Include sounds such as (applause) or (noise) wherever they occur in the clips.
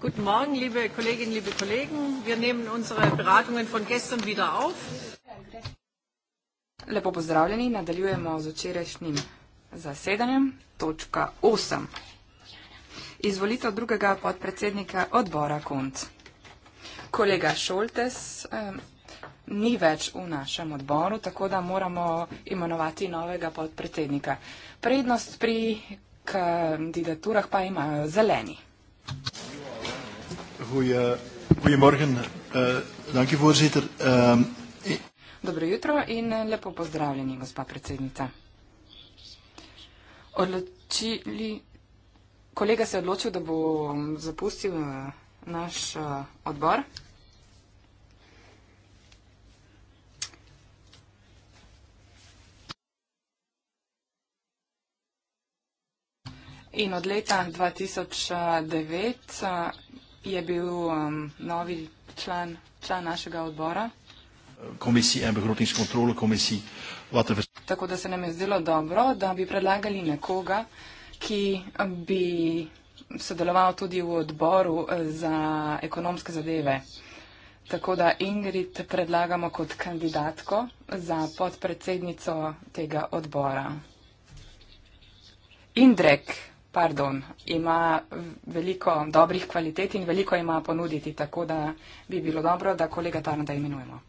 Guten Morgen, liebe Kolleginnen, liebe Kollegen. Wir nehmen unsere Beratungen von gestern wieder auf. Lepo pozdravljeni, nadaljujemo z včerajšnjim zasedanjem. Točka 8. Izvolitev drugega podpredsednika odbora KONC. Kolega Šoltes eh, ni več v našem odboru, tako da moramo imenovati novega podpredsednika. Prednost pri kandidaturah pa imajo zeleni. Goedemorgen, uh, eh, dank u voorzitter. Uh, Dobro jutro in eh, lepo pozdravljeni, gospa predsednica. Odločili, kolega se je odločil, da bo mm, zapustil uh, naš uh, odbor. In od leta 2009 uh, je bil um, novi član, član našega odbora. Komisij en begrotniškontrol, komisij Vatrves. Tako da se nam je zdelo dobro, da bi predlagali nekoga, ki bi sodeloval tudi v odboru eh, za ekonomske zadeve. Tako da Ingrid predlagamo kot kandidatko za podpredsednico tega odbora. Indrek pardon, ima veliko dobrih kvalitet in veliko ima ponuditi, tako da bi bilo dobro, da kolega Tarnda imenujemo.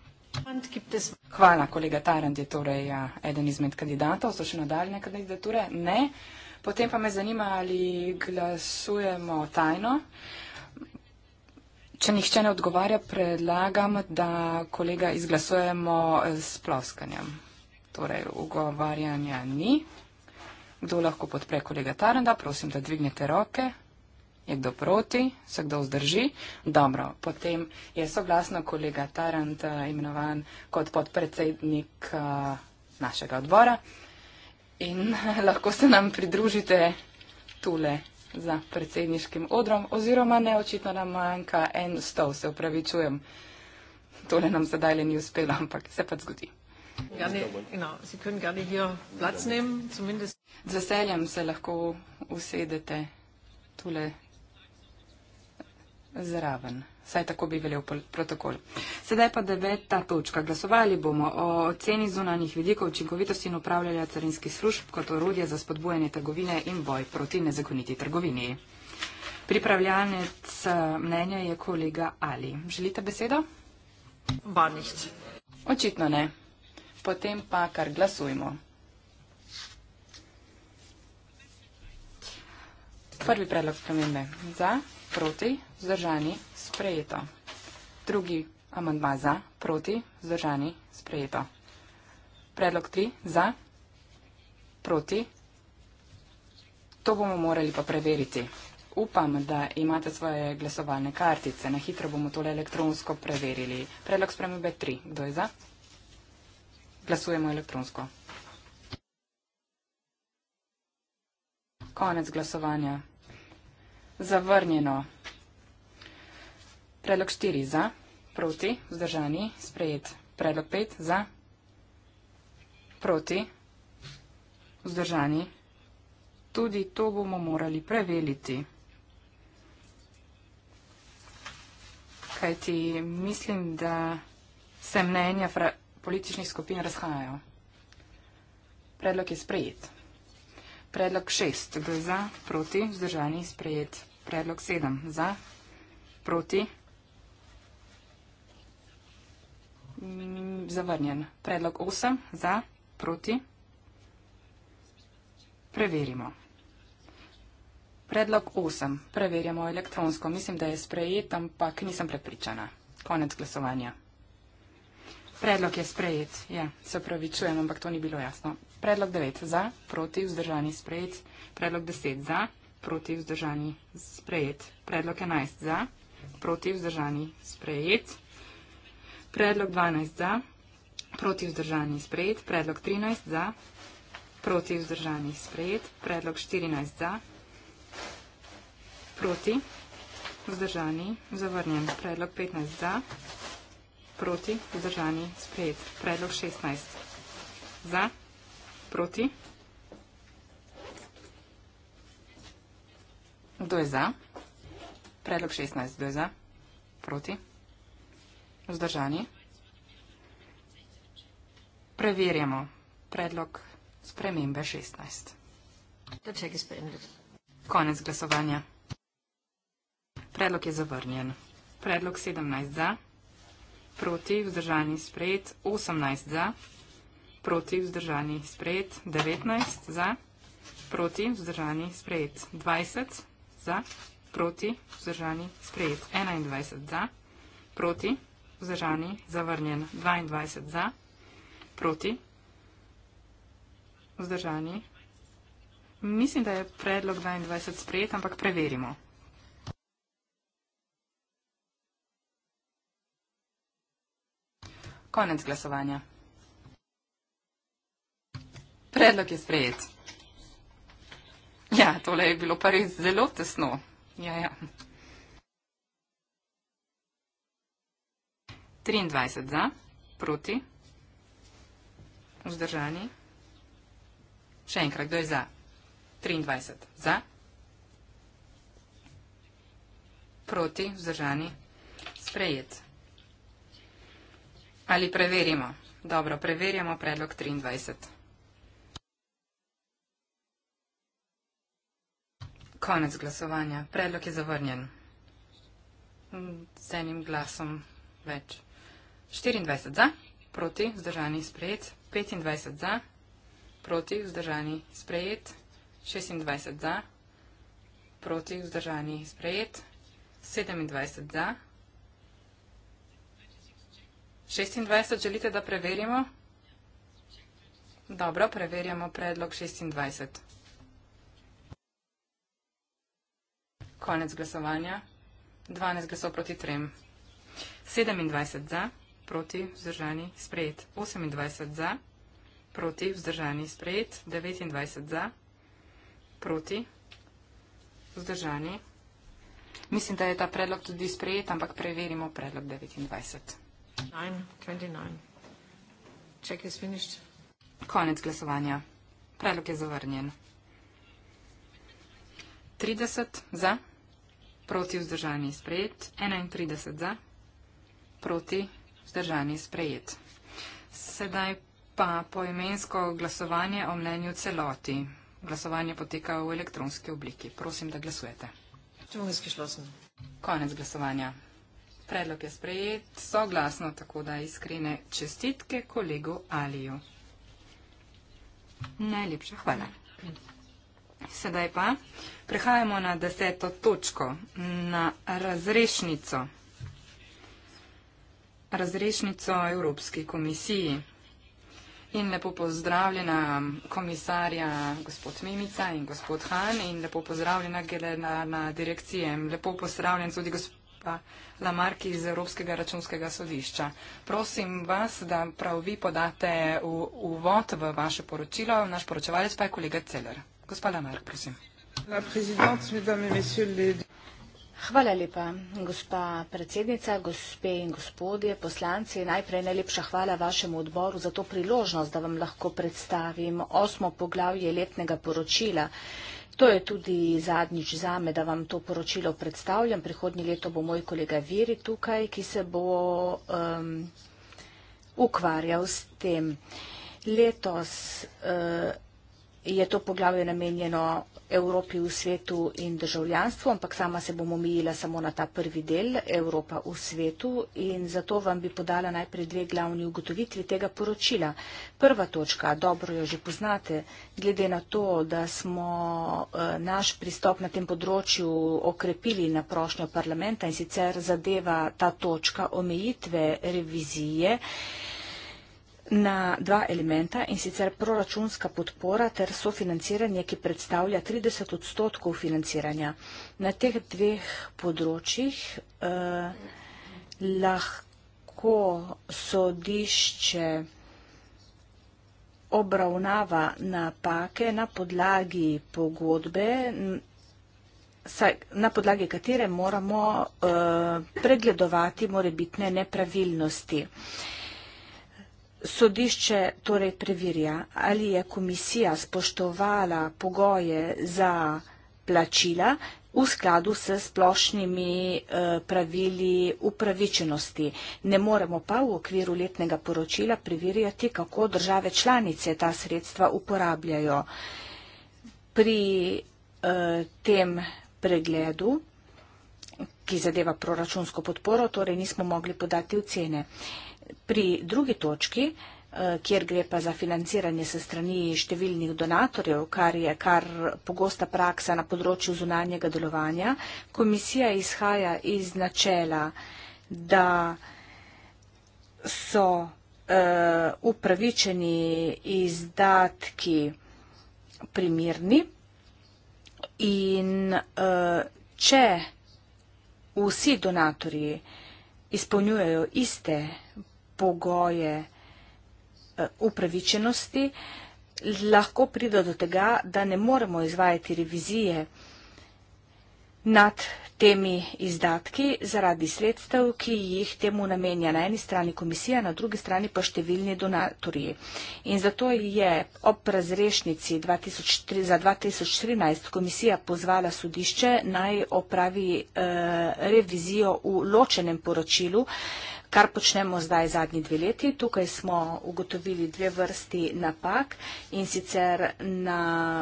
Hvala, kolega Tarand je torej ja, eden izmed kandidatov, so še nadaljne kandidature? Ne. Potem pa me zanima, ali glasujemo tajno. Če nihče ne odgovarja, predlagam, da kolega izglasujemo s ploskanjem. Torej, ugovarjanja ni. Kdo lahko podpre kolega Taranda? Prosim, da dvignete roke. Je kdo proti? Se kdo vzdrži? Dobro, potem je soglasno kolega Tarand eh, imenovan kot podpredsednik eh, našega odbora in (laughs) lahko se nam pridružite tule za predsedniškim odrom oziroma neočitno nam manjka en stol, se upravičujem. Tole nam zadaj le ni uspelo, ampak se pa zgodi gerne, genau, Sie können gerne hier Platz nehmen, zumindest. Z veseljem se lahko usedete tule zraven. Saj tako bi veljal protokol. Sedaj pa deveta točka. Glasovali bomo o ceni zunanih vidikov učinkovitosti in upravljanja carinskih služb kot orodje za spodbujanje trgovine in boj proti nezakoniti trgovini. Pripravljanec eh, mnenja je kolega Ali. Želite besedo? Očitno ne potem pa kar glasujmo. Prvi predlog spremembe za, proti, zdržani, sprejeto. Drugi amandma za, proti, zdržani, sprejeto. Predlog tri za, proti. To bomo morali pa preveriti. Upam, da imate svoje glasovalne kartice. Na hitro bomo tole elektronsko preverili. Predlog spremembe tri. Kdo je za? Glasujemo elektronsko. Konec glasovanja. Zavrnjeno. Predlog 4 za, proti, vzdržani, sprejet. Predlog 5 za, proti, vzdržani. Tudi to bomo morali preveliti. Kajti mislim, da se mnenja frakcije političnih skupin razhajajo. Predlog je sprejet. Predlog šest. Kdo je za, proti, vzdržani, sprejet. Predlog sedem. Za, proti, zavrnjen. Predlog osem. Za, proti, preverimo. Predlog osem. Preverjamo elektronsko. Mislim, da je sprejet, ampak nisem prepričana. Konec glasovanja. Predlog je sprejet. Ja, se pravi, čujem, ampak to ni bilo jasno. Predlog 9 za, proti, vzdržani sprejet. Predlog 10 za, proti, vzdržani sprejet. Predlog 11 za, proti, vzdržani sprejet. Predlog 12 za, proti, vzdržani sprejet. Predlog 13 za, proti, vzdržani sprejet. Predlog 14 za, proti, vzdržani zavrnjen. Predlog 15 za. Proti, vzdržani, sprejet. Predlog 16. Za, proti. Kdo je za? Predlog 16. Kdo je za? Proti. Vzdržani. Preverjamo predlog spremembe 16. Doček je spremljen. Konec glasovanja. Predlog je zavrnjen. Predlog 17 za. Predlog 17 za proti vzdržani sprejet 18 za, proti vzdržani sprejet 19 za, proti vzdržani sprejet 20 za, proti vzdržani sprejet 21 za, proti vzdržani zavrnjen 22 za, proti vzdržani. Mislim, da je predlog 22 sprejet, ampak preverimo. Konec glasovanja. Predlog je sprejet. Ja, tole je bilo pa res zelo tesno. Ja, ja. 23 za, proti, vzdržani. Še enkrat, kdo je za? 23 za, proti, vzdržani, sprejet. Ali preverimo? Dobro, preverjamo predlog 23. Konec glasovanja. Predlog je zavrnjen. Z enim glasom več. 24 za, proti, vzdržani, sprejet. 25 za, proti, vzdržani, sprejet. 26 za, proti, vzdržani, sprejet. 27 za, 26 želite, da preverimo? Dobro, preverjamo predlog 26. Konec glasovanja. 12 glasov proti 3. 27 za, proti vzdržani sprejet. 28 za, proti vzdržani sprejet. 29 za, proti vzdržani. Mislim, da je ta predlog tudi sprejet, ampak preverimo predlog 29. Konec glasovanja. Predlog je zavrnjen. 30 za, proti vzdržani sprejet, 31 za, proti vzdržani sprejet. Sedaj pa poimensko glasovanje o mnenju celoti. Glasovanje poteka v elektronski obliki. Prosim, da glasujete. Konec glasovanja. Predlog je sprejet soglasno, tako da iskrene čestitke kolegu Aliju. Najlepša hvala. Sedaj pa prehajamo na deseto točko, na razrešnico. Razrešnico Evropski komisiji. In lepo pozdravljena komisarja gospod Mimica in gospod Han in lepo pozdravljena generalna direkcija. Lepo pozdravljen tudi gospod pa Lamark iz Evropskega računskega sodišča. Prosim vas, da prav vi podate uvod v vaše poročilo. Naš poročevalec pa je kolega Celer. Gospa Lamark, prosim. Hvala lepa, gospa predsednica, gospe in gospodje, poslanci. Najprej najlepša hvala vašemu odboru za to priložnost, da vam lahko predstavim osmo poglavje letnega poročila To je tudi zadnjič za me, da vam to poročilo predstavljam. Prihodnje leto bo moj kolega Viri tukaj, ki se bo um, ukvarjal s tem. Letos uh, je to poglavje namenjeno Evropi v svetu in državljanstvu, ampak sama se bom omejila samo na ta prvi del Evropa v svetu in zato vam bi podala najprej dve glavni ugotovitvi tega poročila. Prva točka, dobro jo že poznate, glede na to, da smo eh, naš pristop na tem področju okrepili na prošnjo parlamenta in sicer zadeva ta točka omejitve revizije na dva elementa in sicer proračunska podpora ter sofinanciranje, ki predstavlja 30 odstotkov financiranja. Na teh dveh področjih eh, lahko sodišče obravnava napake na podlagi pogodbe, na podlagi katere moramo eh, pregledovati morebitne nepravilnosti. Eh, sodišče torej preverja, ali je komisija spoštovala pogoje za plačila v skladu s splošnimi eh, pravili upravičenosti. Ne moremo pa v okviru letnega poročila preverjati, kako države članice ta sredstva uporabljajo. Pri eh, tem pregledu, ki zadeva proračunsko podporo, torej nismo mogli podati ocene. Pri drugi točki, eh, kjer gre pa za financiranje se strani številnih donatorjev, kar je kar pogosta praksa na področju zunanjega delovanja, komisija izhaja iz načela, da so uh, upravičeni izdatki primirni in uh, če vsi donatorji izpolnjujejo iste pogoje eh, upravičenosti, lahko pride do tega, da ne moremo izvajati revizije nad temi izdatki zaradi sredstev, ki jih temu namenja na eni strani komisija, na drugi strani pa številni donatorji. In zato je ob razrešnici 2003, za 2013 komisija pozvala sodišče naj opravi eh, revizijo v ločenem poročilu, eh, kar počnemo zdaj zadnji dve leti. Tukaj smo ugotovili dve vrsti napak in sicer na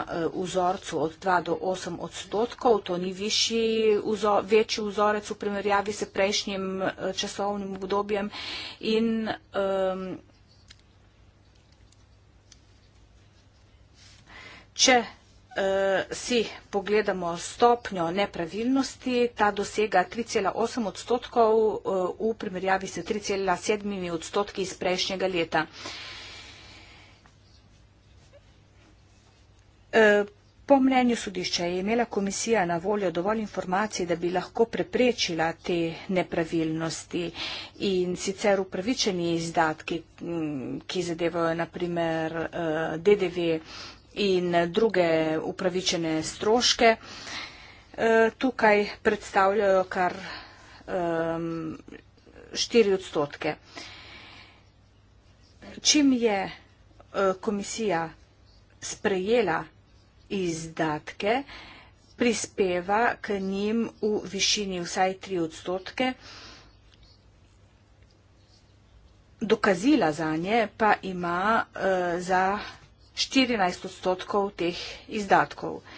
eh, vzorcu od 2 do 8 odstotkov, to ni višji, večji vzorec v primerjavi s prejšnjim eh, časovnim obdobjem. In, um, Če Eh, si pogledamo stopnjo nepravilnosti, ta dosega 3,8 odstotkov eh, v primerjavi s 3,7 odstotki iz prejšnjega leta. Eh, po mnenju sodišča je imela komisija na voljo dovolj informacij, da bi lahko preprečila te nepravilnosti in sicer upravičeni izdatki, mm, ki zadevajo naprimer DDV, in druge upravičene stroške. E, tukaj predstavljajo kar 4 odstotke. Čim je e, komisija sprejela izdatke, prispeva k njim v višini vsaj 3 odstotke, dokazila za nje pa ima e, za 14 odstotkov teh izdatkov. Eh,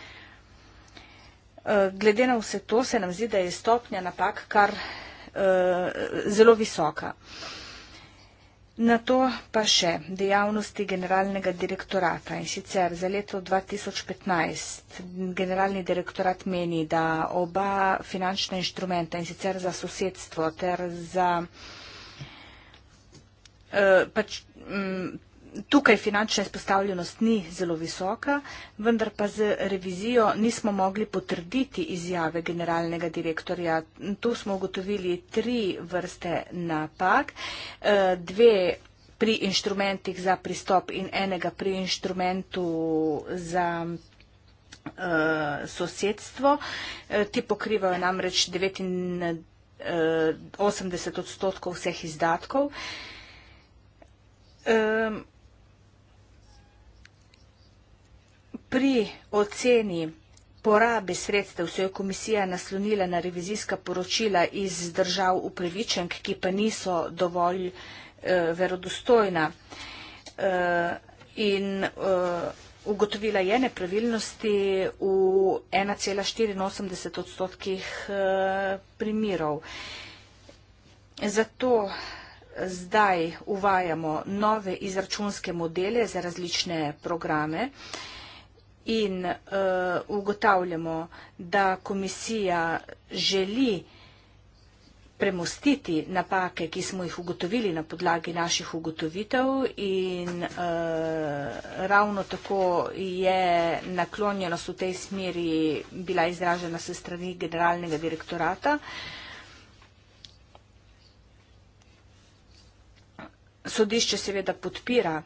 glede na vse to se nam zdi, da je stopnja napak kar eh, zelo visoka. Na to pa še dejavnosti generalnega direktorata in sicer za leto 2015 generalni direktorat meni, da oba finančna inštrumenta in sicer za sosedstvo ter za eh, pač, mm, Tukaj finančna izpostavljenost ni zelo visoka, vendar pa z revizijo nismo mogli potrditi izjave generalnega direktorja. Tu smo ugotovili tri vrste napak, e, dve pri inštrumentih za pristop in enega pri inštrumentu za e, sosedstvo. E, ti pokrivajo namreč 89, 80 odstotkov vseh izdatkov. Pri oceni porabe sredstev se je komisija naslonila na revizijska poročila iz držav upravičenk, ki pa niso dovolj eh, verodostojna. Eh, in, eh, Ugotovila je nepravilnosti v 1,84 odstotkih eh, primirov. Zato zdaj uvajamo nove izračunske modele za različne programe. Eh, in uh, ugotavljamo, da komisija želi premostiti napake, ki smo jih ugotovili na podlagi naših ugotovitev in uh, ravno tako je naklonjenost v tej smeri bila izražena se strani generalnega direktorata. Sodišče seveda podpira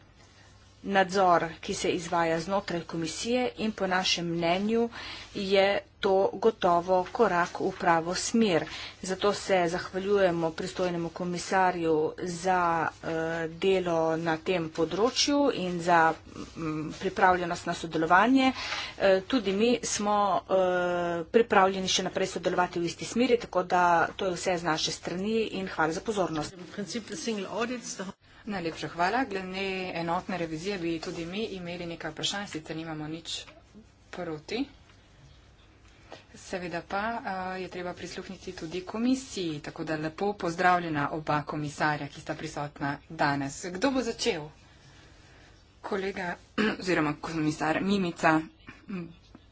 nadzor, ki se izvaja znotraj komisije in po našem mnenju je to gotovo korak v pravo smer. Zato se zahvaljujemo pristojnemu komisarju za eh, delo na tem področju in za mm, pripravljenost na sodelovanje. Eh, tudi mi smo eh, pripravljeni še naprej sodelovati v isti smeri, tako da to je vse z naše strani in hvala za pozornost. Najlepša hvala. Glede enotne revizije bi tudi mi imeli nekaj vprašanj, sicer nimamo nič proti. Seveda pa je treba prisluhniti tudi komisiji, tako da lepo pozdravljena oba komisarja, ki sta prisotna danes. Kdo bo začel? Kolega (clears throat) oziroma komisar Mimica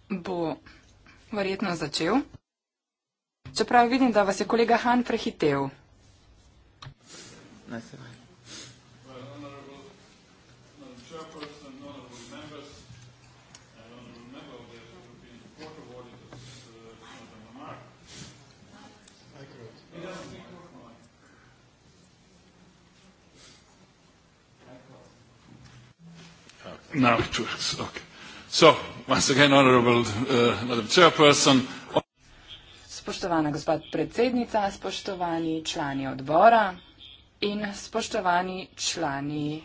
bo verjetno začel. Čeprav vidim, da vas je kolega Han prehitev. Najsevaj. Now it works. Okay. So, once again, honorable uh, Madam Chairperson. Spoštovana gospa predsednica, spoštovani člani odbora in spoštovani člani,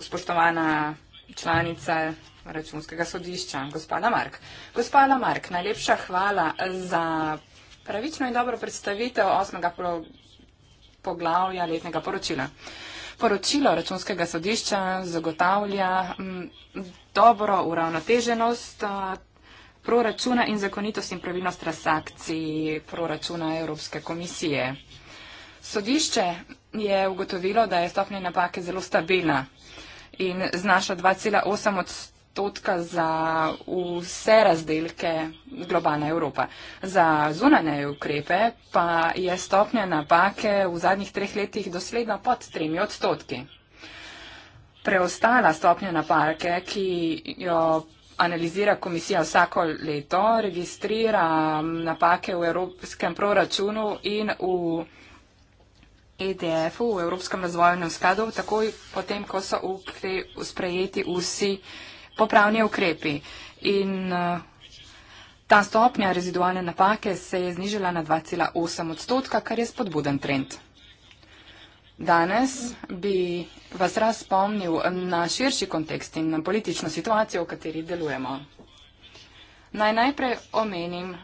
spoštovana članica računskega sodišča, gospoda Mark. Gospoda Mark, najlepša hvala za pravično in dobro predstavitev osmega poglavja letnega poročila. Uh, poročilo računskega sodišča zagotavlja mm, dobro uravnoteženost proračuna in zakonitost in pravilnost transakcij proračuna Evropske komisije. Sodišče je ugotovilo, da je stopnja napake zelo stabilna in znaša 2,8 odstotka točka za vse razdelke globalna Evropa. Za zunane ukrepe pa je stopnja napake v zadnjih treh letih dosledno pod tremi odstotki. Preostala stopnja napake, ki jo analizira komisija vsako leto, registrira napake v evropskem proračunu in v EDF-u, v Evropskem razvojnem skladu, takoj potem, ko so ukrepi sprejeti vsi popravni ukrepi. In eh, ta stopnja rezidualne napake se je znižala na 2,8 odstotka, kar je spodbuden trend. Danes bi vas raz spomnil na širši kontekst in na politično situacijo, v kateri delujemo. Naj najprej omenim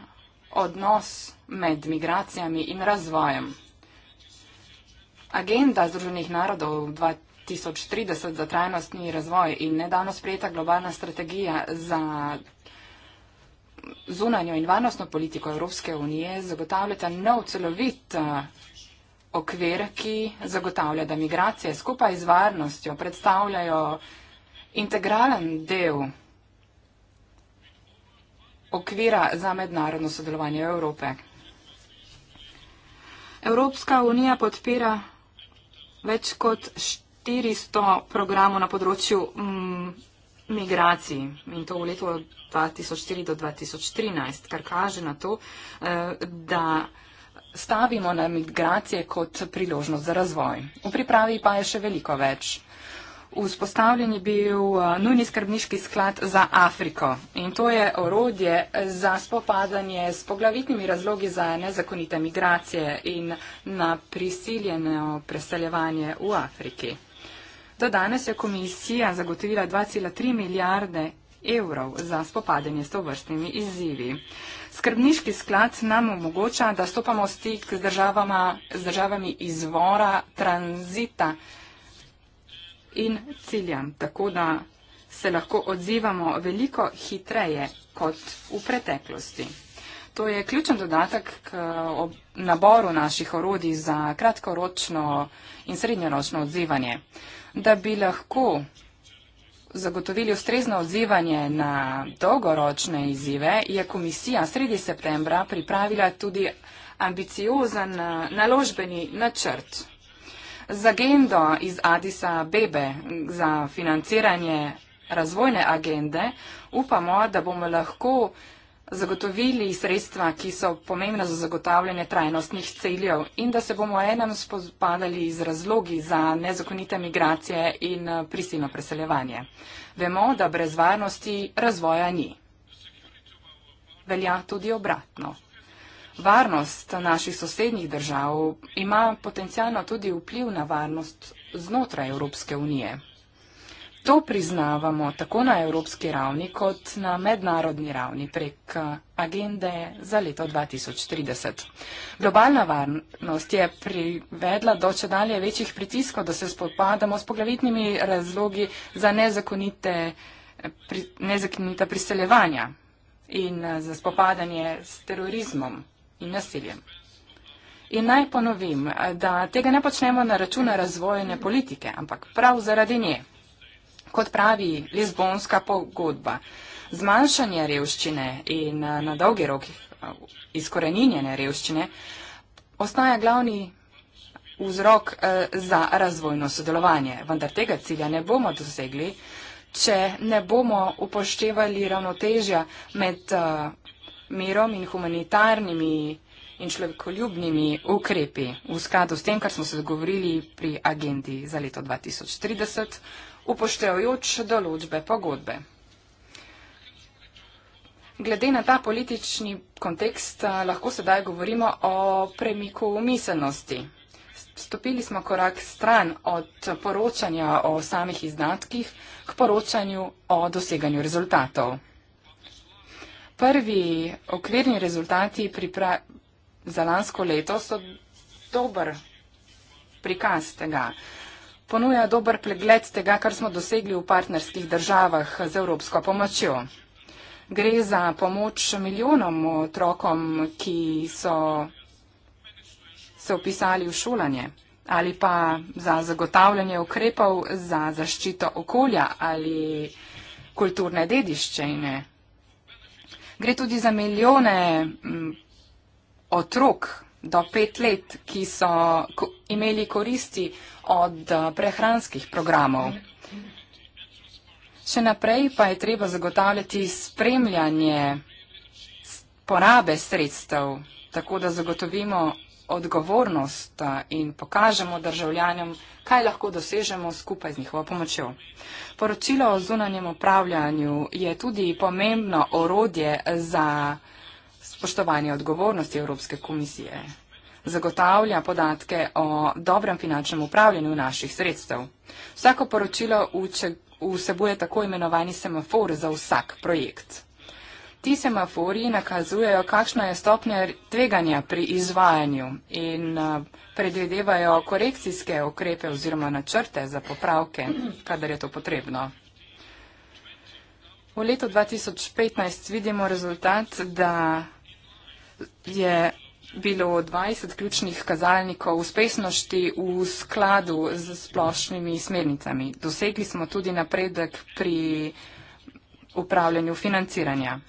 odnos med migracijami in razvojem. Agenda Združenih narodov 2020. 2030 za trajnostni razvoj in nedavno sprejeta globalna strategija za zunanjo in varnostno politiko Evropske unije zagotavljata nov celovit eh, okvir, ki zagotavlja, da migracije skupaj z varnostjo predstavljajo integralen del okvira za mednarodno sodelovanje Evrope. Evropska unija podpira več kot 400 programov na področju mm, migracij in to v letu 2004 do 2013, kar kaže na to, eh, da stavimo na migracije kot priložnost za razvoj. V pripravi pa je še veliko več. Vzpostavljen je bil eh, nujni skrbniški sklad za Afriko in to je orodje za spopadanje s poglavitnimi razlogi za nezakonite migracije in na prisiljeno preseljevanje v Afriki. Do danes je komisija zagotovila 2,3 milijarde evrov za spopadanje s to vrstnimi izzivi. Skrbniški sklad nam omogoča, da stopamo v stik z državama, z državami izvora, tranzita in cilja, tako da se lahko odzivamo veliko hitreje kot v preteklosti. To je ključen dodatek k naboru naših orodij za kratkoročno in srednjeročno odzivanje da bi lahko zagotovili ustrezno odzivanje na dolgoročne izzive, je komisija sredi septembra pripravila tudi ambiciozen eh, naložbeni načrt. Z agendo iz Adisa Bebe za financiranje razvojne agende upamo, da bomo lahko zagotovili sredstva, ki so pomembna za zagotavljanje trajnostnih ciljev in da se bomo enem spopadali z razlogi za nezakonite migracije in eh, prisilno preseljevanje. Vemo, da brez varnosti razvoja ni. Velja tudi obratno. Varnost naših sosednjih držav ima potencijalno tudi vpliv na varnost znotraj Evropske unije. To priznavamo tako na evropski ravni kot na mednarodni ravni prek eh, agende za leto 2030. Globalna varnost je privedla do čedalje večjih pritiskov, da se spopadamo s poglavitnimi razlogi za nezakonite, eh, pri, nezakonite priseljevanja in eh, za spopadanje s terorizmom in nasiljem. In naj ponovim, da tega ne počnemo na račun razvojene politike, ampak prav zaradi nje kot pravi Lizbonska pogodba. Zmanjšanje revščine in eh, na dolgi rok eh, izkoreninjene revščine ostaja glavni vzrok eh, za razvojno sodelovanje. Vendar tega cilja ne bomo dosegli, če ne bomo upoštevali ravnotežja med mirom in humanitarnimi in človekoljubnimi ukrepi v skladu s tem, kar smo se dogovorili pri agendi za leto 2030 upoštevajoč določbe pogodbe. Glede na ta politični kontekst eh, lahko sedaj govorimo o premiku miselnosti. Stopili smo korak stran od poročanja o samih izdatkih k poročanju o doseganju rezultatov. Prvi okvirni rezultati za lansko leto so dober prikaz tega ponuja dober pregled tega, kar smo dosegli v partnerskih državah z evropsko pomočjo. Gre za pomoč milijonom otrokom, ki so se upisali v šolanje ali pa za zagotavljanje ukrepov za zaščito okolja ali kulturne dediščine. Gre tudi za milijone mm, otrok, do pet let, ki so imeli koristi od eh, prehranskih programov. Še naprej pa je treba zagotavljati spremljanje porabe sredstev, tako da zagotovimo odgovornost eh, in pokažemo državljanjem, kaj lahko dosežemo skupaj z njihovo pomočjo. Poročilo o zunanjem upravljanju je tudi pomembno orodje za spoštovanje odgovornosti Evropske komisije, zagotavlja podatke o dobrem finančnem upravljanju naših sredstev. Vsako poročilo vsebuje tako imenovani semafor za vsak projekt. Ti semafori nakazujejo, kakšna je stopnja tveganja pri izvajanju in eh, predvidevajo korekcijske okrepe oziroma načrte za popravke, kadar je to potrebno. V letu 2015 vidimo rezultat, da je bilo 20 ključnih kazalnikov uspešnosti v skladu z splošnimi smernicami. Dosegli smo tudi napredek pri upravljanju financiranja.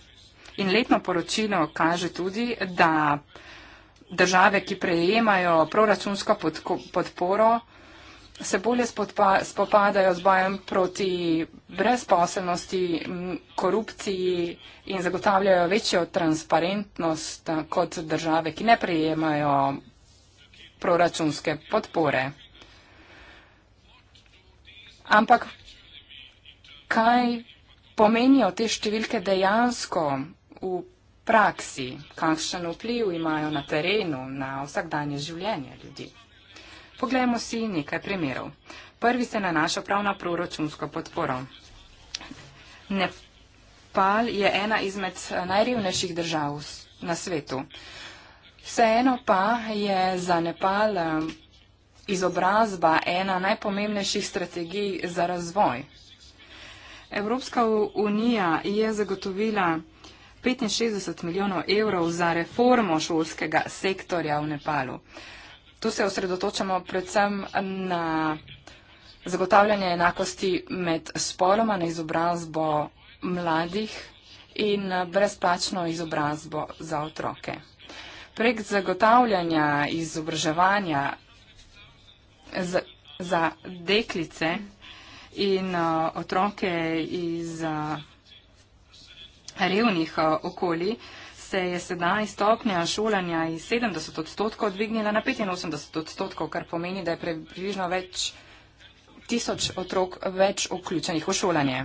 In letno poročilo kaže tudi, da države, ki prejemajo proračunsko podporo, se bolje spopadajo z bojem proti brezposelnosti, korupciji in zagotavljajo večjo transparentnost kot države, ki ne prejemajo proračunske podpore. Ampak kaj pomenijo te številke dejansko v praksi, kakšen vpliv imajo na terenu, na vsakdanje življenje ljudi? Poglejmo si nekaj primerov. Prvi se nanaša prav na proračunsko podporo. Nepal je ena izmed eh, najrevnejših držav na svetu. Vseeno pa je za Nepal eh, izobrazba ena najpomembnejših strategij za razvoj. Evropska unija je zagotovila 65 milijonov evrov za reformo šolskega sektorja v Nepalu. Tu se osredotočamo predvsem na zagotavljanje enakosti med spoloma, na izobrazbo mladih in brezplačno izobrazbo za otroke. Prek zagotavljanja izobraževanja za, za deklice in uh, otroke iz uh, revnih uh, okolij, se je sedaj stopnja šolanja iz 70 odstotkov dvignila na 85 odstotkov, kar pomeni, da je približno več tisoč otrok več vključenih v šolanje.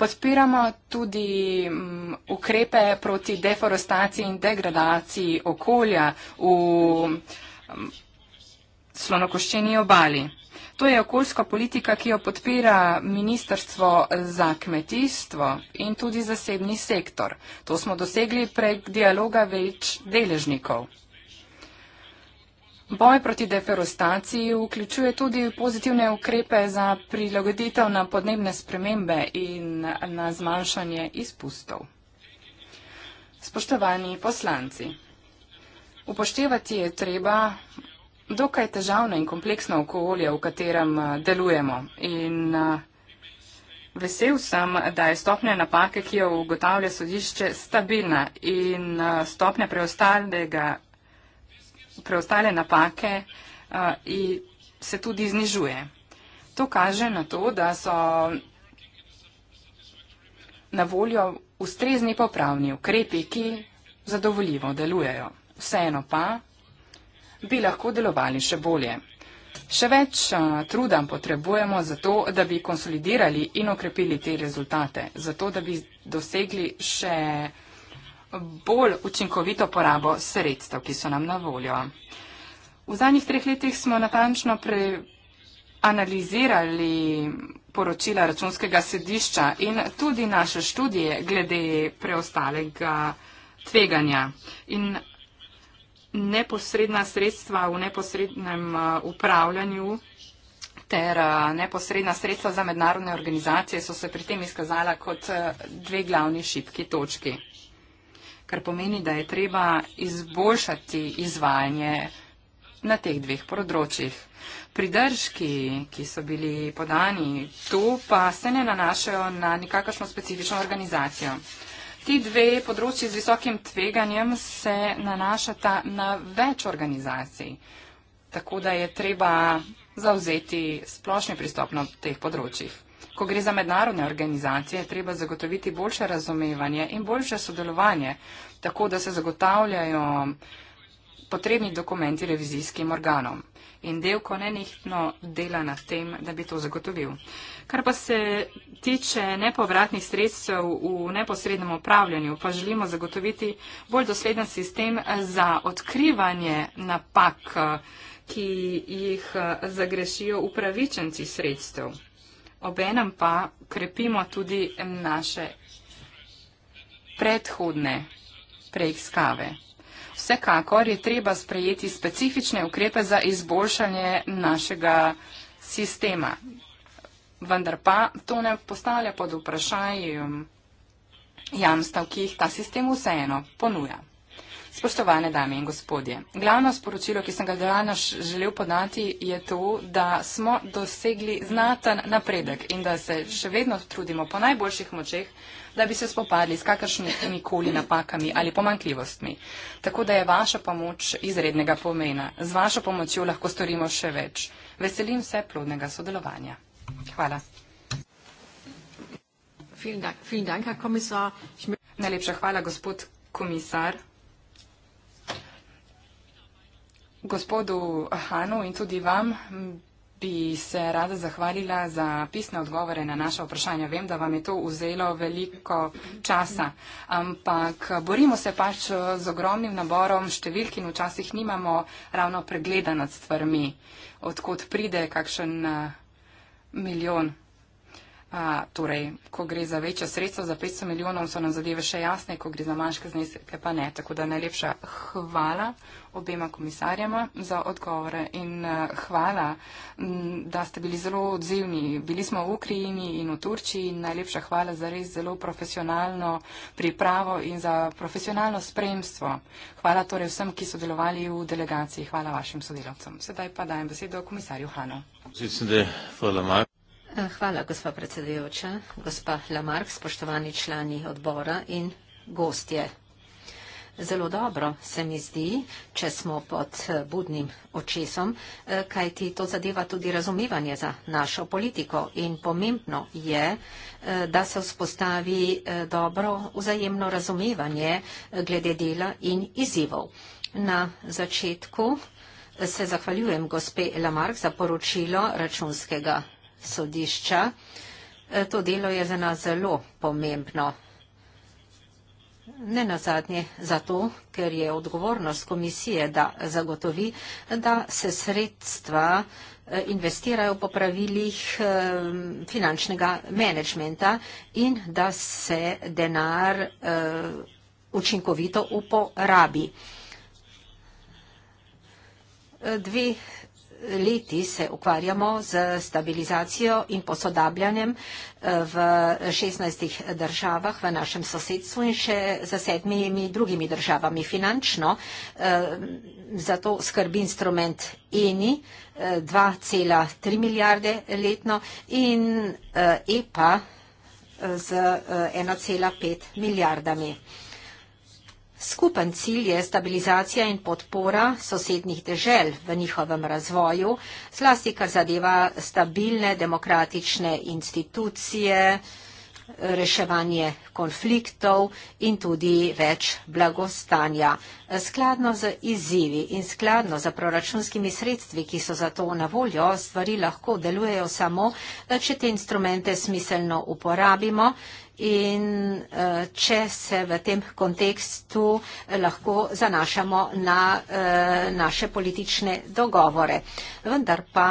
Podpiramo tudi m, mm, ukrepe proti deforestaciji in degradaciji okolja v m, mm, slonokoščeni obali. To je okoljska politika, ki jo podpira Ministrstvo za kmetijstvo in tudi zasebni sektor. To smo dosegli prek dialoga več deležnikov. Boj proti deforestaciji vključuje tudi pozitivne ukrepe za prilagoditev na podnebne spremembe in na zmanjšanje izpustov. Spoštovani poslanci, upoštevati je treba dokaj težavno in kompleksno okolje, v katerem eh, delujemo. In eh, vesel sem, da je stopnja napake, ki jo ugotavlja sodišče, stabilna in eh, stopnja preostale napake se tudi znižuje. To kaže na to, da so na voljo ustrezni popravni ukrepi, ki zadovoljivo delujejo. Vseeno pa bi lahko delovali še bolje. Še več truda potrebujemo za to, da bi konsolidirali in okrepili te rezultate, zato da bi dosegli še bolj učinkovito porabo sredstev, ki so nam na voljo. V zadnjih treh letih smo natančno analizirali poročila računskega sedišča in tudi naše študije glede preostalega tveganja. In neposredna sredstva v neposrednem eh, upravljanju ter eh, neposredna sredstva za mednarodne organizacije so se pri tem izkazala kot eh, dve glavni šibki točki, kar pomeni, da je treba izboljšati izvajanje na teh dveh področjih. Pridržki, ki so bili podani, to pa se ne nanašajo na nikakršno specifično organizacijo. Ti dve področji z visokim tveganjem se nanašata na več organizacij, tako da je treba zauzeti splošni pristop na teh področjih. Ko gre za mednarodne organizacije, treba zagotoviti boljše razumevanje in boljše sodelovanje, tako da se zagotavljajo potrebni dokumenti revizijskim organom. In Delko nenehno dela na tem, da bi to zagotovil. Kar pa se tiče nepovratnih sredstev v neposrednem upravljanju, pa želimo zagotoviti bolj dosleden sistem za odkrivanje napak, ki jih eh, zagrešijo upravičenci sredstev. Obenem pa krepimo tudi naše predhodne preiskave. Vsekakor je treba sprejeti specifične ukrepe za izboljšanje našega sistema. Vendar pa to ne postavlja pod vprašaj um, jamstav, ki jih ta sistem vseeno ponuja. Spoštovane dame in gospodje, glavno sporočilo, ki sem ga danes želel podati, je to, da smo dosegli znaten napredek in da se še vedno trudimo po najboljših močeh, da bi se spopadli s kakršnimi koli napakami ali pomankljivostmi. Tako da je vaša pomoč izrednega pomena. Z vašo pomočjo lahko storimo še več. Veselim se plodnega sodelovanja. Hvala. Najlepša hvala, gospod komisar. Gospodu Hanu in tudi vam bi se rada zahvalila za pisne odgovore na naše vprašanja. Vem, da vam je to vzelo veliko časa, ampak borimo se pač z ogromnim naborom številk in včasih nimamo ravno pregleda nad stvarmi, odkot pride kakšen eh, milijon A, torej, ko gre za večja sredstva, za 500 milijonov, so nam zadeve še jasne, ko gre za manjše zneske, pa ne. Tako da najlepša hvala obema komisarjama za odgovore in eh, hvala, da ste bili zelo odzivni. Bili smo v Ukrajini in v Turčiji in najlepša hvala za res zelo profesionalno pripravo in za profesionalno spremstvo. Hvala torej vsem, ki so delovali v delegaciji. Hvala vašim sodelavcem. Sedaj pa dajem besedo komisarju Hanu. Hvala, Eh, hvala, gospa predsedujoča, gospa Lamark, spoštovani člani odbora in gostje. Zelo dobro se mi zdi, če smo pod eh, budnim očesom, eh, kajti to zadeva tudi razumevanje za našo politiko in pomembno je, da se vzpostavi dobro vzajemno razumevanje glede dela in izzivov. Na začetku se zahvaljujem gospe Lamark za poročilo računskega sodišča. E, to delo je za nas zelo pomembno. Ne nazadnje zato, ker je odgovornost komisije, da zagotovi, da se sredstva e, investirajo po pravilih e, finančnega menedžmenta in da se denar učinkovito uporabi. Dve leti se ukvarjamo z stabilizacijo in posodabljanjem eh, v 16 državah v našem sosedstvu in še za sedmimi drugimi državami finančno. Eh, Zato skrbi instrument ENI 2,3 eh, milijarde letno in EPA e z 1,5 milijardami. Skupen cilj je stabilizacija in podpora sosednih dežel v njihovem razvoju, zlasti kar zadeva stabilne demokratične institucije, reševanje konfliktov in tudi več blagostanja. Skladno z izzivi in skladno z proračunskimi sredstvi, ki so za to na voljo, stvari lahko delujejo samo, če te instrumente smiselno uporabimo in eh, če se v tem kontekstu eh, lahko zanašamo na eh, naše politične dogovore. Vendar pa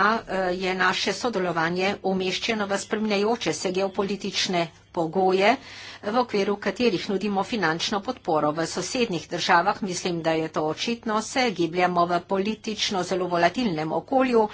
je naše sodelovanje umeščeno v spremljajoče se geopolitične pogoje, v okviru katerih nudimo finančno podporo. V sosednjih državah mislim, da je to očitno, se gibljamo v politično zelo volatilnem okolju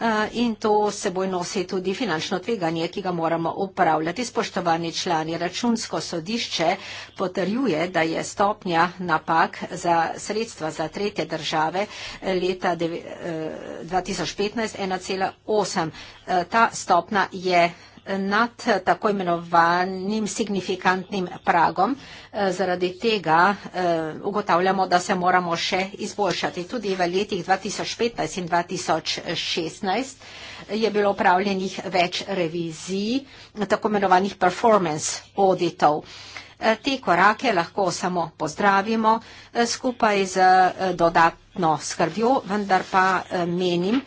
eh, in to seboj nosi tudi finančno tveganje, ki ga moramo upravljati. Spoštovani člani, računsko sodišče potrjuje, da je stopnja napak za sredstva za tretje države eh, leta 2015 1,8. Eh, ta stopna je nad tako imenovanim signifikantnim pragom. Eh, zaradi tega eh, ugotavljamo, da se moramo še izboljšati. Tudi v letih 2015 in 2016 eh, je bilo upravljenih več revizij, tako imenovanih performance auditov. Te korake lahko samo pozdravimo skupaj z dodatno skrbjo, vendar pa menim,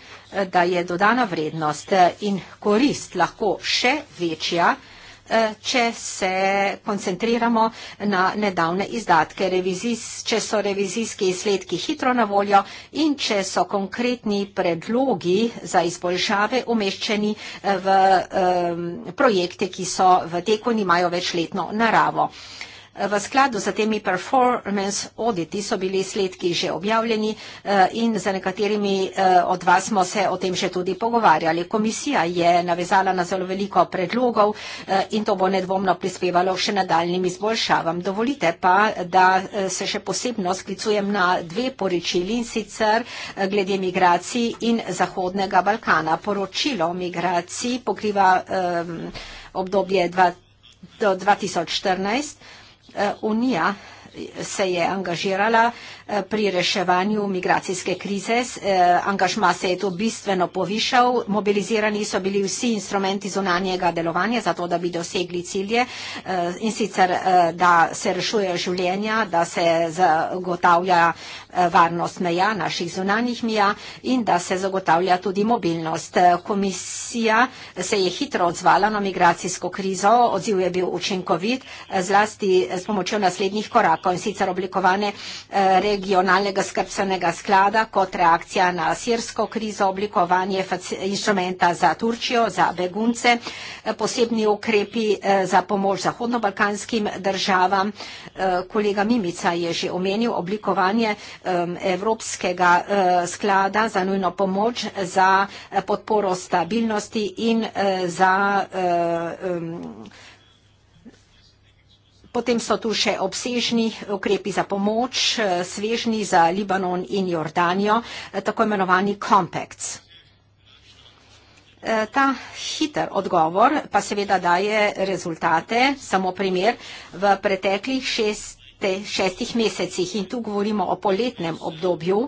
da je dodana vrednost eh, in korist lahko še večja, eh, če se koncentriramo na nedavne izdatke, če so revizijski izsledki hitro na voljo in če so konkretni predlogi za izboljšave umeščeni eh, v projekte, ki so v teku in imajo večletno naravo. V skladu za temi performance auditi so bili sledki že objavljeni eh, in za nekaterimi eh, od vas smo se o tem že tudi pogovarjali. Komisija je navezala na zelo veliko predlogov eh, in to bo nedvomno prispevalo še nadaljnim izboljšavam. Dovolite pa, da se še posebno sklicujem na dve poročili in sicer glede migracij in Zahodnega Balkana. Poročilo o migraciji pokriva obdobje do 2014 Eh, Unija se je angažirala pri reševanju migracijske krize. Eh, angažma se je tu bistveno povišal, mobilizirani so bili vsi instrumenti zunanjega delovanja, zato da bi dosegli cilje eh, in sicer, eh, da se rešuje življenja, da se zagotavlja varnost meja, naših zunanjih meja in da se zagotavlja tudi mobilnost. Komisija se je hitro odzvala na migracijsko krizo, odziv je bil učinkovit, zlasti s pomočjo naslednjih korakov in sicer oblikovane regionalne regionalnega skrbstvenega sklada kot reakcija na sirsko krizo, oblikovanje inštrumenta za Turčijo, za begunce, posebni ukrepi eh, za pomoč zahodnobalkanskim državam. Eh, kolega Mimica je že omenil oblikovanje Evropskega eh, sklada za nujno pomoč, za podporo stabilnosti in za Potem so tu še obsežni ukrepi za pomoč, eh, svežni za Libanon in Jordanijo, eh, tako imenovani kompakts. Eh, ta hiter odgovor pa seveda daje rezultate, samo primer, v preteklih šest, šestih mesecih in tu govorimo o poletnem obdobju,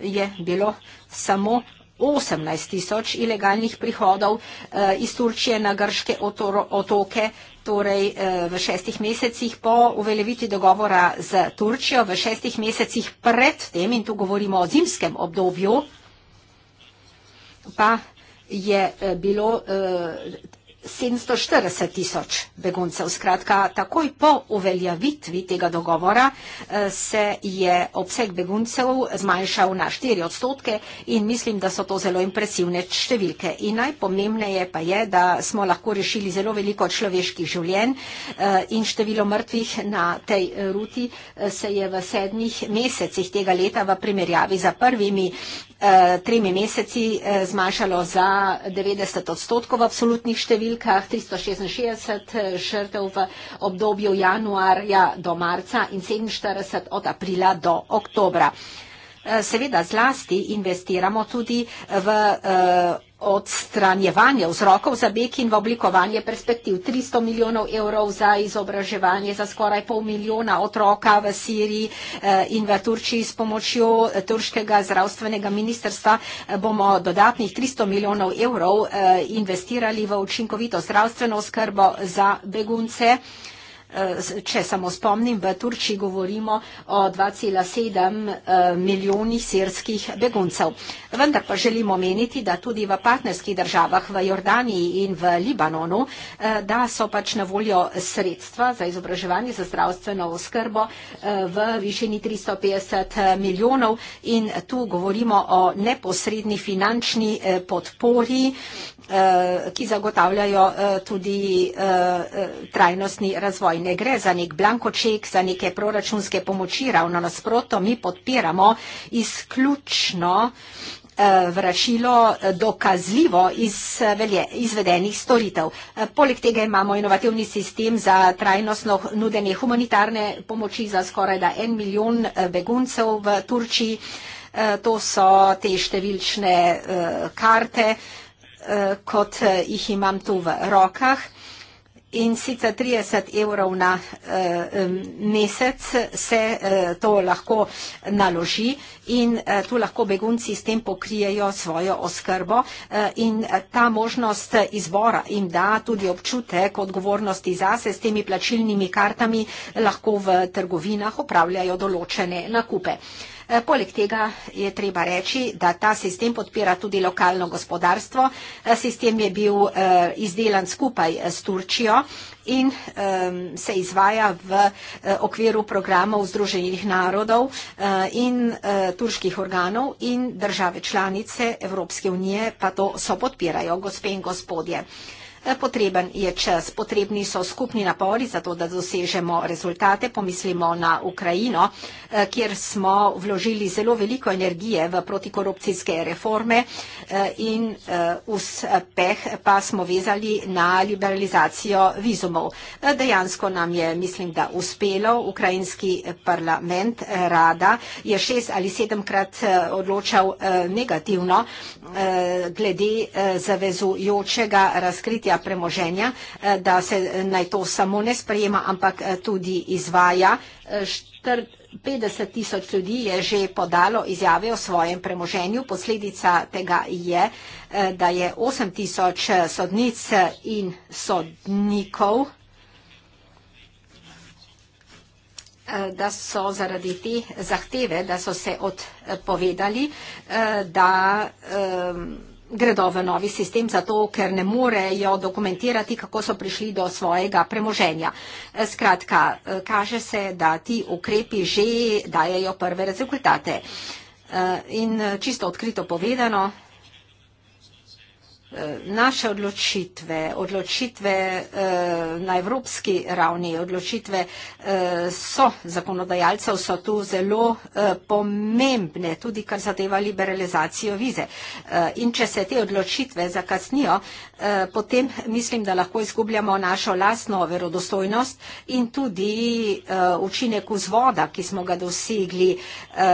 je bilo samo 18 tisoč ilegalnih prihodov iz Turčije na grške otoke, torej eh, v šestih mesecih po uveljaviti dogovora z Turčijo, v šestih mesecih pred tem, in tu govorimo o zimskem obdobju, pa je eh, bilo eh, 740 tisoč beguncev. Skratka, takoj po uveljavitvi tega dogovora eh, se je obseg beguncev zmanjšal na 4 odstotke in mislim, da so to zelo impresivne številke. In najpomembneje pa je, da smo lahko rešili zelo veliko človeških življenj eh, in število mrtvih na tej eh, ruti se je v sedmih mesecih tega leta v primerjavi za prvimi tremi meseci zmanjšalo za 90 odstotkov absolutnih številk številkah 366 eh, žrtev v obdobju januarja do marca in 47 od aprila do oktobra. Eh, seveda zlasti investiramo tudi v uh, odstranjevanje vzrokov za beg in v oblikovanje perspektiv. 300 milijonov evrov za izobraževanje za skoraj pol milijona otroka v Siriji eh, in v Turčiji s pomočjo eh, turškega zdravstvenega ministrstva eh, bomo dodatnih 300 milijonov evrov investirali v učinkovito zdravstveno oskrbo za begunce. Eh, če samo spomnim, v Turčiji govorimo o 2,7 eh, milijonih sirskih beguncev. Vendar pa želimo meniti, da tudi v partnerskih državah, v Jordaniji in v Libanonu, eh, da so pač na voljo sredstva za izobraževanje, za zdravstveno oskrbo v višini 350 milijonov in tu govorimo o neposredni finančni podpori Eh, ki zagotavljajo eh, tudi eh, trajnostni razvoj. Ne gre za nek blankoček, za neke proračunske pomoči, ravno nasprotno mi podpiramo izključno vračilo dokazljivo izvedenih storitev. Poleg tega imamo inovativni sistem za trajnostno nudenje humanitarne pomoči za skoraj da en milijon beguncev v Turčiji. To so te številčne karte, Eh, kot eh, jih imam tu v rokah. In sicer 30 evrov na eh, mesec se to lahko naloži in tu lahko begunci s tem pokrijejo svojo oskrbo in ta možnost izbora jim da tudi občutek odgovornosti zase s temi plačilnimi kartami lahko v trgovinah opravljajo določene nakupe. Eh, poleg tega je treba reči, da ta sistem podpira tudi lokalno gospodarstvo. Eh, sistem je bil eh, izdelan skupaj s Turčijo in ehm, se izvaja v okviru programov Združenih narodov in turških organov in države članice Evropske unije pa to so podpirajo, gospe in gospodje. Potreben je čas, potrebni so skupni napori za to, da dosežemo rezultate. Pomislimo na Ukrajino, eh, kjer smo vložili zelo veliko energije v protikorupcijske reforme eh, in eh, uspeh pa smo vezali na liberalizacijo vizumov. Dejansko nam je, mislim, da uspelo. Ukrajinski parlament rada je šest ali sedemkrat odločal negativno glede zavezujočega razkritja premoženja, eh, da se eh, naj to samo ne sprejema, ampak eh, tudi izvaja. 50 tisoč ljudi je že podalo izjave o svojem premoženju. Posledica tega je, da je 8 tisoč sodnic in sodnikov, da so zaradi te zahteve, da so se odpovedali, da. Um, gredo v novi sistem zato, ker ne morejo dokumentirati, kako so prišli do svojega premoženja. Skratka, kaže se, da ti ukrepi že dajajo prve rezultate. In čisto odkrito povedano, Eh, naše odločitve, odločitve eh, na evropski ravni, odločitve eh, so zakonodajalcev, so tu zelo pomembne, tudi kar zadeva liberalizacijo vize. In če se te odločitve zakasnijo, potem mislim, da lahko izgubljamo našo lastno verodostojnost in tudi učinek vzvoda, ki smo ga dosegli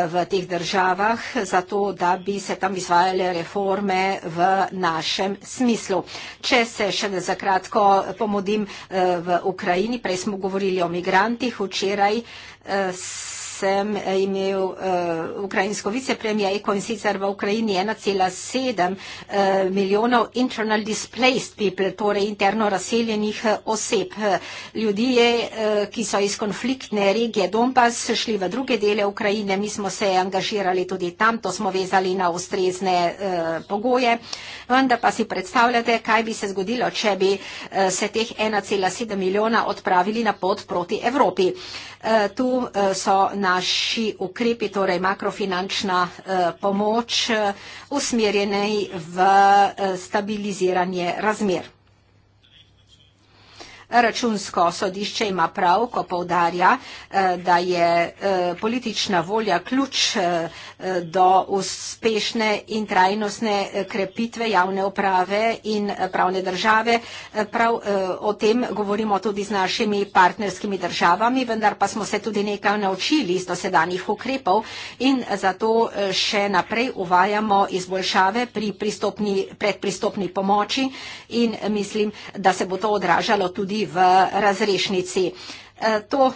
v teh državah, zato da bi se tam izvajale reforme v naše širšem smislu. Če se še ne zakratko eh, pomodim eh, v Ukrajini, prej smo govorili o migrantih, včeraj eh, sem eh, imel uh, ukrajinsko vicepremijerko in sicer v Ukrajini 1,7 uh, eh, milijonov internal displaced people, torej interno razseljenih oseb. Ljudje, uh, ki so iz konfliktne regije Donbas šli v druge dele Ukrajine, mi smo se angažirali tudi tam, to smo vezali na ustrezne uh, pogoje. Vendar pa si predstavljate, kaj bi se zgodilo, če bi uh, se teh 1,7 milijona odpravili na pot proti Evropi. Uh, tu uh, so na naši ukrepi, torej makrofinančna eh, pomoč, eh, usmerjeni v eh, stabiliziranje razmer. Računsko sodišče ima prav, ko povdarja, eh, da je eh, politična volja ključ eh, do uspešne in trajnostne krepitve javne uprave in pravne države. Prav o tem govorimo tudi z našimi partnerskimi državami, vendar pa smo se tudi nekaj naučili iz dosedanjih ukrepov in zato še naprej uvajamo izboljšave pri predpristopni pomoči in mislim, da se bo to odražalo tudi tudi v razrešnici. E, to,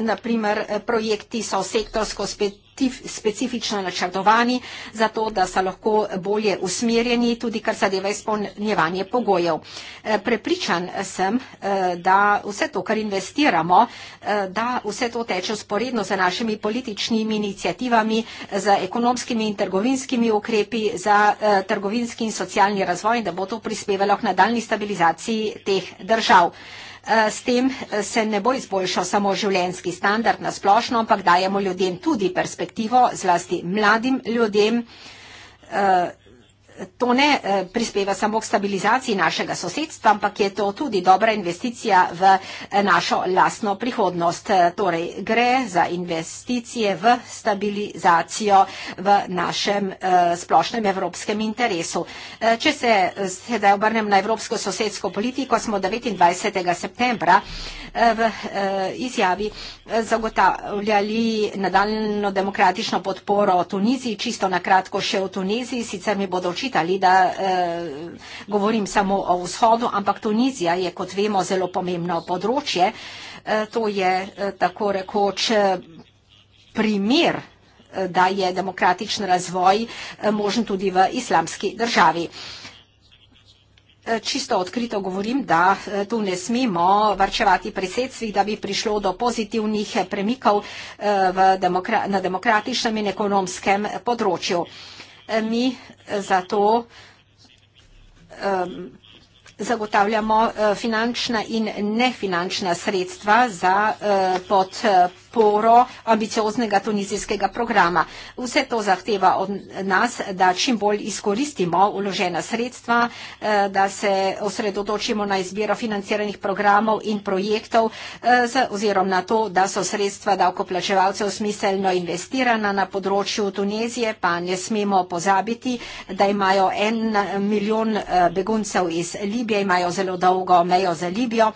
naprimer, projekti so sektorsko spet ti specifično načrtovani, zato da so lahko bolje usmerjeni, tudi kar zadeva izpolnjevanje pogojev. Eh, prepričan sem, eh, da vse to, kar investiramo, eh, da vse to teče usporedno z našimi političnimi inicijativami, z ekonomskimi in trgovinskimi ukrepi, za trgovinski in socialni razvoj in da bo to prispevalo k nadaljni stabilizaciji teh držav. Eh, s tem eh, se ne bo izboljšal samo življenski standard na splošno, ampak dajemo ljudem tudi perspektivo, zlasti mladim ljudem, eh, to ne eh, prispeva samo k stabilizaciji našega sosedstva, ampak je to tudi dobra investicija v eh, našo lastno prihodnost. Eh, torej gre za investicije v stabilizacijo v našem splošnem evropskem interesu. Če se sedaj obrnem na evropsko sosedsko politiko, smo 29. septembra v izjavi zagotavljali nadaljno demokratično podporo Tuniziji, čisto na kratko še o Tuniziji, sicer mi bodo očitno očitali, da eh, govorim samo o vzhodu, ampak Tunizija je, kot vemo, zelo pomembno področje. Eh, to je eh, tako rekoč eh, primer eh, da je demokratičen razvoj eh, možen tudi v islamski državi. Čisto odkrito govorim, da tu ne smemo varčevati presedstvih, da bi prišlo do pozitivnih premikov v demokra na demokratičnem in ekonomskem področju. Eh, mi zato um, zagotavljamo eh, finančna in nefinančna sredstva za uh, eh, podporo. Uh, eh, podporo ambicioznega tunizijskega programa. Vse to zahteva od nas, da čim bolj izkoristimo uložena sredstva, eh, da se osredotočimo na izbiro financiranih programov in projektov eh, z ozirom na to, da so sredstva davkoplačevalcev smiselno investirana na področju Tunezije, pa ne smemo pozabiti, da imajo en milijon eh, beguncev iz Libije, imajo zelo dolgo mejo za Libijo.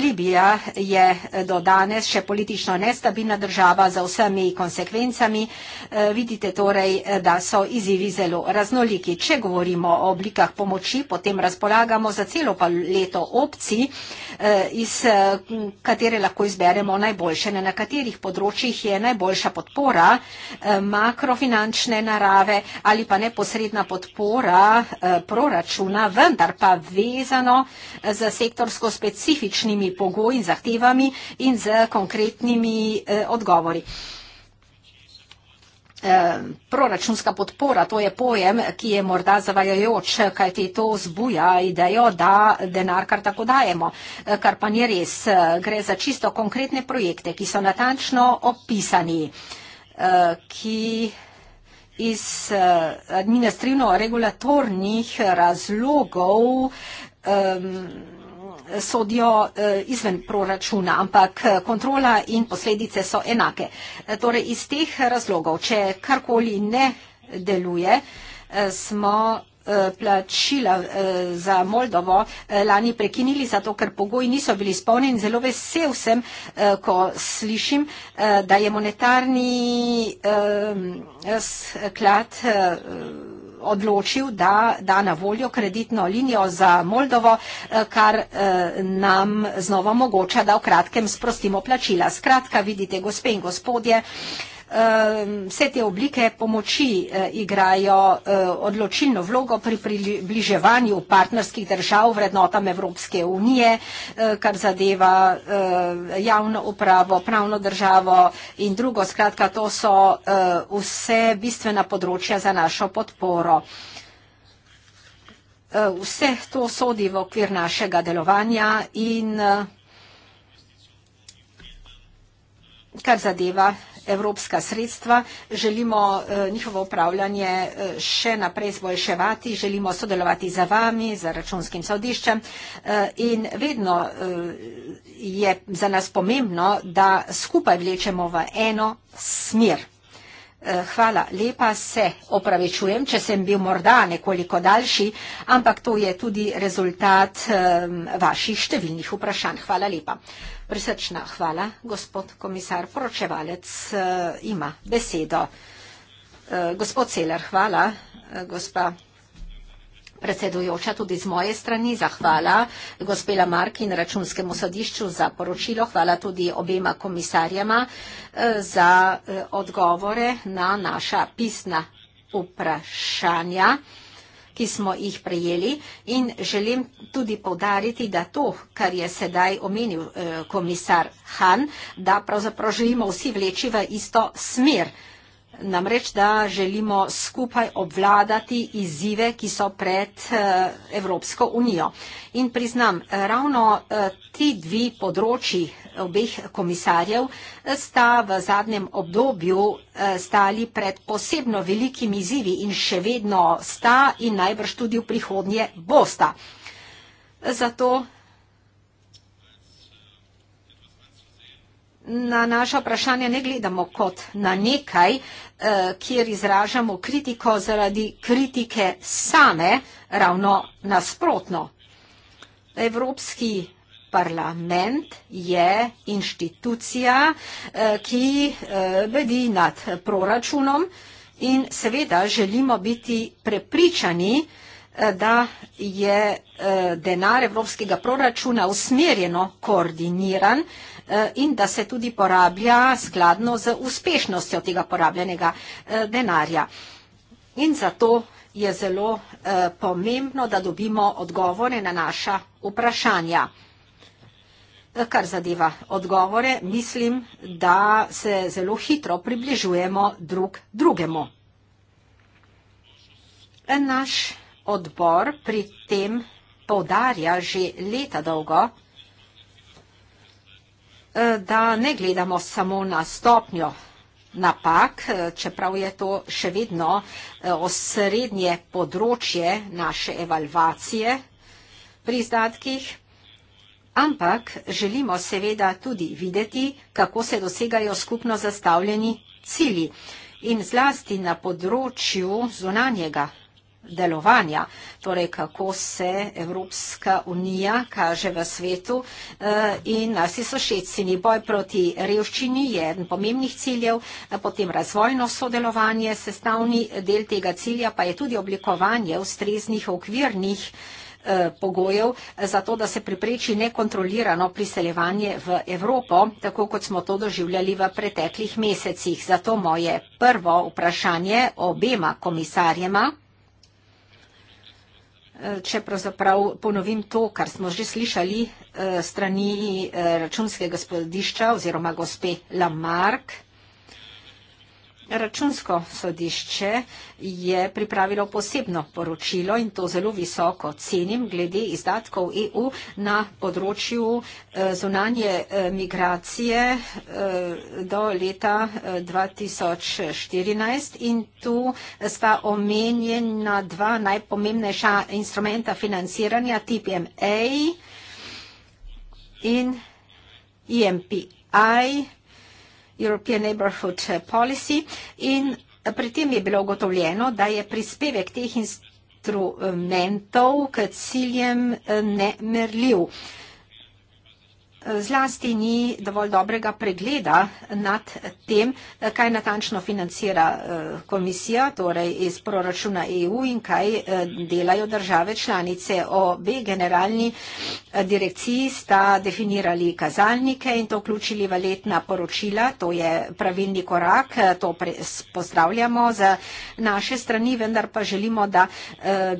Libija je do danes še politično nesmiselna, nestabilna država z vsemi konsekvencami. E, vidite torej, e, da so izzivi zelo raznoliki. Če govorimo o oblikah pomoči, potem razpolagamo za celo pa leto opcij, e, iz katere lahko izberemo najboljše, na katerih področjih je najboljša podpora makrofinančne narave ali pa neposredna podpora proračuna, vendar pa vezano z sektorsko specifičnimi pogoji in zahtevami in z konkretnimi e, odgovori. E, proračunska podpora, to je pojem, ki je morda zavajajoč, kajti to zbuja idejo, da denar kar tako dajemo, e, kar pa ni res. E, gre za čisto konkretne projekte, ki so natančno opisani, e, ki iz e, administrativno-regulatornih razlogov um, sodijo eh, izven proračuna, ampak eh, kontrola in posledice so enake. Eh, torej iz teh razlogov, če karkoli ne deluje, smo plačila za Moldovo lani prekinili, zato ker pogoji niso bili spolnjeni. Zelo vesel sem, ko slišim, da je monetarni sklad vsega, odločil, da da na voljo kreditno linijo za Moldovo, eh, kar eh, nam znova omogoča, da v kratkem sprostimo plačila. Skratka, vidite, gospe in gospodje, Ehm, vse te oblike pomoči eh, igrajo eh, odločilno vlogo pri približevanju partnerskih držav vrednotam Evropske unije, eh, kar zadeva javno upravo, pravno državo in drugo. Skratka, to so vse bistvena področja za našo podporo. Vse to sodi v okvir našega delovanja in kar zadeva evropska sredstva, želimo eh, njihovo upravljanje eh, še naprej zboljševati, želimo sodelovati za vami, za računskim sodiščem eh, in vedno je za nas pomembno, da skupaj vlečemo v eno smer. Hvala lepa, se opravičujem, če sem bil morda nekoliko daljši, ampak to je tudi rezultat vaših številnih vprašanj. Hvala lepa. Prisrčna hvala, gospod komisar Poročevalec eh, ima besedo. Eh, gospod Seler, hvala, eh, gospa predsedujoča, tudi z moje strani zahvala gospela Marki in računskemu sodišču za poročilo, hvala tudi obema komisarjama za odgovore na naša pisna vprašanja ki smo jih prejeli in želim tudi povdariti, da to, kar je sedaj omenil eh, komisar Han, da pravzaprav želimo vsi vleči v isto smer namreč, da želimo skupaj obvladati izzive, ki so pred eh, Evropsko unijo. In priznam, ravno eh, ti dvi področji obeh komisarjev eh, sta v zadnjem obdobju stali pred posebno velikimi izzivi in še vedno sta in najbrž tudi v prihodnje bosta. Zato na naša vprašanja ne gledamo kot na nekaj, eh, kjer izražamo kritiko zaradi kritike same, ravno nasprotno. Evropski parlament je inštitucija, eh, ki eh, bedi nad proračunom in seveda želimo biti prepričani, da da je eh, denar evropskega proračuna usmerjeno koordiniran eh, in da se tudi porablja skladno z uspešnostjo tega porabljenega eh, denarja. In zato je zelo pomembno, da dobimo odgovore na naša vprašanja. Kar zadeva odgovore, mislim, da se zelo hitro približujemo drug drugemu. Naš odbor pri tem povdarja že leta dolgo, eh, da ne gledamo samo na stopnjo napak, eh, čeprav je to še vedno eh, osrednje področje naše evalvacije pri izdatkih, ampak želimo seveda tudi videti, kako se dosegajo skupno zastavljeni cilji in zlasti na področju zunanjega delovanja, torej kako se Evropska unija kaže v svetu eh, in nasi sošecini. Boj proti revščini je eden pomembnih ciljev, eh, potem razvojno sodelovanje, sestavni del tega cilja pa je tudi oblikovanje ustreznih okvirnih eh, pogojev za to, da se pripreči nekontrolirano priseljevanje v Evropo, tako kot smo to doživljali v preteklih mesecih. Zato moje prvo vprašanje obema komisarjema. Eh, če pravzaprav ponovim to, kar smo že slišali eh, strani eh, računskega spodišča oziroma gospe Lamarck. Računsko sodišče je pripravilo posebno poročilo in to zelo visoko cenim glede izdatkov EU na področju eh, zunanje eh, migracije eh, do leta 2014 in tu sta omenjena dva najpomembnejša instrumenta financiranja TPMA in EMPI. European Neighborhood eh, Policy in eh, pri tem je bilo ugotovljeno, da je prispevek teh instrumentov k ciljem eh, nemerljiv zlasti ni dovolj dobrega pregleda nad tem, kaj natančno financira eh, komisija, torej iz proračuna EU in kaj eh, delajo države članice. Obe generalni eh, direkciji sta definirali kazalnike in to vključili v letna poročila, to je pravilni korak, to pozdravljamo za naše strani, vendar pa želimo, da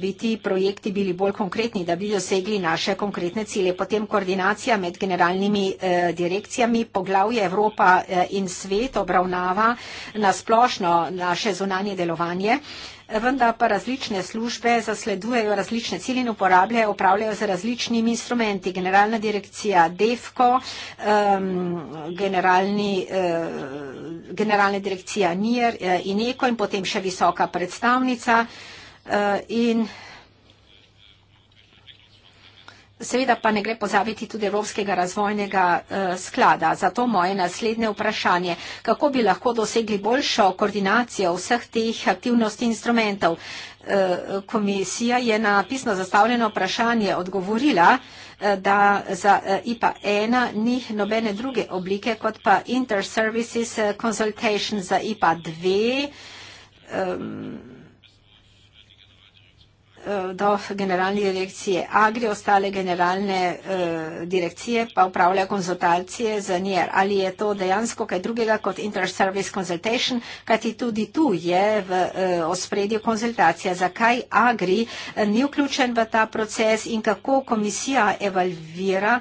bi ti projekti bili bolj konkretni, da bi dosegli naše konkretne cilje. Potem koordinacija med generalnimi nacionalnimi eh, direkcijami. Poglavje Evropa eh, in svet obravnava na splošno naše zunanje delovanje. Vendar pa različne službe zasledujejo različne cilje in uporabljajo, upravljajo z različnimi instrumenti. Generalna direkcija DEFCO, um, generalni, uh, generalna direkcija NIR uh, eh, in ECO in potem še visoka predstavnica. Uh, in, uh, Seveda pa ne gre pozabiti tudi Evropskega razvojnega uh, sklada. Zato moje naslednje vprašanje, kako bi lahko dosegli boljšo koordinacijo vseh teh aktivnosti instrumentov. Uh, komisija je na pisno zastavljeno vprašanje odgovorila, uh, da za uh, IPA 1 ni nobene druge oblike kot pa Inter Services Consultation za IPA 2. Um, ehm, Eh, do generalne direkcije Agri, ostale generalne eh, direkcije pa upravlja konzultacije za njer. Ali je to dejansko kaj drugega kot inter-service consultation, kajti tudi tu je v eh, ospredju konzultacija. Zakaj Agri ni vključen v ta proces in kako komisija evalvira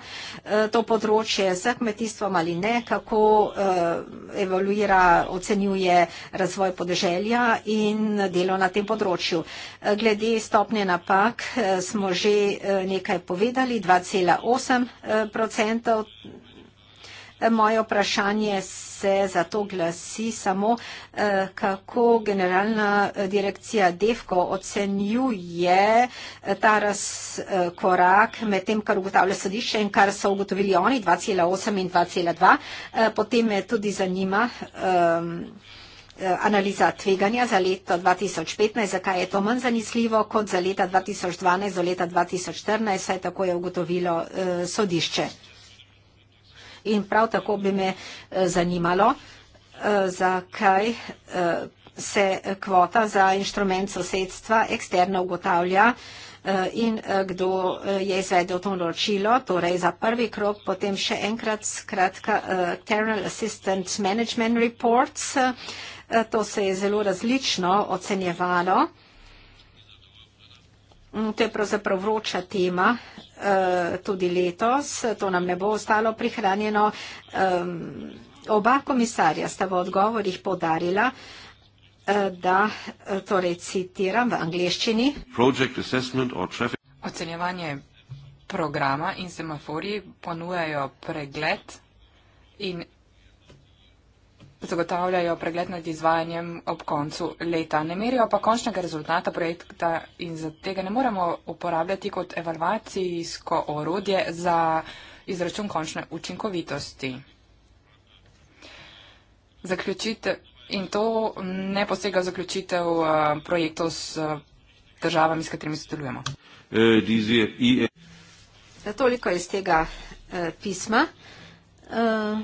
to področje za kmetijstvom ali ne, kako evaluira, ocenjuje razvoj podeželja in delo na tem področju. Glede stopne Povečanje napak eh, smo že eh, nekaj povedali, 2,8 eh, procentov. Moje vprašanje se zato glasi samo, kako generalna direkcija Defko ocenjuje ta razkorak med tem, kar ugotavlja sodišče in kar so ugotovili oni, 2,8 in 2,2. Potem me tudi zanima. Um, Eh, analiza tveganja za leto 2015, zakaj je to manj zanesljivo kot za leta 2012 do leta 2014, saj tako je ugotovilo eh, sodišče. In prav tako bi me eh, zanimalo, zakaj se kvota za inštrument sosedstva eksterno ugotavlja in kdo je izvedel to naročilo, torej za prvi krok, potem še enkrat skratka External Assistant Management Reports, uh, To se je zelo različno ocenjevalo. To je pravzaprav vroča tema eh, tudi letos. To nam ne bo ostalo prihranjeno. Oba komisarja sta v odgovorih podarila, eh, da eh, torej citiram v angliščini. Ocenjevanje programa in semafori ponujajo pregled in zagotavljajo pregled nad izvajanjem ob koncu leta. Ne merijo pa končnega rezultata projekta in za tega ne moremo uporabljati kot evalvacijsko orodje za izračun končne učinkovitosti. Zaključite in to ne posega zaključitev eh, projektov s eh, državami, s katerimi sodelujemo. Eh, e. ja, toliko iz tega pisma. Uh,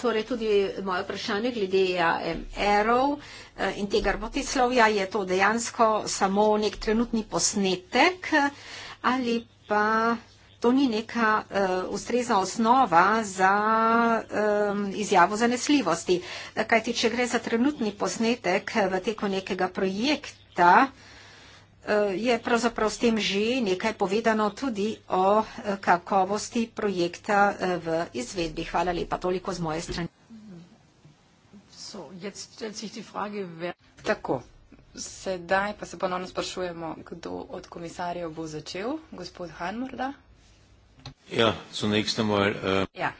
torej tudi moje vprašanje glede AMR-ov eh, in tega robotislovja, je to dejansko samo nek trenutni posnetek ali pa to ni neka uh, ustrezna osnova za um, izjavo zanesljivosti. Kajti, če gre za trenutni posnetek eh, v teku nekega projekta, uh, je pravzaprav s tem že nekaj povedano tudi o eh, kakovosti projekta eh, v izvedbi. Hvala lepa, toliko z moje strani. Tako, sedaj pa se ponovno sprašujemo, kdo od komisarjev bo začel, gospod Han morda? Ja, zunajkste moje. Uh... Ja.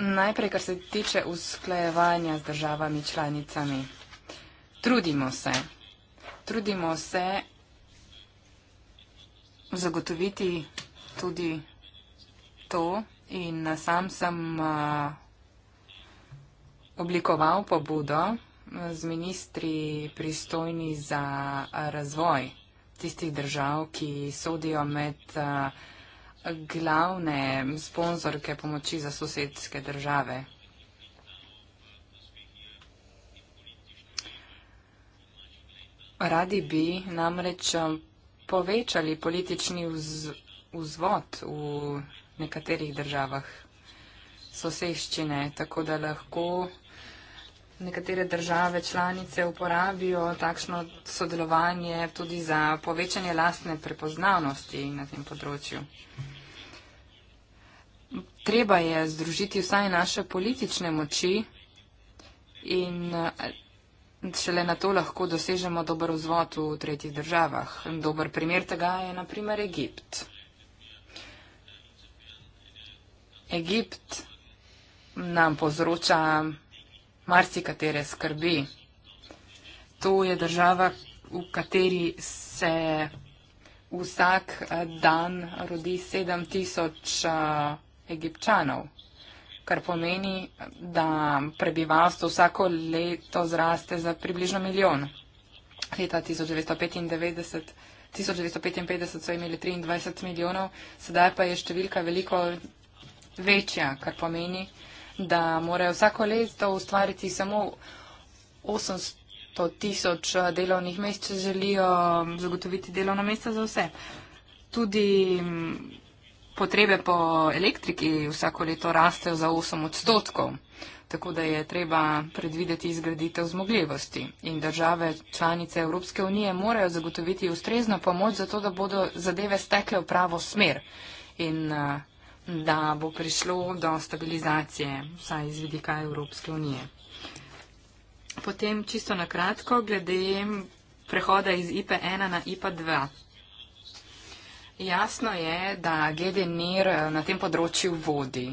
Najprej, kar se tiče usklajevanja z državami članicami. Trudimo se, trudimo se zagotoviti tudi to in sam sem oblikoval pobudo z ministri pristojni za razvoj tistih držav, ki sodijo med glavne sponzorke pomoči za sosedske države. Radi bi namreč um, povečali politični vz, vzvod v nekaterih državah soseščine, tako da lahko nekatere države članice uporabijo takšno sodelovanje tudi za povečanje lastne prepoznavnosti na tem področju. Treba je združiti vsaj naše politične moči in Šele na to lahko dosežemo dober vzvod v tretjih državah. Dober primer tega je naprimer Egipt. Egipt nam povzroča marsikatere skrbi. To je država, v kateri se vsak dan rodi 7000 eh, egipčanov kar pomeni, da prebivalstvo vsako leto zraste za približno milijon. Leta 1995, 1955 so imeli 23 milijonov, sedaj pa je številka veliko večja, kar pomeni, da morajo vsako leto ustvariti samo 800 tisoč delovnih mest, če želijo zagotoviti delovna mesta za vse. Tudi potrebe po elektriki vsako leto rastejo za 8 odstotkov, tako da je treba predvideti izgraditev zmogljivosti. In države članice Evropske unije morajo zagotoviti ustrezno pomoč, zato da bodo zadeve stekle v pravo smer in eh, da bo prišlo do stabilizacije, vsaj iz vidika Evropske unije. Potem čisto na kratko glede prehoda iz IP1 na IP2. Jasno je, da GDMIR eh, na tem področju vodi.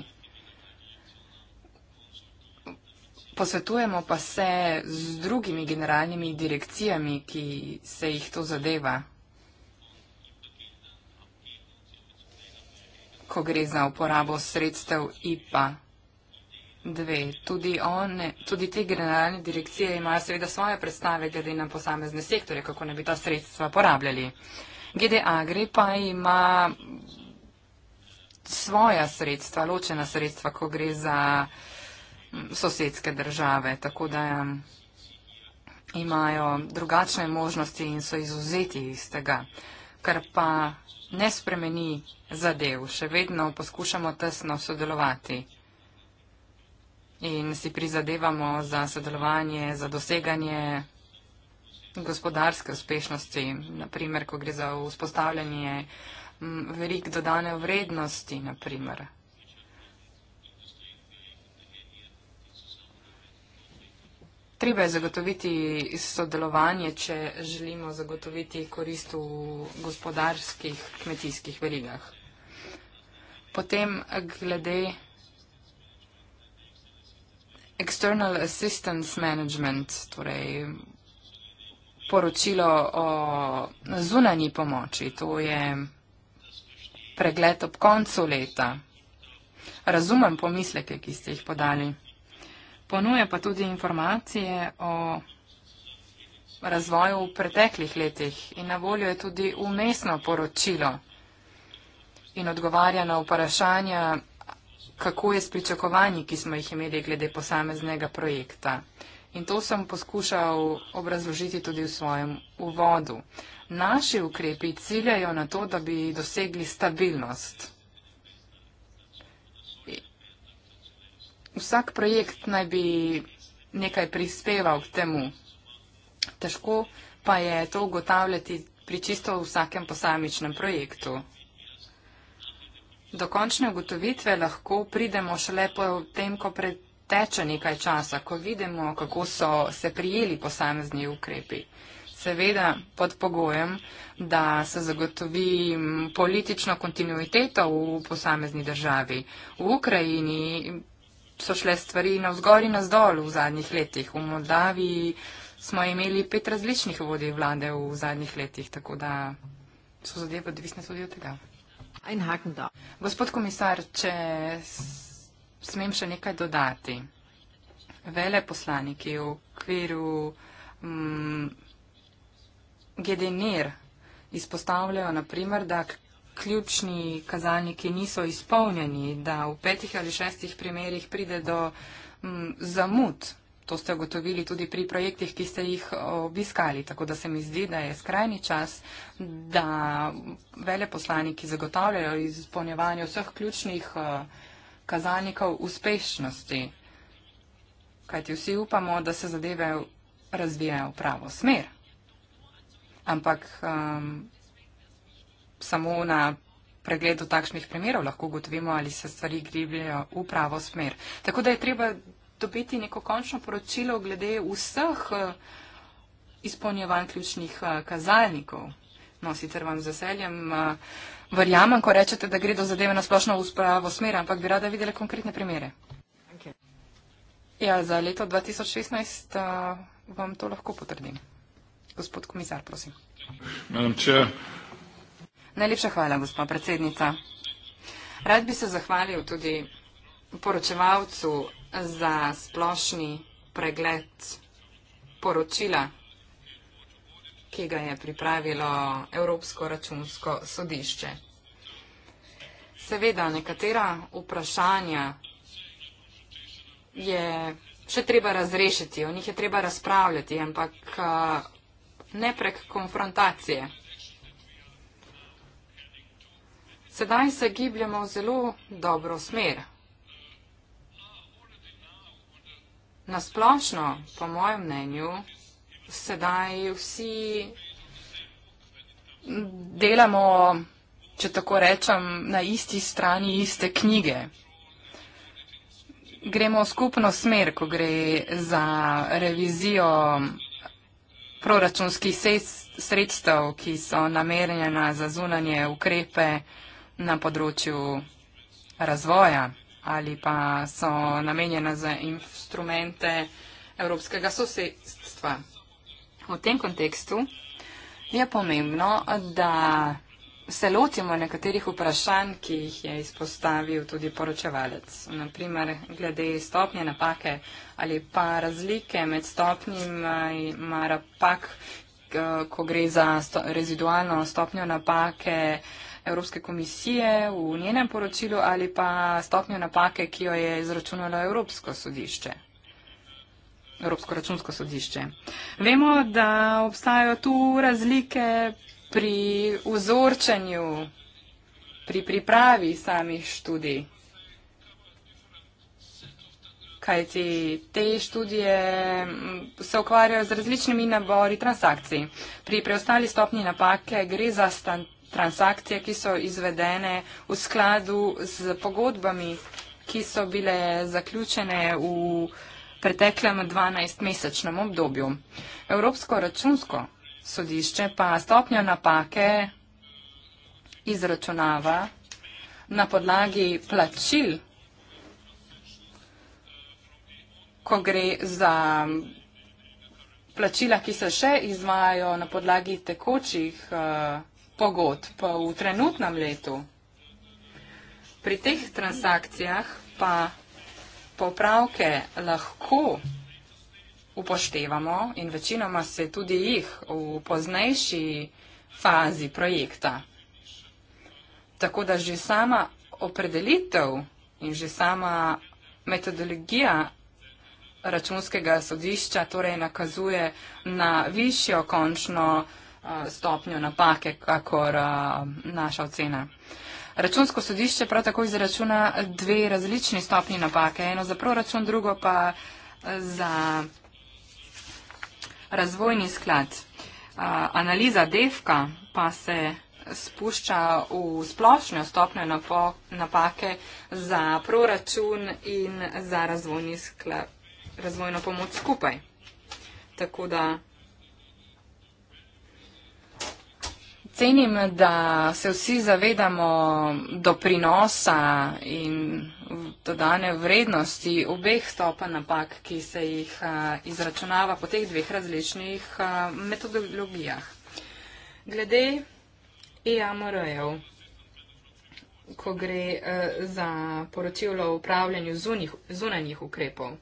Posvetujemo pa se z drugimi generalnimi direkcijami, ki se jih to zadeva. Ko gre za uporabo sredstev IPA 2, tudi, tudi te generalne direkcije imajo seveda svoje predstave glede na posamezne sektore, kako ne bi ta sredstva porabljali. Uh, Gede Agri pa ima svoja sredstva, ločena sredstva, ko gre za mm, sosedske države, tako da imajo drugačne možnosti in so izuzeti iz tega, kar pa ne spremeni zadev. Še vedno poskušamo tesno sodelovati in si prizadevamo za sodelovanje, za doseganje gospodarske uspešnosti, naprimer, ko gre za vzpostavljanje verik dodane vrednosti, naprimer. Treba je zagotoviti sodelovanje, če želimo zagotoviti korist v gospodarskih kmetijskih verigah. Potem glede external assistance management, torej poročilo o zunanji pomoči. To je pregled ob koncu leta. Razumem pomisleke, ki ste jih podali. Ponuja pa tudi informacije o razvoju v preteklih letih in na voljo je tudi umestno poročilo in odgovarja na vprašanja, kako je s pričakovanji, ki smo jih imeli glede posameznega projekta. In to sem poskušal obrazložiti tudi v svojem uvodu. Naši ukrepi ciljajo na to, da bi dosegli stabilnost. Vsak projekt naj bi nekaj prispeval k temu. Težko pa je to ugotavljati pri čisto vsakem posamičnem projektu. Do končne ugotovitve lahko pridemo šele po tem, ko pred teče nekaj časa, ko vidimo, kako so se prijeli posamezni ukrepi. Seveda pod pogojem, da se zagotovi politično kontinuiteto v posamezni državi. V Ukrajini so šle stvari na vzgori na zdol v zadnjih letih. V Moldaviji smo imeli pet različnih vodij vlade v zadnjih letih, tako da so zadeve odvisne tudi od tega. Gospod komisar, če smem še nekaj dodati. Veleposlaniki v okviru mm, GDNR e izpostavljajo, naprimer, da ključni kazalniki niso izpolnjeni, da v petih ali šestih primerjih pride do mm, zamud. To ste ugotovili tudi pri projektih, ki ste jih obiskali. Tako da se mi zdi, da je skrajni čas, da veleposlaniki zagotavljajo izpolnjevanje vseh ključnih uh, kazalnikov uspešnosti, kajti vsi upamo, da se zadeve razvijajo v pravo smer. Ampak um, samo na pregledu takšnih primerov lahko ugotovimo, ali se stvari gribljajo v pravo smer. Tako da je treba dobiti neko končno poročilo glede vseh uh, izpolnjevanj ključnih uh, kazalnikov. No, sicer vam z veseljem. Uh, verjamem, ko rečete, da gre do zadeve na splošno v spravo smer, ampak bi rada videla konkretne primere. Ja, za leto 2016 uh, eh, vam to lahko potrdim. Gospod komisar, prosim. Najlepša hvala, gospa predsednica. Rad bi se zahvalil tudi poročevalcu za splošni pregled poročila ki ga je pripravilo Evropsko računsko sodišče. Seveda, nekatera vprašanja je še treba razrešiti, o njih je treba razpravljati, ampak eh, ne prek konfrontacije. Sedaj se gibljamo v zelo dobro smer. Nasplošno, po mojem mnenju, sedaj vsi delamo, če tako rečem, na isti strani iste knjige. Gremo v skupno smer, ko gre za revizijo proračunskih sredstev, ki so namerjena za zunanje ukrepe na področju razvoja ali pa so namenjena za instrumente evropskega sosedstva v tem kontekstu je pomembno, da se lotimo nekaterih vprašanj, ki jih je izpostavil tudi poročevalec. Naprimer, glede stopnje napake ali pa razlike med stopnjami mara pak, eh, ko gre za sto, rezidualno stopnjo napake Evropske komisije v njenem poročilu ali pa stopnjo napake, ki jo je izračunalo Evropsko sodišče. Evropsko računsko sodišče. Vemo, da obstajajo tu razlike pri vzorčenju, pri pripravi samih študij. Kaj ti te študije se ukvarjajo z različnimi nabori transakcij. Pri preostali stopni napake gre za transakcije, ki so izvedene v skladu z pogodbami, ki so bile zaključene v preteklem 12-mesečnem obdobju. Evropsko računsko sodišče pa stopnjo napake izračunava na podlagi plačil, ko gre za plačila, ki se še izvajajo na podlagi tekočih uh, eh, pogod pa v trenutnem letu. Pri teh transakcijah pa popravke lahko upoštevamo in večinoma se tudi jih v poznejši fazi projekta. Tako da že sama opredelitev in že sama metodologija računskega sodišča torej nakazuje na višjo končno stopnjo napake, kakor naša ocena. Računsko sodišče prav tako izračuna dve različni stopni napake. Eno za proračun, drugo pa eh, za razvojni sklad. Eh, analiza DEFKA pa se spušča v splošno stopnjo napake za proračun in za razvojni sklad razvojno pomoč skupaj. Tako da Cenim, da se vsi zavedamo doprinosa in dodane vrednosti obeh stopa napak, ki se jih izračunava po teh dveh različnih metodologijah. Glede EAMR-jev, ko gre e, za poročilo o upravljanju zunih, zunanjih ukrepov.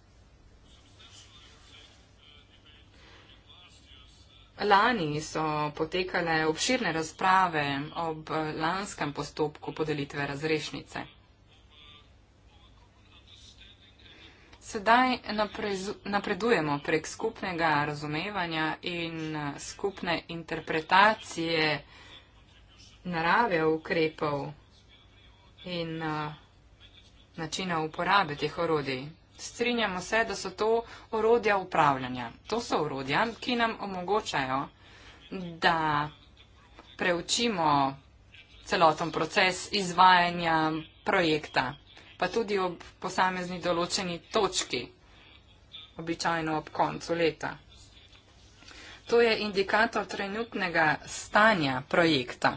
Lani so potekale obširne razprave ob lanskem postopku podelitve razrešnice. Sedaj napredujemo prek skupnega razumevanja in skupne interpretacije narave ukrepov in načina uporabe teh orodij strinjamo se, da so to orodja upravljanja. To so orodja, ki nam omogočajo, da preučimo celoten proces izvajanja projekta, pa tudi ob posamezni določeni točki, običajno ob koncu leta. To je indikator trenutnega stanja projekta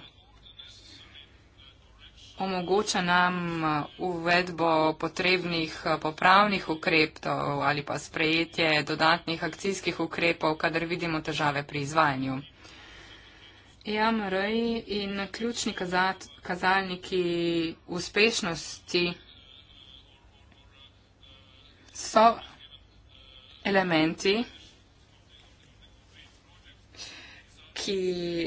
omogoča nam uh, uvedbo potrebnih uh, popravnih ukrepov ali pa sprejetje dodatnih akcijskih ukrepov, kadar vidimo težave pri izvajanju. EMRI in ključni kazat, kazalniki uspešnosti so elementi, ki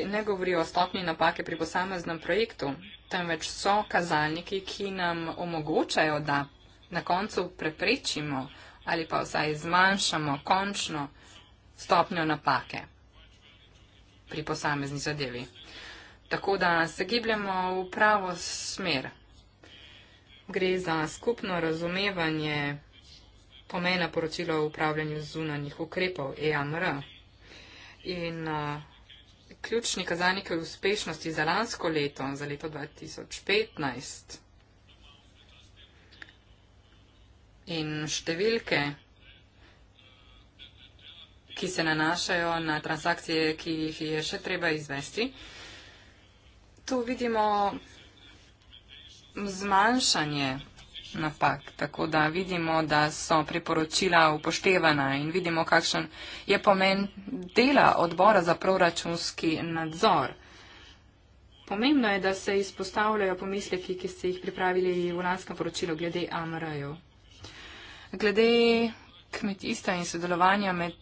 ne govorijo o stopni napake pri posameznem projektu, temveč so kazalniki, ki nam omogočajo, da na koncu preprečimo ali pa vsaj zmanjšamo končno stopnjo napake pri posamezni zadevi. Tako da se gibljamo v pravo smer. Gre za skupno razumevanje pomena poročila o upravljanju zunanjih ukrepov EAMR. In uh, ključni kazalniki uspešnosti za lansko leto, za leto 2015. In številke, ki se nanašajo na transakcije, ki jih je še treba izvesti, tu vidimo zmanjšanje napak. Tako da vidimo, da so priporočila upoštevana in vidimo, kakšen je pomen dela odbora za proračunski nadzor. Pomembno je, da se izpostavljajo pomisleki, ki ste jih pripravili v lanskem poročilu glede AMR-jev. Glede kmetijstva in sodelovanja med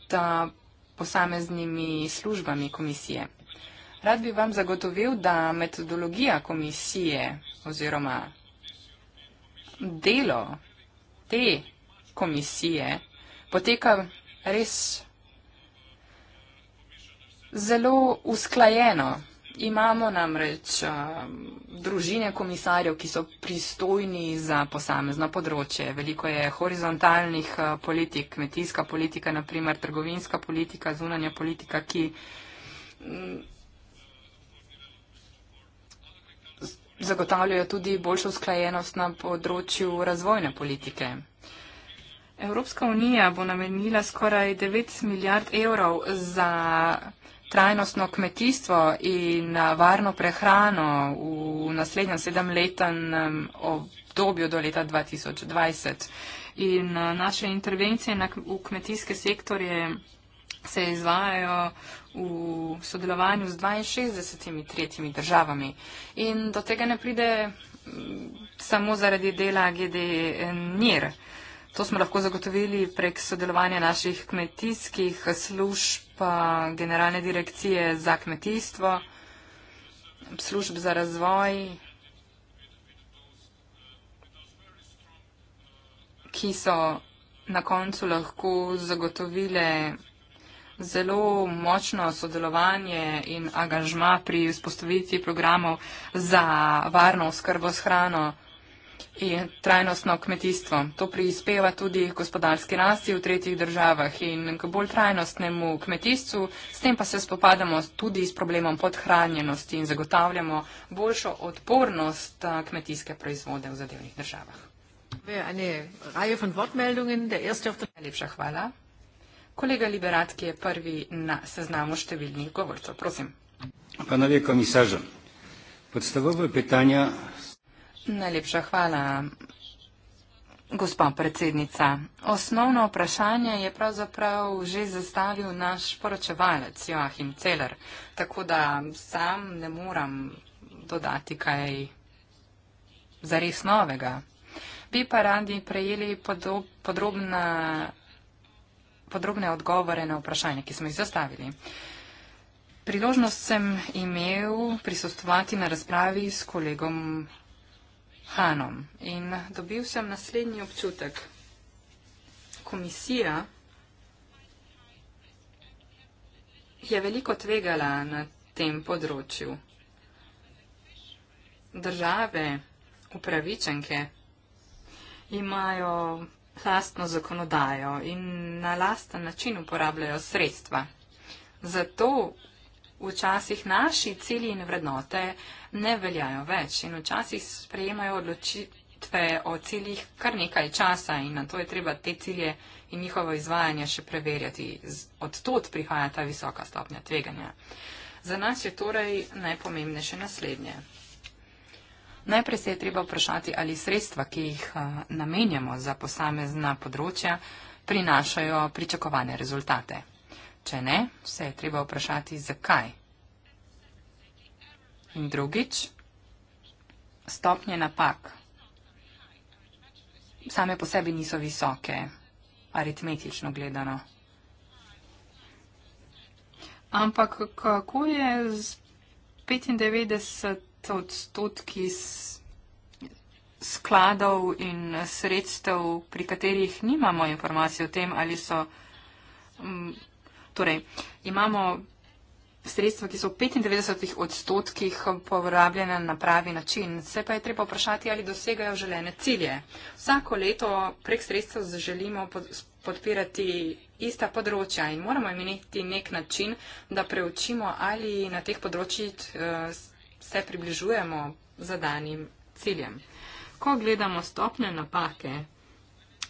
posameznimi službami komisije. Rad bi vam zagotovil, da metodologija komisije oziroma delo te komisije poteka res zelo usklajeno. Imamo namreč uh, družine komisarjev, ki so pristojni za posamezno področje. Veliko je horizontalnih uh, politik, kmetijska politika, naprimer, trgovinska politika, zunanja politika, ki mm, zagotavljajo tudi boljšo sklajenost na področju razvojne politike. Evropska unija bo namenila skoraj 9 milijard evrov za trajnostno kmetijstvo in varno prehrano v naslednjem sedemletnem um, obdobju do leta 2020. In uh, naše intervencije v kmetijske sektorje se izvajajo v sodelovanju z 62 tretjimi državami. In do tega ne pride mm, samo zaradi dela GD Nir. To smo lahko zagotovili prek sodelovanja naših kmetijskih služb, generalne direkcije za kmetijstvo, služb za razvoj, ki so na koncu lahko zagotovile zelo močno sodelovanje in angažma pri vzpostavitvi programov za varno oskrbo s hrano in trajnostno kmetijstvo. To prispeva tudi gospodarski rasti v tretjih državah in k bolj trajnostnemu kmetijstvu. S tem pa se spopadamo tudi s problemom podhranjenosti in zagotavljamo boljšo odpornost kmetijske proizvode v zadevnih državah. Najlepša hvala. Kolega Liberat, ki je prvi na seznamu številnih govorcev, prosim. Panovje komisarže, podstavovo vprašanje. Najlepša hvala, gospa predsednica. Osnovno vprašanje je pravzaprav že zastavil naš poročevalec Joachim Celer, tako da sam ne moram dodati kaj zares novega. Bi pa radi prejeli podo podrobna podrobne odgovore na vprašanja, ki smo jih zastavili. Priložnost sem imel prisostovati na razpravi s kolegom Hanom in dobil sem naslednji občutek. Komisija je veliko tvegala na tem področju. Države, upravičenke, imajo lastno zakonodajo in na lasten način uporabljajo sredstva. Zato včasih naši cilji in vrednote ne veljajo več in včasih sprejemajo odločitve o ciljih kar nekaj časa in na to je treba te cilje in njihovo izvajanje še preverjati. Od tod prihaja ta visoka stopnja tveganja. Za nas je torej najpomembnejše naslednje. Najprej se je treba vprašati, ali sredstva, ki jih namenjamo za posamezna področja, prinašajo pričakovane rezultate. Če ne, se je treba vprašati, zakaj. In drugič, stopnje napak. Same po sebi niso visoke, aritmetično gledano. Ampak kako je z 95 odstotki skladov in sredstev, pri katerih nimamo informacije o tem, ali so. Mm, torej, imamo sredstva, ki so v 95 odstotkih porabljena na pravi način. Se pa je treba vprašati, ali dosegajo želene cilje. Vsako leto prek sredstva želimo podpirati ista področja in moramo imeti nek način, da preučimo, ali na teh področjih. Uh, se približujemo zadanim ciljem. Ko gledamo stopne napake,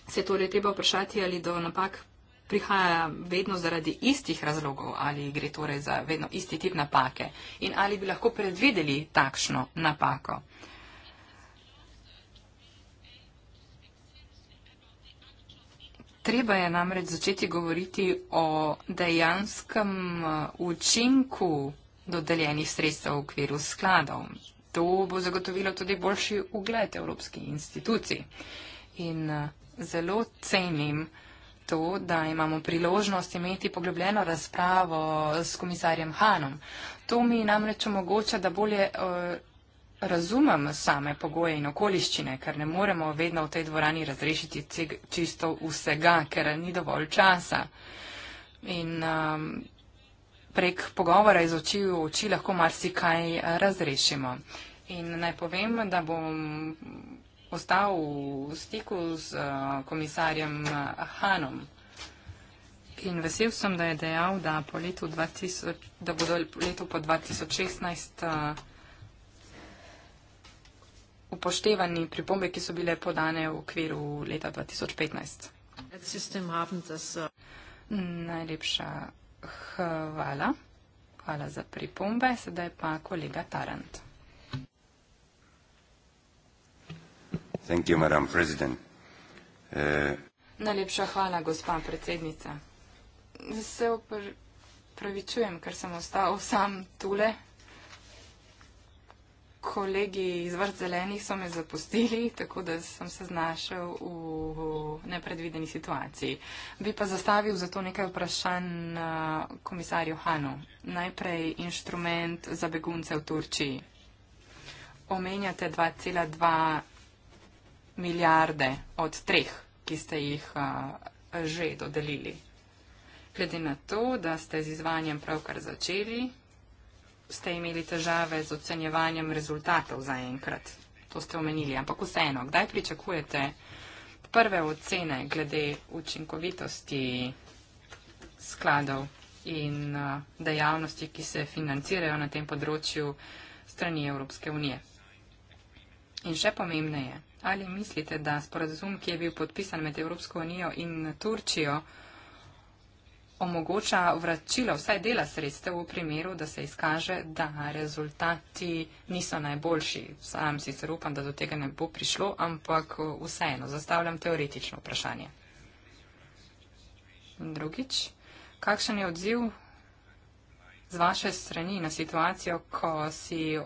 se torej treba vprašati, ali do napak prihaja vedno zaradi istih razlogov ali gre torej za vedno isti tip napake in ali bi lahko predvideli takšno napako. Treba je namreč začeti govoriti o dejanskem uh, učinku dodeljenih sredstev v okviru skladov. To bo zagotovilo tudi boljši ugled evropskih institucij. In eh, zelo cenim to, da imamo priložnost imeti poglobljeno razpravo s komisarjem Hanom. To mi namreč omogoča, da bolje uh, razumem same pogoje in okoliščine, ker ne moremo vedno v tej dvorani razrešiti čisto vsega, ker ni dovolj časa. In, uh, prek pogovora iz oči v oči lahko marsikaj razrešimo. In naj povem, da bom ostal v stiku z eh, komisarjem Hanom. In vesel sem, da je dejal, da, po 2000, da bodo leto po 2016 eh, upoštevani pripombe, ki so bile podane v okviru leta 2015. Eh, Najlepša Hvala. Hvala za pripombe. Sedaj pa kolega Tarant. You, uh... Najlepša hvala, gospa predsednica. Se opravičujem, ker sem ostal sam tule kolegi iz vrst zelenih so me zapustili, tako da sem se znašel v nepredvideni situaciji. Bi pa zastavil zato nekaj vprašanj eh, komisarju Hanu. Najprej inštrument za begunce v Turčiji. Omenjate 2,2 milijarde od treh, ki ste jih eh, že dodelili. Glede na to, da ste z izvanjem pravkar začeli, ste imeli težave z ocenjevanjem rezultatov zaenkrat. To ste omenili. Ampak vseeno, kdaj pričakujete prve ocene glede učinkovitosti skladov in uh, dejavnosti, ki se financirajo na tem področju strani Evropske unije? In še pomembneje, ali mislite, da sporazum, ki je bil podpisan med Evropsko unijo in Turčijo, omogoča vračilo vsaj dela sredstev v primeru, da se izkaže, da rezultati niso najboljši. Sam sicer upam, da do tega ne bo prišlo, ampak eh, vseeno zastavljam teoretično vprašanje. Drugič, kakšen je odziv z vaše strani na situacijo, ko si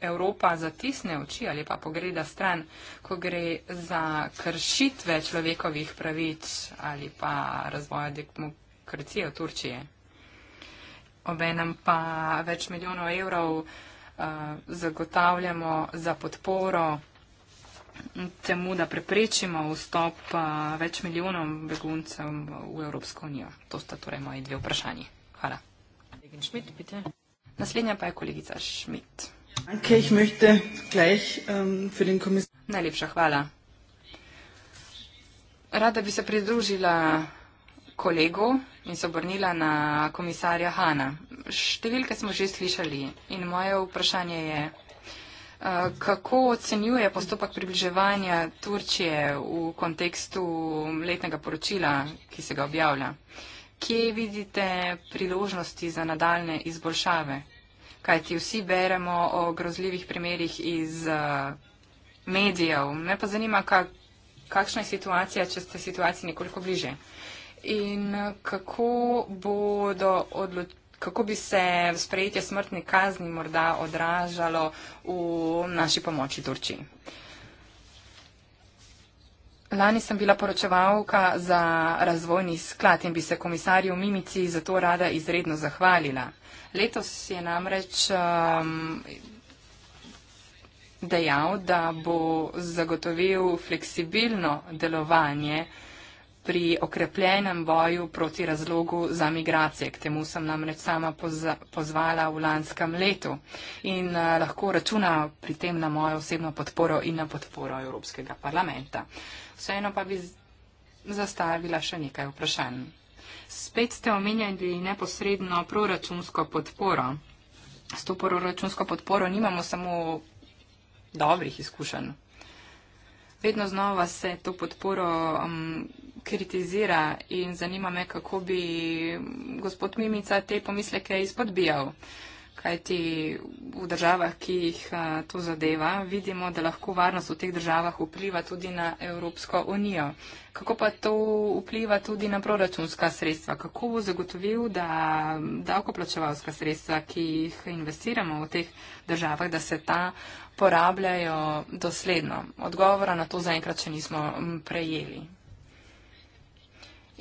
Evropa zatisne oči ali pa pogleda stran, ko gre za kršitve človekovih pravic ali pa razvoja demokracije? demokracije v Turčiji. Obenem pa več milijonov evrov uh, zagotavljamo za podporo temu, da preprečimo vstop uh, več milijonov beguncev v Evropsko unijo. To sta torej moji dve vprašanji. Hvala. Naslednja pa je kolegica Šmit. Ähm, Najlepša hvala. Rada bi se pridružila kolegu in se obrnila na komisarja Hana. Številke smo že slišali in moje vprašanje je, eh, kako ocenjuje postopek približevanja Turčije v kontekstu letnega poročila, ki se ga objavlja? Kje vidite priložnosti za nadaljne izboljšave? Kaj ti vsi beremo o grozljivih primerih iz eh, medijev? Me pa zanima, kak, kakšna je situacija, če ste situaciji nekoliko bliže. In eh, kako, bodo, kako bi se sprejetje smrtne kazni morda odražalo v naši pomoči Turčiji? Lani sem bila poročevalka za razvojni sklad in bi se komisarju Mimici za to rada izredno zahvalila. Letos je namreč um, dejal, da bo zagotovil fleksibilno delovanje uh, pri okrepljenem boju proti razlogu za migracije. K temu sem namreč sama pozvala v lanskem letu in eh, lahko računa pri tem na mojo osebno podporo in na podporo Evropskega parlamenta. Vseeno pa bi zastavila še nekaj vprašanj. Spet ste omenjali neposredno proračunsko podporo. S to proračunsko podporo nimamo samo dobrih izkušenj. Vedno znova se to podporo um, kritizira in zanima me, kako bi gospod Mimica te pomisleke izpodbijal. Kaj ti v državah, ki jih to zadeva, vidimo, da lahko varnost v teh državah vpliva tudi na Evropsko unijo. Kako pa to vpliva tudi na proračunska sredstva? Kako bo zagotovil, da davkoplačevalska sredstva, ki jih investiramo v teh državah, da se ta porabljajo dosledno? Odgovora na to zaenkrat še nismo prejeli.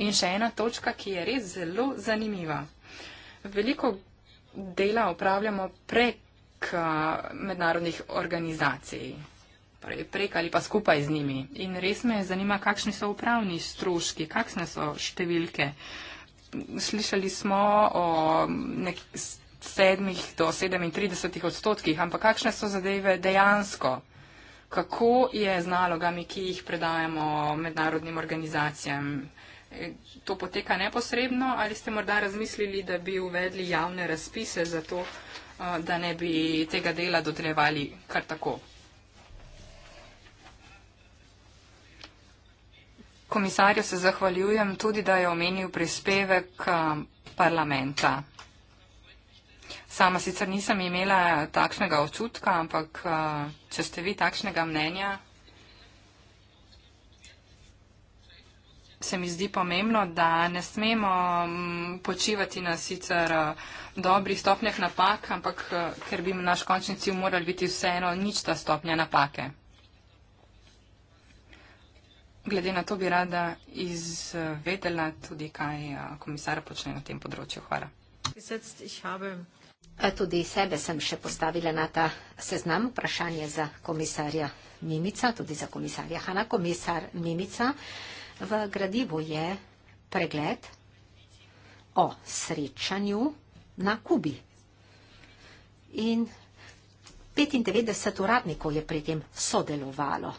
In še ena točka, ki je res zelo zanimiva. Veliko dela opravljamo prek mednarodnih organizacij, torej prek ali pa skupaj z njimi. In res me zanima, kakšni so upravni stroški, kakšne so številke. Slišali smo o nekih 7 do 37 odstotkih, ampak kakšne so zadeve dejansko? Kako je z nalogami, ki jih predajamo mednarodnim organizacijam? to poteka neposredno ali ste morda razmislili, da bi uvedli javne razpise za to, da ne bi tega dela dodeljevali kar tako. Komisarju se zahvaljujem tudi, da je omenil prispevek parlamenta. Sama sicer nisem imela takšnega očutka, ampak če ste vi takšnega mnenja. se mi zdi pomembno, da ne smemo mm, počivati na sicer eh, dobrih stopnjah napak, ampak eh, ker bi naš končni cilj moral biti vseeno nič ta stopnja napake. Glede na to bi rada izvedela tudi, kaj eh, komisar počne na tem področju. Hvala. Tudi sebe sem še postavila na ta seznam vprašanje za komisarja Mimica, tudi za komisarja Hana, komisar Mimica. Uh, V gradivu je pregled o srečanju na Kubi. In 95 uradnikov je pri tem sodelovalo.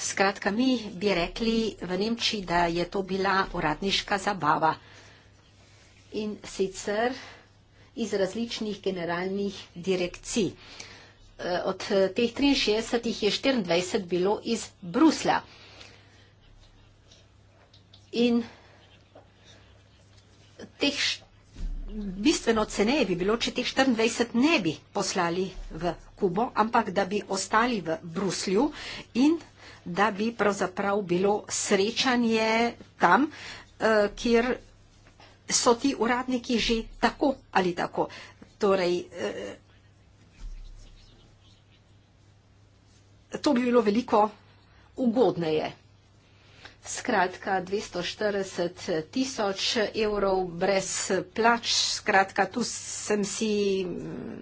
Skratka, mi bi rekli v Nemčiji, da je to bila uradniška zabava. In sicer iz različnih generalnih direkcij. Eh, od teh 63 je 24 bilo iz Bruslja. In teh bistveno ceneje bi bilo, če teh 24 ne bi poslali v Kubo, ampak da bi ostali v Bruslju in da bi pravzaprav bilo srečanje tam, eh, kjer so ti uradniki že tako ali tako. Torej, eh, to bi bilo veliko ugodneje skratka 240 tisoč evrov brez plač. Skratka, tu sem si mm,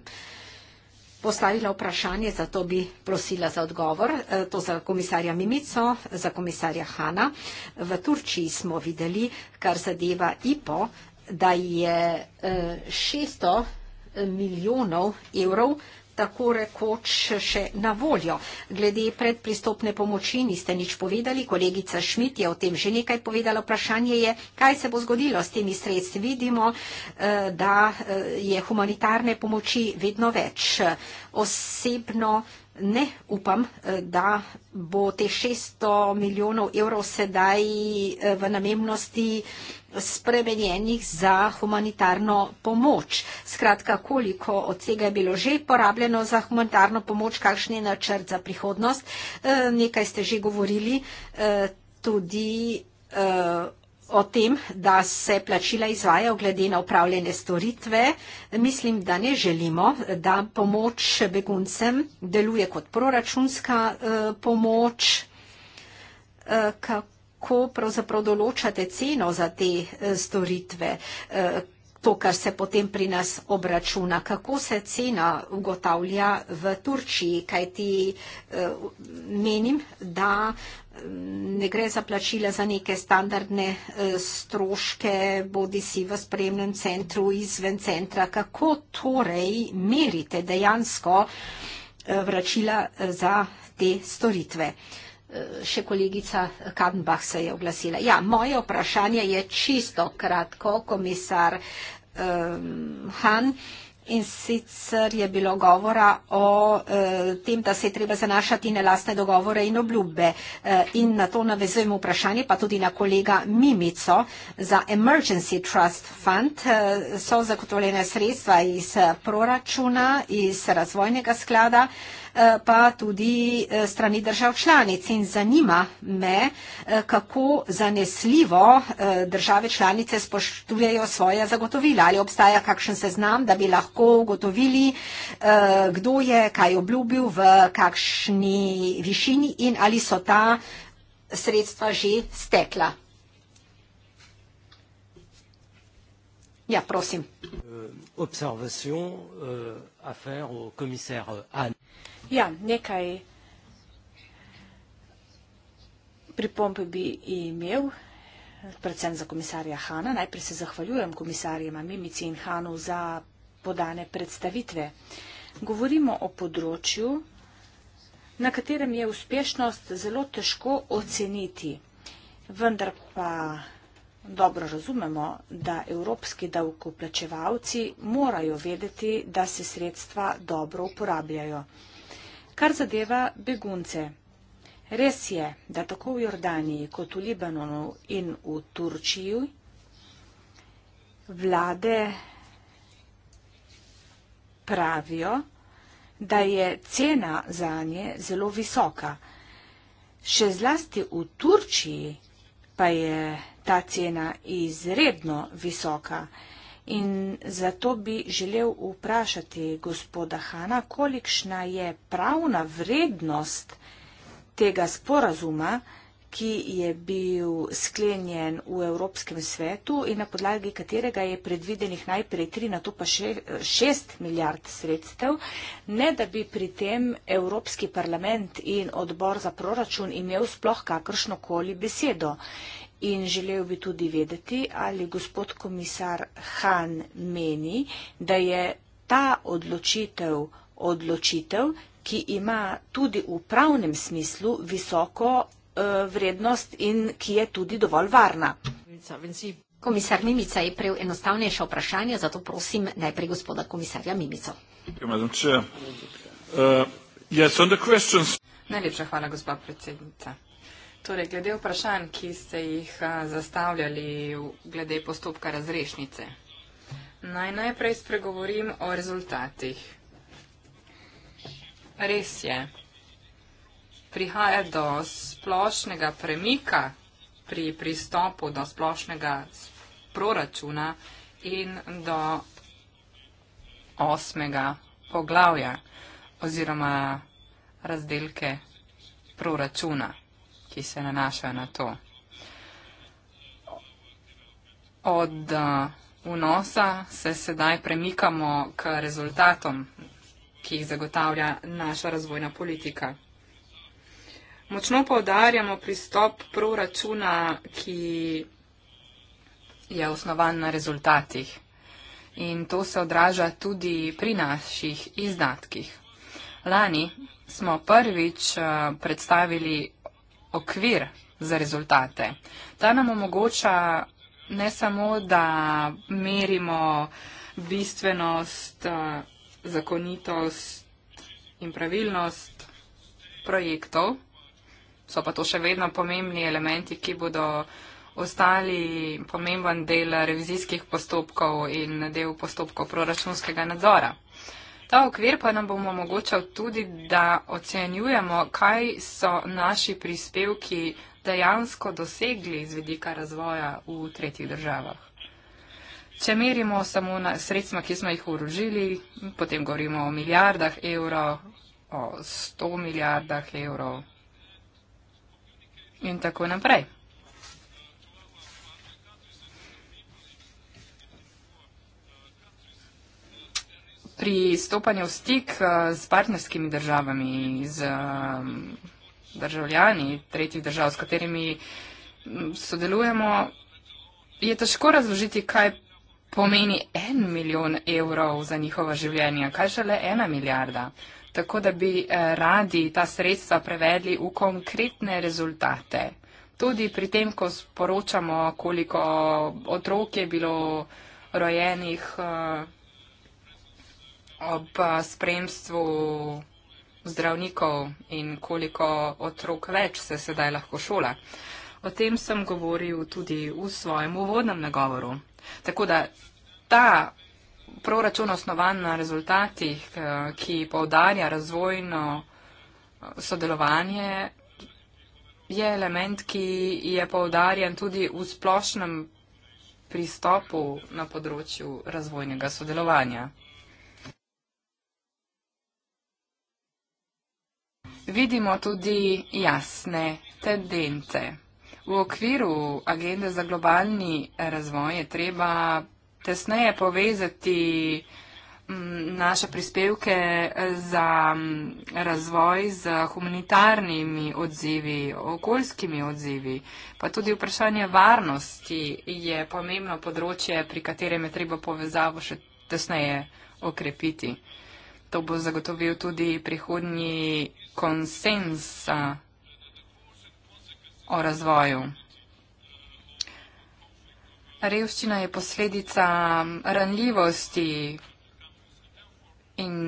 postavila vprašanje, zato bi prosila za odgovor. E, to za komisarja Mimico, za komisarja Hana. V Turčiji smo videli, kar zadeva IPO, da je 600 e, milijonov evrov tako rekoč še na voljo. Glede predpristopne pomoči niste nič povedali, kolegica Šmit je o tem že nekaj povedala, vprašanje je, kaj se bo zgodilo s temi sredstvi. Vidimo, eh, da eh, je humanitarne pomoči vedno več. Osebno ne upam, eh, da bo te 600 milijonov evrov sedaj v namennosti spremenjenih za humanitarno pomoč. Skratka, koliko od tega je bilo že porabljeno za humanitarno pomoč, kakšen je načrt za prihodnost. E, nekaj ste že govorili e, tudi. E, o tem, da se plačila izvajajo glede na upravljene storitve. Mislim, da ne želimo, da pomoč beguncem deluje kot proračunska eh, pomoč. Eh, kako pravzaprav določate ceno za te eh, storitve, eh, to, kar se potem pri nas obračuna, kako se cena ugotavlja v Turčiji, kaj ti eh, menim, da mm, ne gre za plačila za neke standardne stroške, bodi si v spremnem centru, izven centra, kako torej merite dejansko vračila za te storitve še kolegica Kadenbach se je oglasila. Ja, moje vprašanje je čisto kratko, komisar um, Han. In sicer je bilo govora o eh, tem, da se je treba zanašati na lastne dogovore in obljube. Eh, in na to navezujem vprašanje, pa tudi na kolega Mimico. Za Emergency Trust Fund eh, so zagotovljene sredstva iz eh, proračuna, iz razvojnega sklada. Eh, Eh, pa tudi eh, strani držav članic. In zanima me, eh, kako zanesljivo države članice spoštujejo svoje zagotovila. Ali obstaja kakšen seznam, da bi lahko ugotovili, kdo je kaj obljubil, v kakšni višini in ali so ta sredstva že stekla. Ja, prosim. Euh, observation euh, à faire au commissaire Anne. Ja, nekaj pripomp bi imel, predvsem za komisarja Hana. Najprej se zahvaljujem komisarjema Mimici in Hanu za podane predstavitve. Govorimo o področju, na katerem je uspešnost zelo težko oceniti, vendar pa dobro razumemo, da evropski davkoplačevalci morajo vedeti, da se sredstva dobro uporabljajo. Kar zadeva begunce. Res je, da tako v Jordaniji kot v Libanonu in v Turčiji vlade pravijo, da je cena za nje zelo visoka. Še zlasti v Turčiji pa je ta cena izredno visoka. In zato bi želel vprašati gospoda Hana, kolikšna je pravna vrednost tega sporazuma, ki je bil sklenjen v Evropskem svetu in na podlagi katerega je predvidenih najprej tri, na to pa še, šest milijard sredstev, ne da bi pri tem Evropski parlament in odbor za proračun imel sploh kakršnokoli besedo. In želel bi tudi vedeti, ali gospod komisar Han meni, da je ta odločitev odločitev, ki ima tudi v pravnem smislu visoko uh, vrednost in ki je tudi dovolj varna. Komisar Mimica je prej enostavnejša vprašanja, zato prosim najprej gospoda komisarja Mimico. Uh, yes, Najlepša hvala, gospod predsednica. Torej, glede vprašanj, ki ste jih zastavljali glede postopka razrešnice. Naj najprej spregovorim o rezultatih. Res je, prihaja do splošnega premika pri pristopu do splošnega proračuna in do osmega poglavja oziroma razdelke proračuna ki se nanašajo na to. Od eh, vnosa se sedaj premikamo k rezultatom, ki jih zagotavlja naša razvojna politika. Močno povdarjamo pristop proračuna, ki je osnovan na rezultatih. In to se odraža tudi pri naših izdatkih. Lani smo prvič eh, predstavili okvir za rezultate. Ta nam omogoča ne samo, da merimo bistvenost, eh, zakonitost in pravilnost projektov, so pa to še vedno pomembni elementi, ki bodo ostali pomemben del revizijskih postopkov in del postopkov proračunskega nadzora. Ta okvir pa nam bo omogočal tudi, da ocenjujemo, kaj so naši prispevki dejansko dosegli z vedika razvoja v tretjih državah. Če merimo samo na sredstva, ki smo jih urožili, potem govorimo o milijardah evrov, o 100 milijardah evrov in tako naprej. pri stopanju v stik eh, z partnerskimi državami, z mm, državljani tretjih držav, s katerimi mm, sodelujemo, je težko razložiti, kaj pomeni en milijon evrov za njihova življenja, kaj šele ena milijarda. Tako da bi eh, radi ta sredstva prevedli v konkretne rezultate. Tudi pri tem, ko sporočamo, koliko otrok je bilo rojenih. Eh, ob eh, spremstvu zdravnikov in koliko otrok več se sedaj lahko šola. O tem sem govoril tudi v svojem uvodnem nagovoru. Tako da ta proračun osnovan na rezultatih, eh, ki povdarja razvojno eh, sodelovanje, je element, ki je povdarjen tudi v splošnem pristopu na področju razvojnega sodelovanja. vidimo tudi jasne tendence. V okviru agende za globalni razvoj je treba tesneje povezati mm, naše prispevke za mm, razvoj z humanitarnimi odzivi, okoljskimi odzivi, pa tudi vprašanje varnosti je pomembno področje, pri katerem je treba povezavo še tesneje okrepiti. To bo zagotovil tudi prihodnji konsensa o razvoju. Revščina je posledica ranljivosti in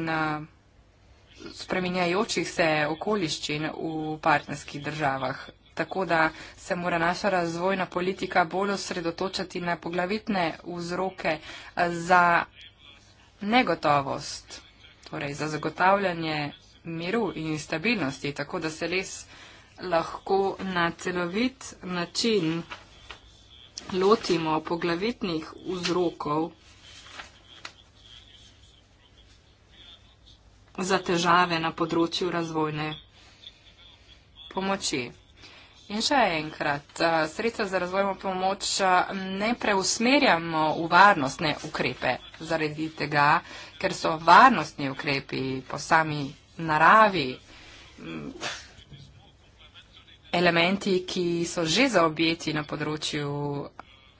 spreminjajočih se okoliščin v partnerskih državah. Tako da se mora naša razvojna politika bolj osredotočati na poglavitne vzroke za negotovost, torej za zagotavljanje miru in stabilnosti, tako da se res lahko na celovit način lotimo poglavitnih vzrokov za težave na področju razvojne pomoči. In še enkrat, eh, sredstva za razvojno pomoč eh, ne preusmerjamo v varnostne ukrepe, zaradi tega, ker so varnostni ukrepi po sami naravi, mm, elementi, ki so že zaobjeti na področju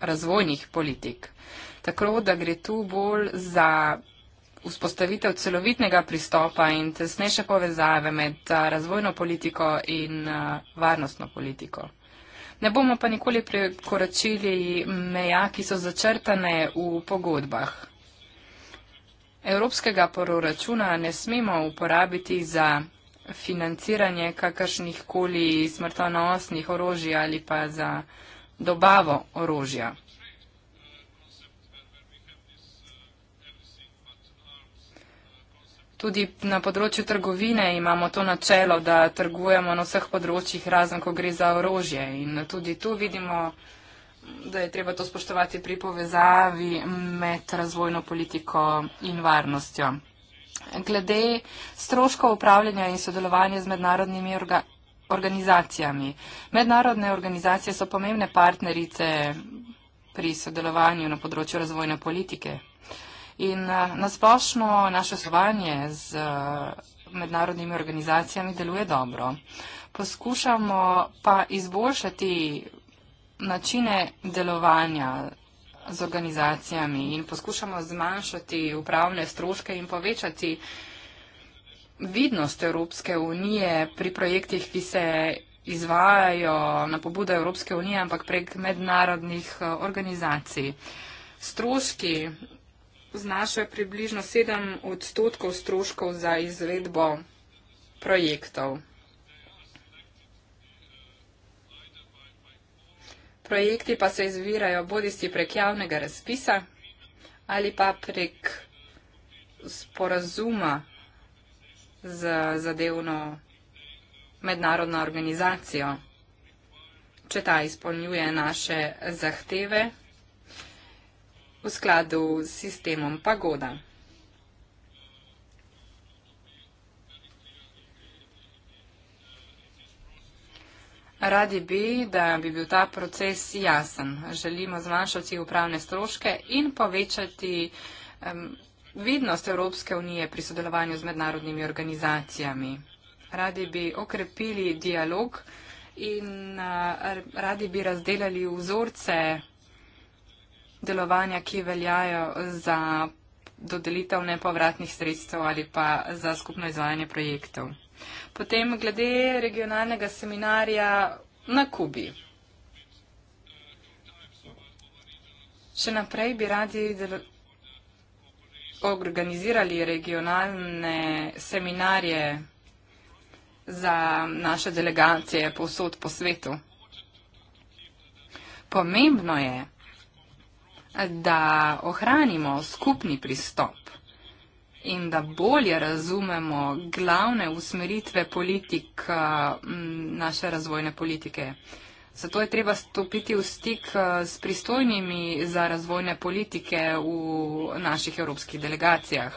razvojnih politik. Tako da gre tu bolj za vzpostavitev celovitnega pristopa in tesnejše povezave med razvojno politiko in varnostno politiko. Ne bomo pa nikoli prekoračili meja, ki so začrtane v pogodbah. Evropskega proračuna ne smemo uporabiti za financiranje kakršnih koli smrtonosnih orožij ali pa za dobavo orožja. Tudi na področju trgovine imamo to načelo, da trgujemo na vseh področjih, razen ko gre za orožje. In tudi tu vidimo da je treba to spoštovati pri povezavi med razvojno politiko in varnostjo. Glede stroškov upravljanja in sodelovanja z mednarodnimi orga organizacijami. Mednarodne organizacije so pomembne partnerice pri sodelovanju na področju razvojne politike. In eh, nasplošno naše sovanje z eh, mednarodnimi organizacijami deluje dobro. Poskušamo pa izboljšati načine delovanja z organizacijami in poskušamo zmanjšati upravne stroške in povečati vidnost Evropske unije pri projektih, ki se izvajajo na pobudo Evropske unije, ampak prek mednarodnih eh, organizacij. Stroški znašajo približno 7 odstotkov stroškov za izvedbo projektov. projekti pa se izvirajo bodisi prek javnega razpisa ali pa prek sporazuma z zadevno mednarodno organizacijo, če ta izpolnjuje naše zahteve v skladu s sistemom Pagoda. Radi bi, da bi bil ta proces jasen. Želimo zmanjšati upravne stroške in povečati um, vidnost Evropske unije pri sodelovanju z mednarodnimi organizacijami. Radi bi okrepili dialog in uh, radi bi razdelali vzorce delovanja, ki veljajo za dodelitev nepovratnih sredstev ali pa za skupno izvajanje projektov. Potem glede regionalnega seminarja na Kubi. Še naprej bi radi organizirali regionalne seminarje za naše delegacije povsod po svetu. Pomembno je, da ohranimo skupni pristop in da bolje razumemo glavne usmeritve politik, eh, naše razvojne politike. Zato je treba stopiti v stik eh, s pristojnimi za razvojne politike v naših evropskih delegacijah.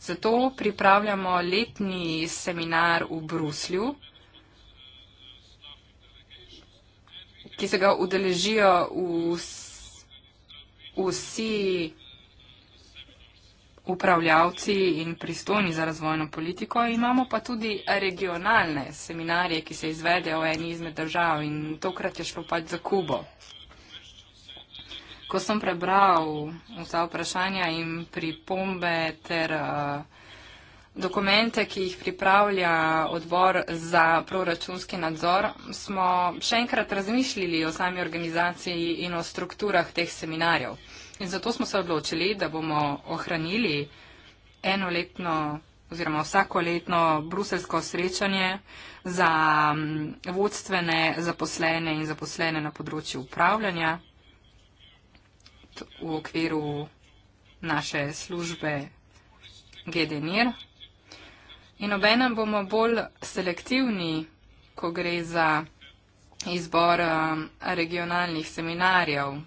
Zato pripravljamo letni seminar v Bruslju, ki se ga udeležijo vsi, upravljavci in pristojni za razvojno politiko, imamo pa tudi regionalne seminarije, ki se izvedejo v eni izmed držav in tokrat je šlo pač za Kubo. Ko sem prebral vsa vprašanja in pripombe ter eh, dokumente, ki jih pripravlja odbor za proračunski nadzor, smo še enkrat razmišljali o sami organizaciji in o strukturah teh seminarjev. In zato smo se odločili, da bomo ohranili enoletno oziroma vsakoletno bruselsko srečanje za mm, vodstvene zaposlene in zaposlene na področju upravljanja v okviru naše službe GDNIR. In obenem bomo bolj selektivni, ko gre za izbor mm, regionalnih seminarjev,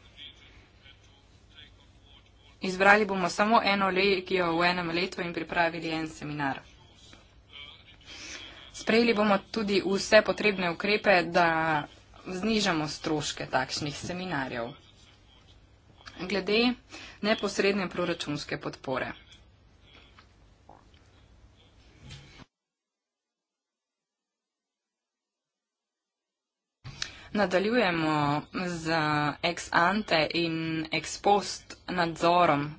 Izbrali bomo samo eno legijo v enem letu in pripravili en seminar. Sprejeli bomo tudi vse potrebne ukrepe, da znižamo stroške takšnih seminarjev. Glede neposredne proračunske podpore. nadaljujemo z ex ante in ex post nadzorom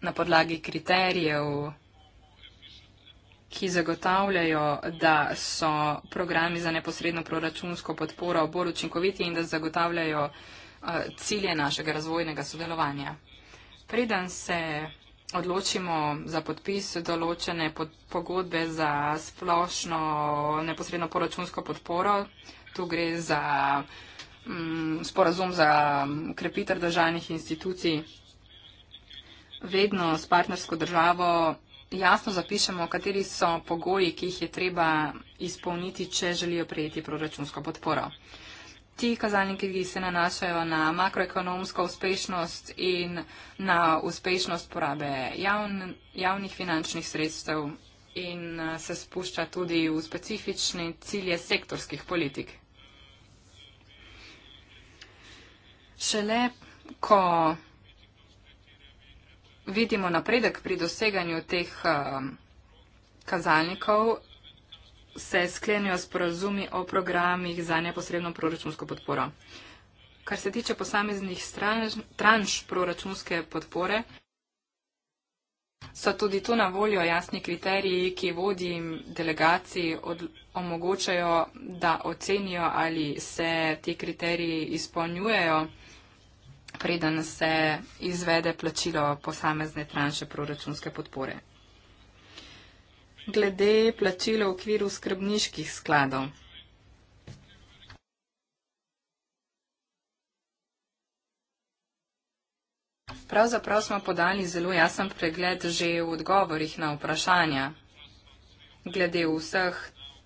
na podlagi kriterijev, ki zagotavljajo, da so programi za neposredno proračunsko podporo bolj učinkoviti in da zagotavljajo eh, cilje našega razvojnega sodelovanja. Preden se odločimo za podpis določene pogodbe za splošno neposredno proračunsko podporo, tu gre za mm, sporazum za krepitev državnih institucij. Vedno s partnersko državo jasno zapišemo, kateri so pogoji, ki jih je treba izpolniti, če želijo prejeti proračunsko podporo. Ti kazalniki se nanašajo na makroekonomsko uspešnost in na uspešnost porabe javn, javnih finančnih sredstev in eh, se spušča tudi v specifične cilje sektorskih politik. Šele ko vidimo napredek pri doseganju teh eh, kazalnikov, se sklenijo sporazumi o programih za neposredno proračunsko podporo. Kar se tiče posameznih stranž, tranš proračunske podpore, So tudi tu na voljo jasni kriteriji, ki vodim delegaciji od, omogočajo, da ocenijo, ali se ti kriteriji izpolnjujejo, preden se izvede plačilo posamezne tranše proračunske podpore. Glede plačila v okviru skrbniških skladov. Pravzaprav smo podali zelo jasen pregled že v odgovorih na vprašanja glede vseh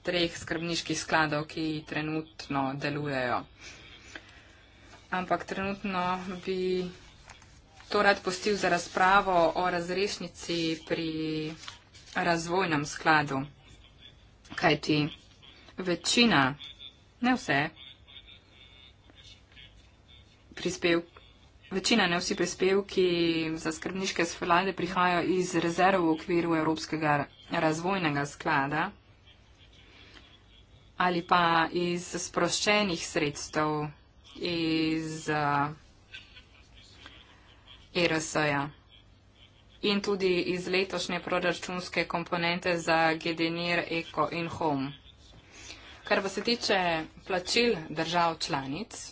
treh skrbniških skladov, ki trenutno delujejo. Ampak trenutno bi to rad postil za razpravo o razrešnici pri razvojnem skladu. Kaj ti? Večina, ne vse, prispevk Večina, ne vsi prispevki za skrbniške sklade prihajajo iz rezerv v okviru Evropskega razvojnega sklada ali pa iz sproščenih sredstev iz uh, eh, ERS-ja in tudi iz letošnje proračunske komponente za Gedenir, Eko in Home. Kar pa se tiče plačil držav članic,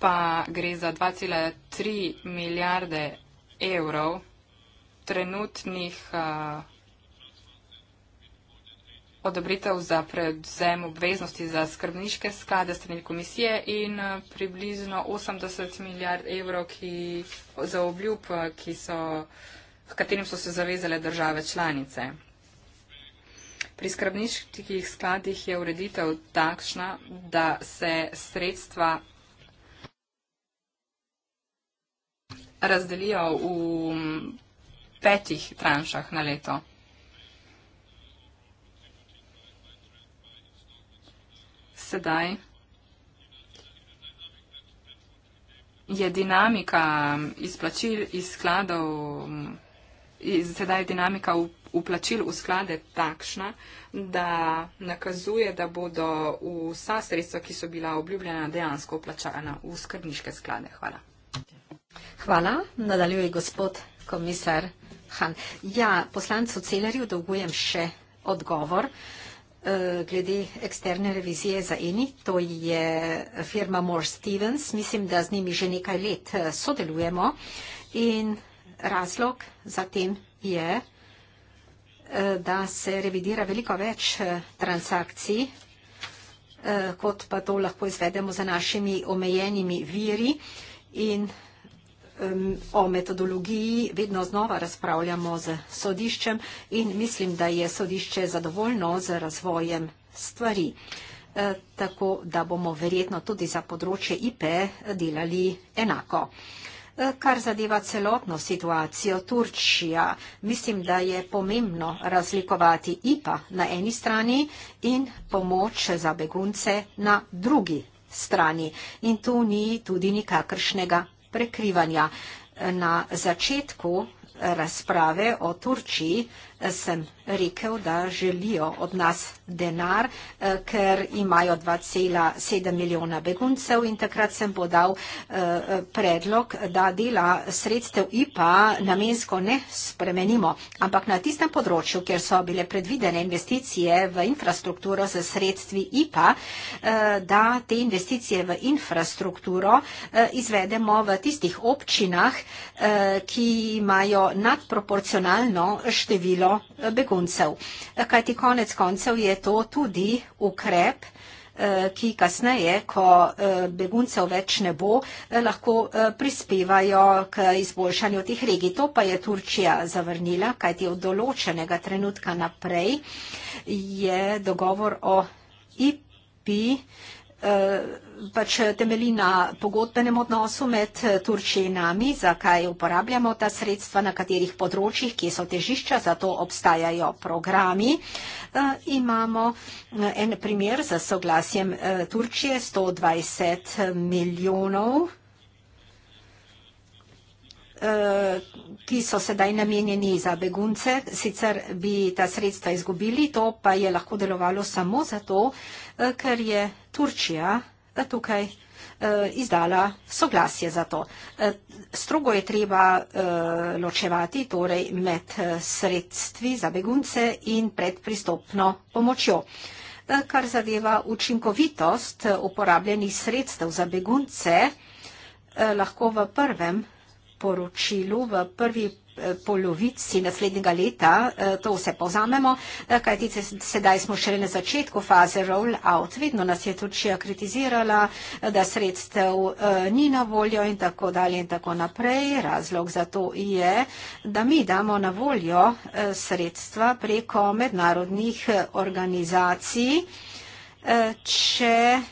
pa gre za 2,3 milijarde evrov trenutnih uh, odobritev za predvzem obveznosti za skrbniške sklade strani komisije in uh, približno 80 milijard evrov ki, za obljub, ki so, v katerim so se zavezale države članice. Pri skrbniških skladih je ureditev takšna, da se sredstva razdelijo v petih tranšah na leto. Sedaj je dinamika izplačil iz skladov, sedaj je dinamika vplačil v sklade takšna, da nakazuje, da bodo vsa sredstva, ki so bila obljubljena, dejansko vplačana v skrbniške sklade. Hvala. Hvala. Nadaljuje gospod komisar Han. Ja, poslancu Celerju dolgujem še odgovor eh, glede eksterne revizije za Eni. To je firma Moore Stevens. Mislim, da z njimi že nekaj let eh, sodelujemo in razlog za tem je, eh, da se revidira veliko več transakcij, kot pa to lahko izvedemo za našimi omejenimi viri in o metodologiji vedno znova razpravljamo z sodiščem in mislim, da je sodišče zadovoljno z razvojem stvari. E, tako, da bomo verjetno tudi za področje IP delali enako. E, kar zadeva celotno situacijo Turčija, mislim, da je pomembno razlikovati IPA na eni strani in pomoč za begunce na drugi strani. In tu ni tudi nikakršnega prekrivanja. Na začetku razprave o Turčiji sem rekel, da želijo od nas denar, eh, ker imajo 2,7 milijona beguncev in takrat sem podal eh, predlog, da dela sredstev IPA namensko ne spremenimo. Ampak na tistem področju, kjer so bile predvidene investicije v infrastrukturo z sredstvi IPA, eh, da te investicije v infrastrukturo izvedemo v tistih občinah, ki imajo nadproporcionalno število število beguncev. Kajti konec koncev je to tudi ukrep, eh, ki kasneje, ko eh, beguncev več ne bo, eh, lahko prispevajo k izboljšanju teh regij. To pa je Turčija zavrnila, kajti od določenega trenutka naprej je dogovor o IP pač eh, temeli na pogodbenem odnosu med eh, Turčijo in nami, zakaj uporabljamo ta sredstva, na katerih področjih, kje so težišča, zato obstajajo programi. Eh, imamo en primer za soglasjem Turčije, 120 milijonov ki so sedaj namenjeni za begunce, sicer bi ta sredstva izgubili, to pa je lahko delovalo samo zato, ker je Turčija da tukaj eh, izdala soglasje za to. Eh, strogo je treba eh, ločevati torej med eh, sredstvi za begunce in predpristopno pomočjo. Eh, kar zadeva učinkovitost eh, uporabljenih sredstev za begunce, eh, lahko v prvem poročilu, v prvi Eh, polovici naslednjega leta, eh, to vse povzamemo, eh, kajti sedaj smo šele na začetku faze roll-out. Vedno nas je Turčija kritizirala, da sredstev ni na voljo in tako dalje in tako naprej. Razlog za to je, da mi damo na voljo sredstva preko mednarodnih organizacij, če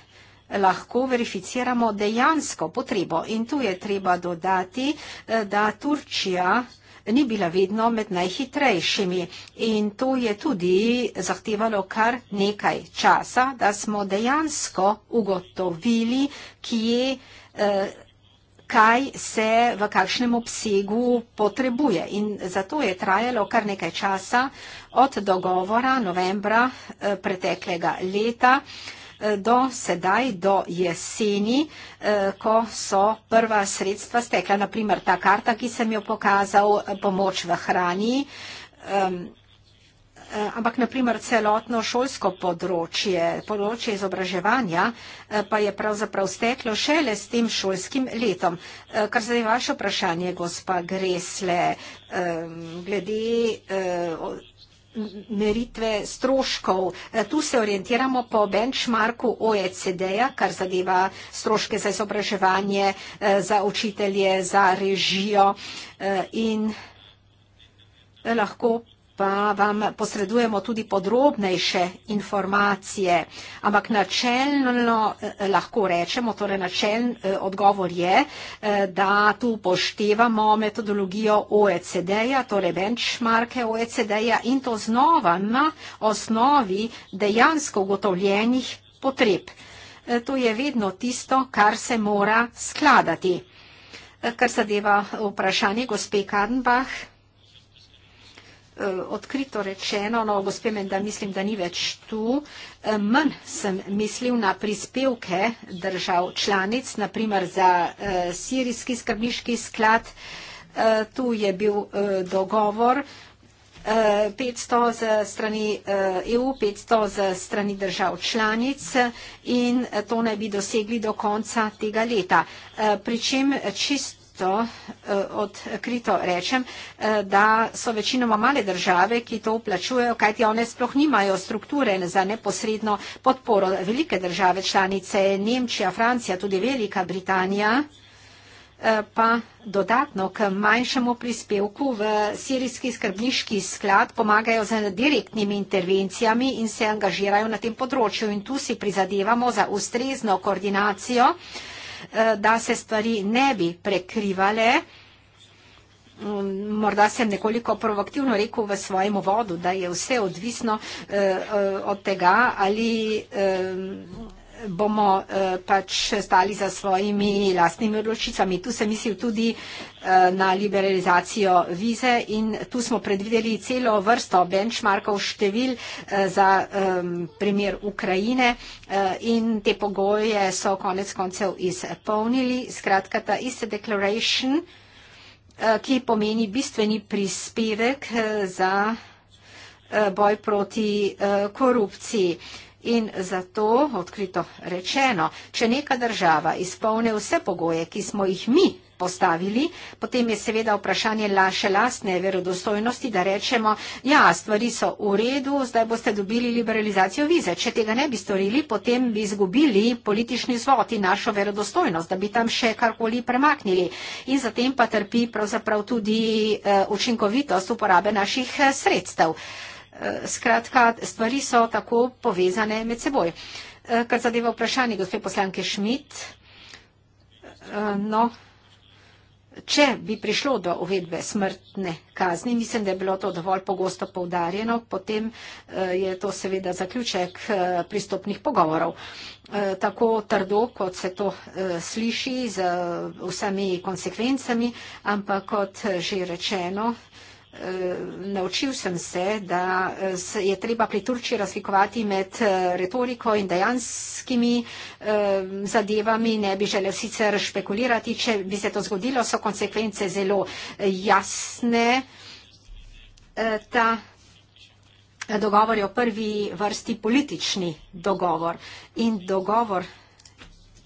lahko verificiramo dejansko potrebo. In tu je treba dodati, da Turčija ni bila vedno med najhitrejšimi in to je tudi zahtevalo kar nekaj časa, da smo dejansko ugotovili, kje, eh, kaj se v kakšnem obsegu potrebuje. In zato je trajalo kar nekaj časa od dogovora novembra eh, preteklega leta, do sedaj, do jeseni, eh, ko so prva sredstva stekla, naprimer ta karta, ki sem jo pokazal, eh, pomoč v hrani, eh, ampak naprimer celotno šolsko področje, področje izobraževanja pa je pravzaprav steklo šele s tem šolskim letom. Kar zdaj vaše vprašanje, gospa Gresle, glede odločitev, meritve stroškov. E, tu se orientiramo po benchmarku OECD-ja, kar zadeva stroške za izobraževanje, e, za učitelje, za režijo e, in lahko pa vam posredujemo tudi podrobnejše informacije. Ampak načelno eh, lahko rečemo, torej načeln eh, odgovor je, eh, da tu poštevamo metodologijo OECD-ja, torej benchmarke OECD-ja in to znova na osnovi dejansko ugotovljenih potreb. To je vedno tisto, kar se mora skladati. Kar zadeva vprašanje gospe Kadenbach. Eh, odkrito rečeno, no, gospe Menda, mislim, da ni več tu, eh, manj sem mislil na prispevke držav članic, naprimer za eh, sirijski skrbniški sklad, tu je bil dogovor, 500 z strani EU, 500 z strani držav članic in to naj bi dosegli do konca tega leta. Pričem čisto odkrito, eh, odkrito rečem, eh, da so večinoma male države, ki to uplačujejo, kajti one sploh nimajo strukture za neposredno podporo. Velike države članice, Nemčija, Francija, tudi Velika Britanija, eh, pa dodatno k manjšemu prispevku v sirijski skrbniški sklad pomagajo z direktnimi intervencijami in se angažirajo na tem področju. In tu si prizadevamo za ustrezno koordinacijo Eh, da se stvari ne bi prekrivale. Mm, morda sem nekoliko provokativno rekel v svojem vodu, da je vse odvisno eh, eh, od tega, ali bomo eh, pač stali za svojimi lastnimi odločitvami. Tu se mislil tudi eh, na liberalizacijo vize in tu smo predvideli celo vrsto benchmarkov števil eh, za eh, primer Ukrajine eh, in te pogoje so konec koncev izpolnili. Skratka, ta ista declaration, eh, ki pomeni bistveni prispevek eh, za eh, boj proti eh, korupciji. Eh, In zato, odkrito rečeno, če neka država izpolne vse pogoje, ki smo jih mi postavili, potem je seveda vprašanje laše lastne verodostojnosti, da rečemo, ja, stvari so v redu, zdaj boste dobili liberalizacijo vize. Če tega ne bi storili, potem bi izgubili politični zvot in našo verodostojnost, da bi tam še karkoli premaknili. In zatem pa trpi pravzaprav tudi eh, učinkovitost uporabe naših eh, sredstev. Eh, skratka, stvari so tako povezane med seboj. Eh, kar zadeva vprašanje gospe poslanke Šmit, eh, no, če bi prišlo do uvedbe smrtne kazni, mislim, da je bilo to dovolj pogosto povdarjeno, potem je to seveda zaključek pristopnih pogovorov. Tako trdo, kot se to sliši, z vsemi konsekvencami, ampak kot že rečeno, naučil sem se, da eh, je treba pri Turčiji razlikovati med eh, retoriko in dejanskimi eh, zadevami. Ne bi želel sicer špekulirati, če bi se to zgodilo, so konsekvence zelo jasne. Ta dogovor je v prvi vrsti politični dogovor in dogovor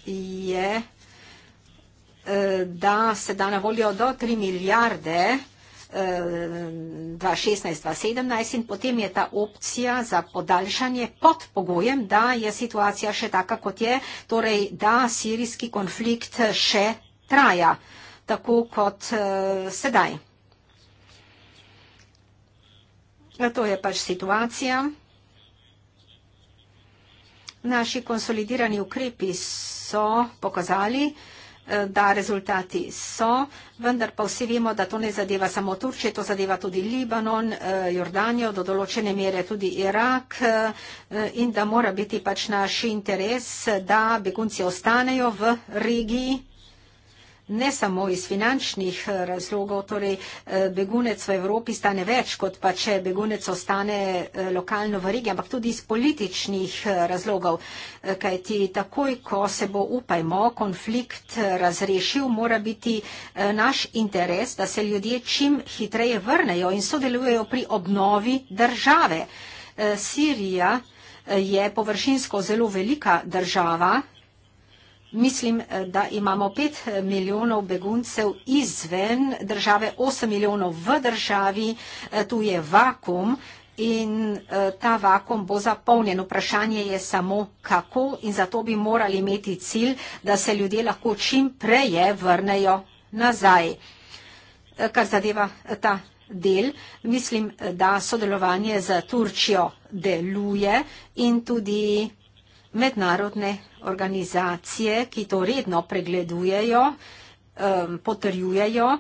je da se da na voljo do 3 milijarde 2016-2017 in potem je ta opcija za podaljšanje pod pogojem, da je situacija še taka, kot je, torej da sirijski konflikt še traja, tako kot uh, sedaj. To je pač situacija. Naši konsolidirani ukrepi so pokazali, uh, Eh, da rezultati so, vendar pa vsi vemo, da to ne zadeva samo Turčijo, to zadeva tudi Libanon, eh, Jordanijo, do določene mere tudi Irak eh, in da mora biti pač naš interes, da begunci ostanejo v regiji ne samo iz finančnih eh, razlogov, torej eh, begunec v Evropi stane več, kot pa če begunec ostane eh, lokalno v regiji, ampak tudi iz političnih razlogov, kajti takoj, ko se bo upajmo konflikt razrešil, mora biti naš interes, da se ljudje čim hitreje vrnejo in sodelujejo pri obnovi države. Sirija je površinsko zelo velika država, Mislim, eh, da imamo 5 eh, milijonov beguncev izven države, 8 milijonov v državi, eh, tu je vakum in ta vakum bo zapolnjen. Vprašanje je samo kako in zato bi morali imeti cilj, da se ljudje lahko čim preje vrnejo nazaj. Kar zadeva ta del, mislim, da sodelovanje z Turčijo deluje in tudi mednarodne organizacije, ki to redno pregledujejo, potrjujejo,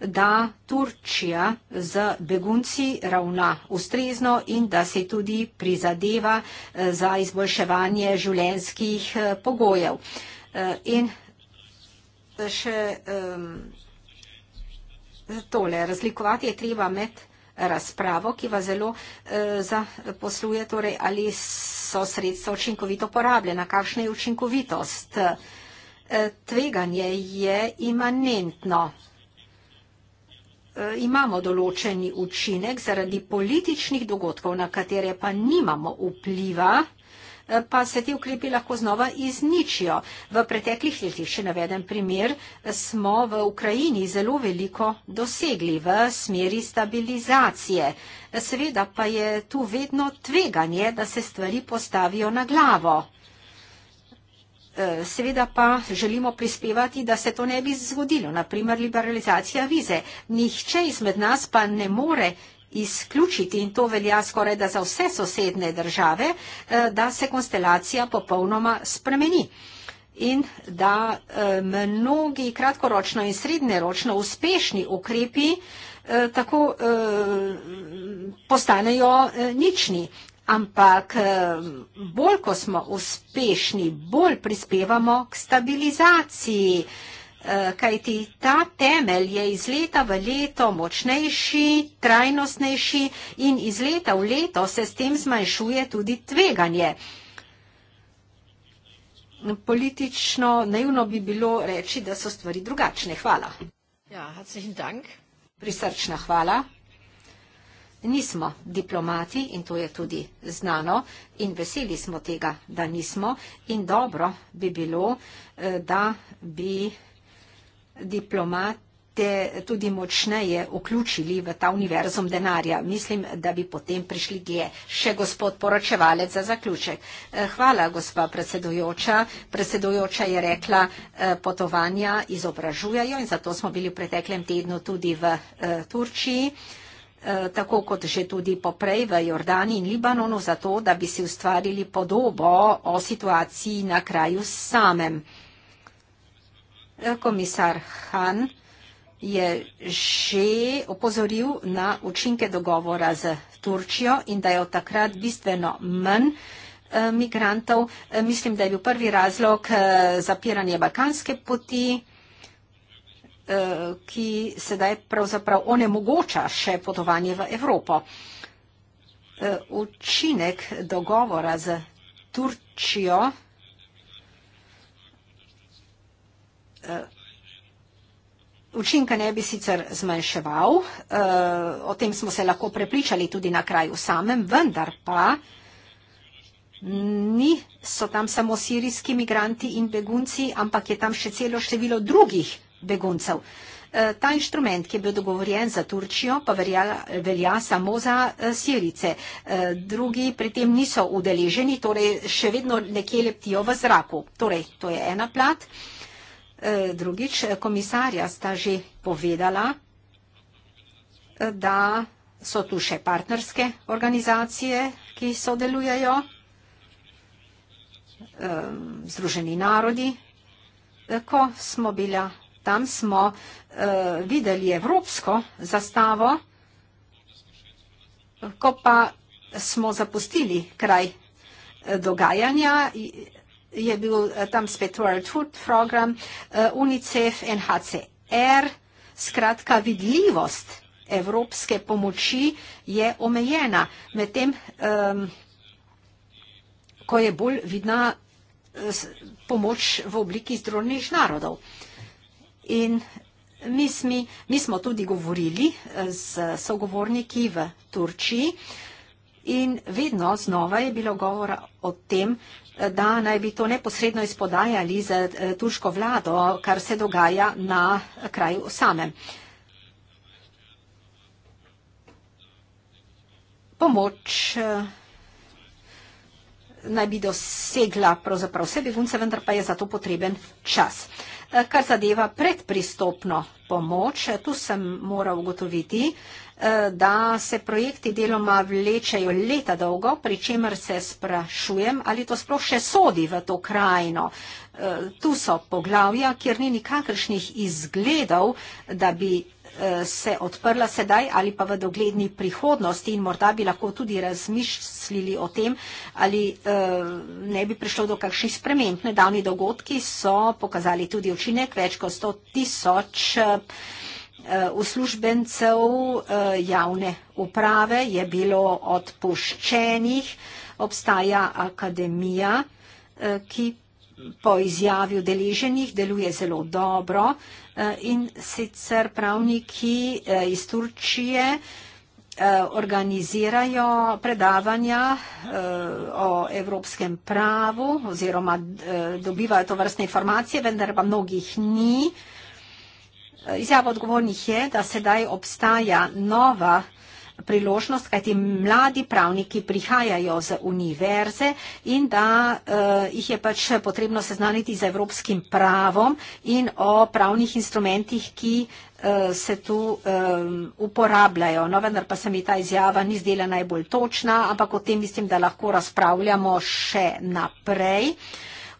da Turčija z begunci ravna ustrezno in da se tudi prizadeva eh, za izboljševanje življenjskih eh, pogojev. Eh, in še tole, razlikovati je treba med razpravo, ki vas zelo eh, zaposluje, torej ali so sredstva učinkovito porabljena, kakšna je učinkovitost. Eh, tveganje je imanentno. Eh, imamo določeni učinek zaradi političnih dogodkov, na katere pa nimamo vpliva. Eh, Eh, pa se ti ukrepi lahko znova izničijo. V preteklih letih, še naveden primer, smo v Ukrajini zelo veliko dosegli v smeri stabilizacije. Seveda pa je tu vedno tveganje, da se stvari postavijo na glavo. Eh, seveda pa želimo prispevati, da se to ne bi zgodilo, naprimer liberalizacija vize. Nihče izmed nas pa ne more izključiti in to velja skoraj da za vse sosedne države, eh, da se konstelacija popolnoma spremeni in da eh, mnogi kratkoročno in srednjeročno uspešni ukrepi eh, tako postanejo nični. Ampak bolj, ko smo uspešni, bolj prispevamo k stabilizaciji Eh, kajti ta temelj je iz leta v leto močnejši, trajnostnejši in iz leta v leto se s tem zmanjšuje tudi tveganje. Politično naivno bi bilo reči, da so stvari drugačne. Hvala. Ja, Prisrčna hvala. Nismo diplomati in to je tudi znano in veseli smo tega, da nismo in dobro bi bilo, eh, da bi diplomate tudi močneje vključili v ta univerzum denarja. Mislim, da bi potem prišli dlje. Še gospod poročevalec za zaključek. Eh, hvala, gospa predsedujoča. Predsedujoča je rekla, eh, potovanja izobražujajo in zato smo bili v preteklem tednu tudi v eh, Turčiji tako kot že tudi poprej v Jordani in Libanonu, zato da bi si ustvarili podobo o situaciji na kraju samem komisar Han je že opozoril na učinke dogovora z Turčijo in da je od takrat bistveno manj eh, migrantov. Eh, mislim, da je bil prvi razlog eh, zapiranje balkanske poti, ki sedaj pravzaprav onemogoča še potovanje v Evropo. Učinek dogovora z Turčijo Učinka ne bi sicer zmanjševal, eh, o tem smo se lahko prepričali tudi na kraju samem, vendar pa niso tam samo sirijski migranti in begunci, ampak je tam še celo število drugih beguncev. Eh, ta inštrument, ki je bil dogovorjen za Turčijo, pa velja, velja samo za eh, Sirice. Drugi pri tem niso udeleženi, torej še vedno nekje leptijo v zraku. Torej, to je ena plat. Eh, drugič, komisarja sta že povedala, eh, da so tu še partnerske organizacije, ki sodelujejo, eh, Združeni narodi. Ko smo bila tam, smo videli evropsko zastavo, ko pa smo zapustili kraj dogajanja, je bil eh, tam spet World Food Program, eh, UNICEF, NHCR. Skratka, vidljivost evropske pomoči je omejena, medtem, um, ko je bolj vidna eh, pomoč v obliki zdrojnih narodov. In mi, smi, mi smo tudi govorili z sogovorniki v Turčiji, uh, In vedno znova je bilo govora o tem, da naj bi to neposredno izpodajali z eh, turško vlado, kar se dogaja na kraju samem. Pomoč eh, naj bi dosegla pravzaprav vse begunce, vendar pa je za to potreben čas. Eh, kar zadeva predpristopno pomoč, tu sem moral ugotoviti, da se projekti deloma vlečejo leta dolgo, pri čemer se sprašujem, ali to sploh še sodi v to krajino. E, tu so poglavja, kjer ni nikakršnih izgledov, da bi e, se odprla sedaj ali pa v dogledni prihodnosti in morda bi lahko tudi razmišljali o tem, ali e, ne bi prišlo do kakšnih sprememb. Nedavni dogodki so pokazali tudi učinek več kot 100 tisoč Eh, uslužbencev eh, javne uprave je bilo odpuščenih. Obstaja akademija, eh, ki po izjavi udeleženih deluje zelo dobro in sicer pravniki iz Turčije organizirajo predavanja o evropskem pravu oziroma dobivajo to vrstne informacije, vendar pa mnogih ni izjava odgovornih je, da sedaj obstaja nova priložnost, kajti mladi pravniki prihajajo z univerze in da uh, jih je pač potrebno seznaniti z evropskim pravom in o pravnih instrumentih, ki uh, se tu um, uporabljajo. No, vendar pa se mi ta izjava ni zdela najbolj točna, ampak o tem mislim, da lahko razpravljamo še naprej.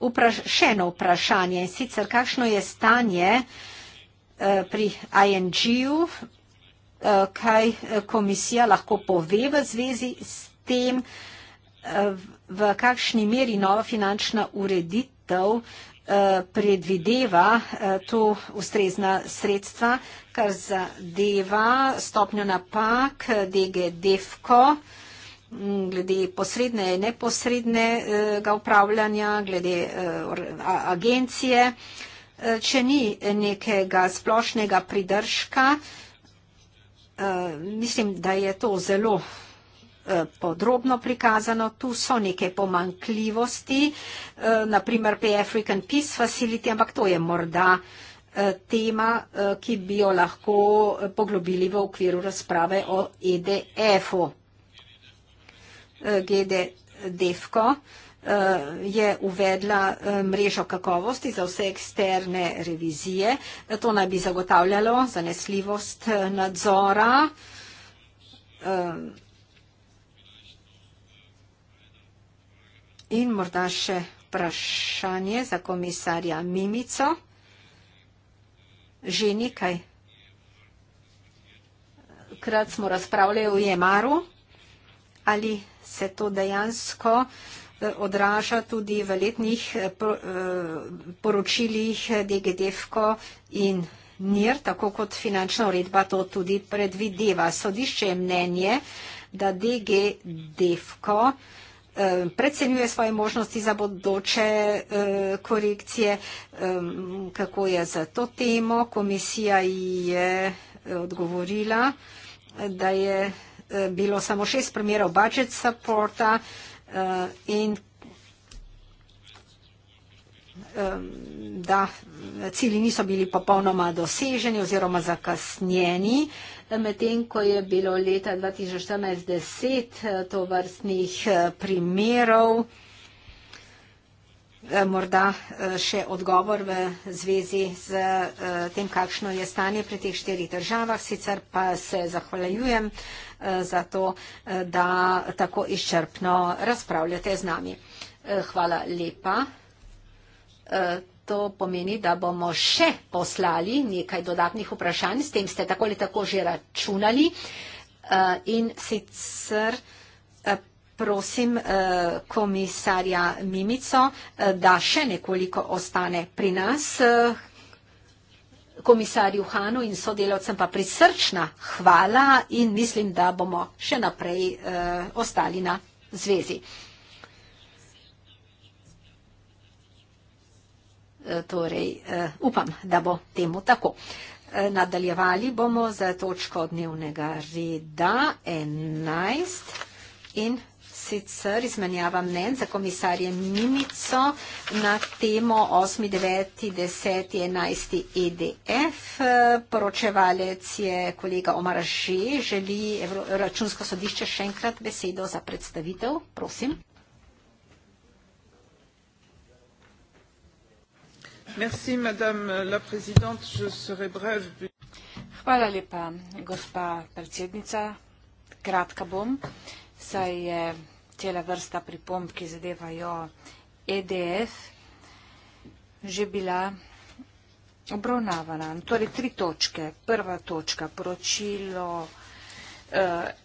Upraž še eno vprašanje, sicer kakšno je stanje uh, Eh, pri ING-u, eh, kaj eh, komisija lahko pove v zvezi s tem, v kakšni meri nova finančna ureditev predvideva to ustrezna sredstva, kar zadeva stopnjo napak DG DEFCO, glede posredne in neposrednega upravljanja, glede agencije, glede Eh, če ni nekega splošnega pridržka, eh, mislim, da je to zelo eh, podrobno prikazano. Tu so neke pomankljivosti, naprimer pri African Peace Facility, ampak to je morda tema, ki bi jo lahko poglobili v okviru razprave o EDF-u. GD Defko. Eh, je uvedla eh, mrežo kakovosti za vse eksterne revizije. To naj bi zagotavljalo zanesljivost eh, nadzora. In morda še vprašanje za komisarja Mimico. Že nekaj. Krat smo razpravljali o Jemaru. Ali se to dejansko uh, odraža tudi v letnih eh, eh, poročilih DGDF-ko in NIR, tako kot finančna uredba to tudi predvideva. Sodišče je mnenje, da DGDF-ko eh, predsenjuje svoje možnosti za bodoče korekcije, kako je za to temo. Komisija je odgovorila, da je bilo samo šest primerov budget supporta, uh, in um, da cilji niso bili popolnoma doseženi oziroma zakasnjeni. Medtem, ko je bilo leta 2014 deset eh, to vrstnih eh, primerov, Eh, morda eh, še odgovor v zvezi z eh, tem, kakšno je stanje pri teh štirih državah. Sicer pa se zahvaljujem za to, da tako izčrpno razpravljate z nami. Hvala lepa. To pomeni, da bomo še poslali nekaj dodatnih vprašanj, s tem ste takole tako že računali in sicer vprašanje, prosim eh, komisarja Mimico, eh, da še nekoliko ostane pri nas. Eh, komisarju Hanu in sodelavcem pa prisrčna hvala in mislim, da bomo še naprej ostali na zvezi. Torej, upam, da bo temu tako. Nadaljevali bomo za točko dnevnega reda 11 in 12 sicer izmenjava mnen za komisarje Mimico na temo 8. 9. 10. 11. EDF. Poročevalec je kolega Omar Že. Želi računsko sodišče še enkrat besedo za predstavitev. Prosim. Merci, madame la présidente. Je serai brev. Hvala lepa, gospa predsednica. Kratka bom, saj je cela vrsta pripomb, ki zadevajo EDF, že bila obravnavana. Torej, tri točke. Prva točka, poročilo eh,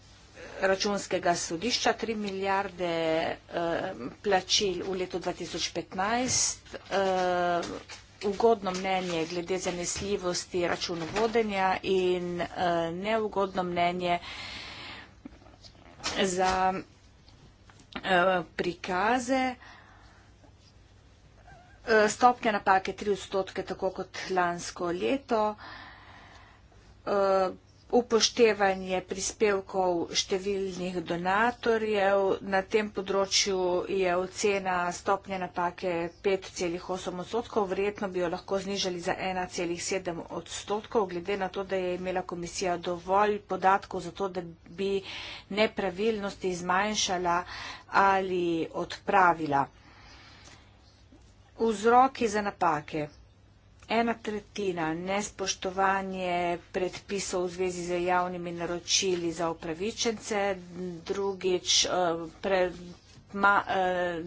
računskega sodišča, 3 milijarde eh, plačil v letu 2015, eh, ugodno mnenje glede zanesljivosti računovodenja in neugodno mnenje za Eh, prikaze. Eh, stopnja napake 3 odstotke, tako kot lansko leto. Eh, upoštevanje prispevkov številnih donatorjev. Na tem področju je ocena stopnje napake 5,8 odstotkov, verjetno bi jo lahko znižali za 1,7 odstotkov, glede na to, da je imela komisija dovolj podatkov za to, da bi nepravilnosti zmanjšala ali odpravila. Vzroki za napake ena tretjina nespoštovanje predpisov v zvezi z javnimi naročili za upravičence, drugič eh, pre, ma, eh,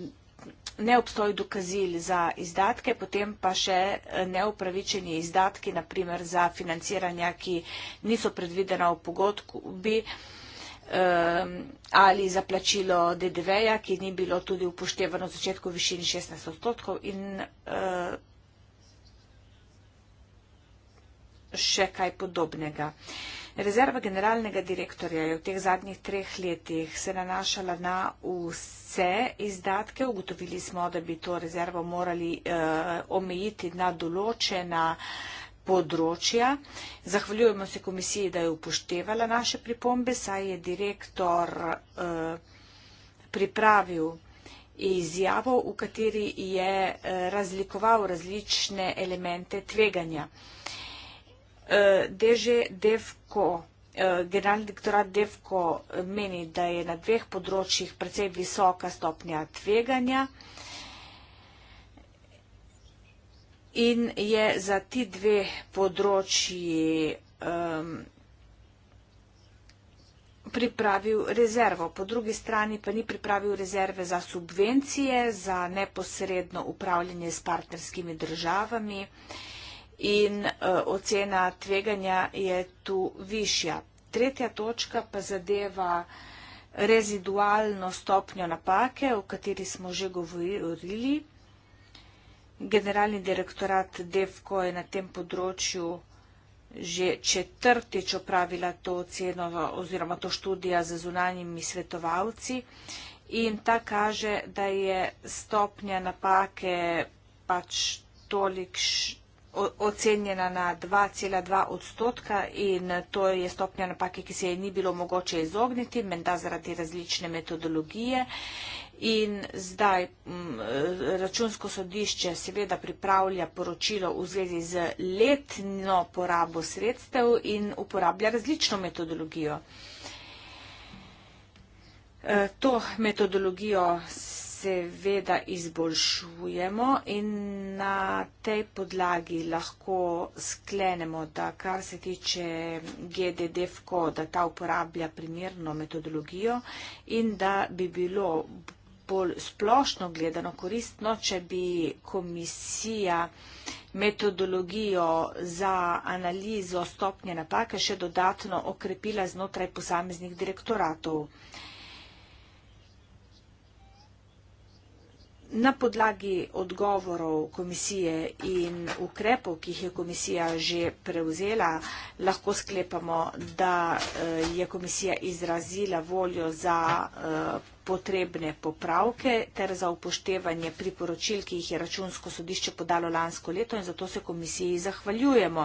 neobstoj dokazil za izdatke, potem pa še eh, neupravičeni izdatki, naprimer za financiranja, ki niso predvidena v pogodbi ehm, ali za plačilo DDV-ja, ki ni bilo tudi upoštevano v začetku višini 16 odstotkov in še kaj podobnega. Rezerva generalnega direktorja je v teh zadnjih treh letih se nanašala na vse izdatke. Ugotovili smo, da bi to rezervo morali eh, omejiti na določena področja. Zahvaljujemo se komisiji, da je upoštevala naše pripombe, saj je direktor eh, pripravil izjavo, v kateri je eh, razlikoval različne elemente tveganja. Eh, Eh, DŽ Devko, eh, generalni direktorat Devko eh, meni, da je na dveh področjih precej visoka stopnja tveganja in je za ti dve področji ehm, pripravil rezervo. Po drugi strani pa ni pripravil rezerve za subvencije, za neposredno upravljanje s partnerskimi državami in in uh, ocena tveganja je tu višja. Tretja točka pa zadeva rezidualno stopnjo napake, o kateri smo že govorili. Generalni direktorat DEFCO je na tem področju že četrtič opravila to oceno oziroma to študija z zunanjimi svetovalci in ta kaže, da je stopnja napake pač tolik, ocenjena na 2,2 odstotka in to je stopnja napake, ki se je ni bilo mogoče izogniti, menda zaradi različne metodologije. In zdaj računsko sodišče seveda pripravlja poročilo v zvezi z letno porabo sredstev in uporablja različno metodologijo. E, to metodologijo seveda izboljšujemo in na tej podlagi lahko sklenemo, da kar se tiče GDDF-ko, da ta uporablja primerno metodologijo in da bi bilo bolj splošno gledano koristno, če bi komisija metodologijo za analizo stopnje napake še dodatno okrepila znotraj posameznih direktoratov. Na podlagi odgovorov komisije in ukrepov, ki jih je komisija že prevzela, lahko sklepamo, da eh, je komisija izrazila voljo za eh, potrebne popravke ter za upoštevanje priporočil, ki jih je računsko sodišče podalo lansko leto in zato se komisiji zahvaljujemo.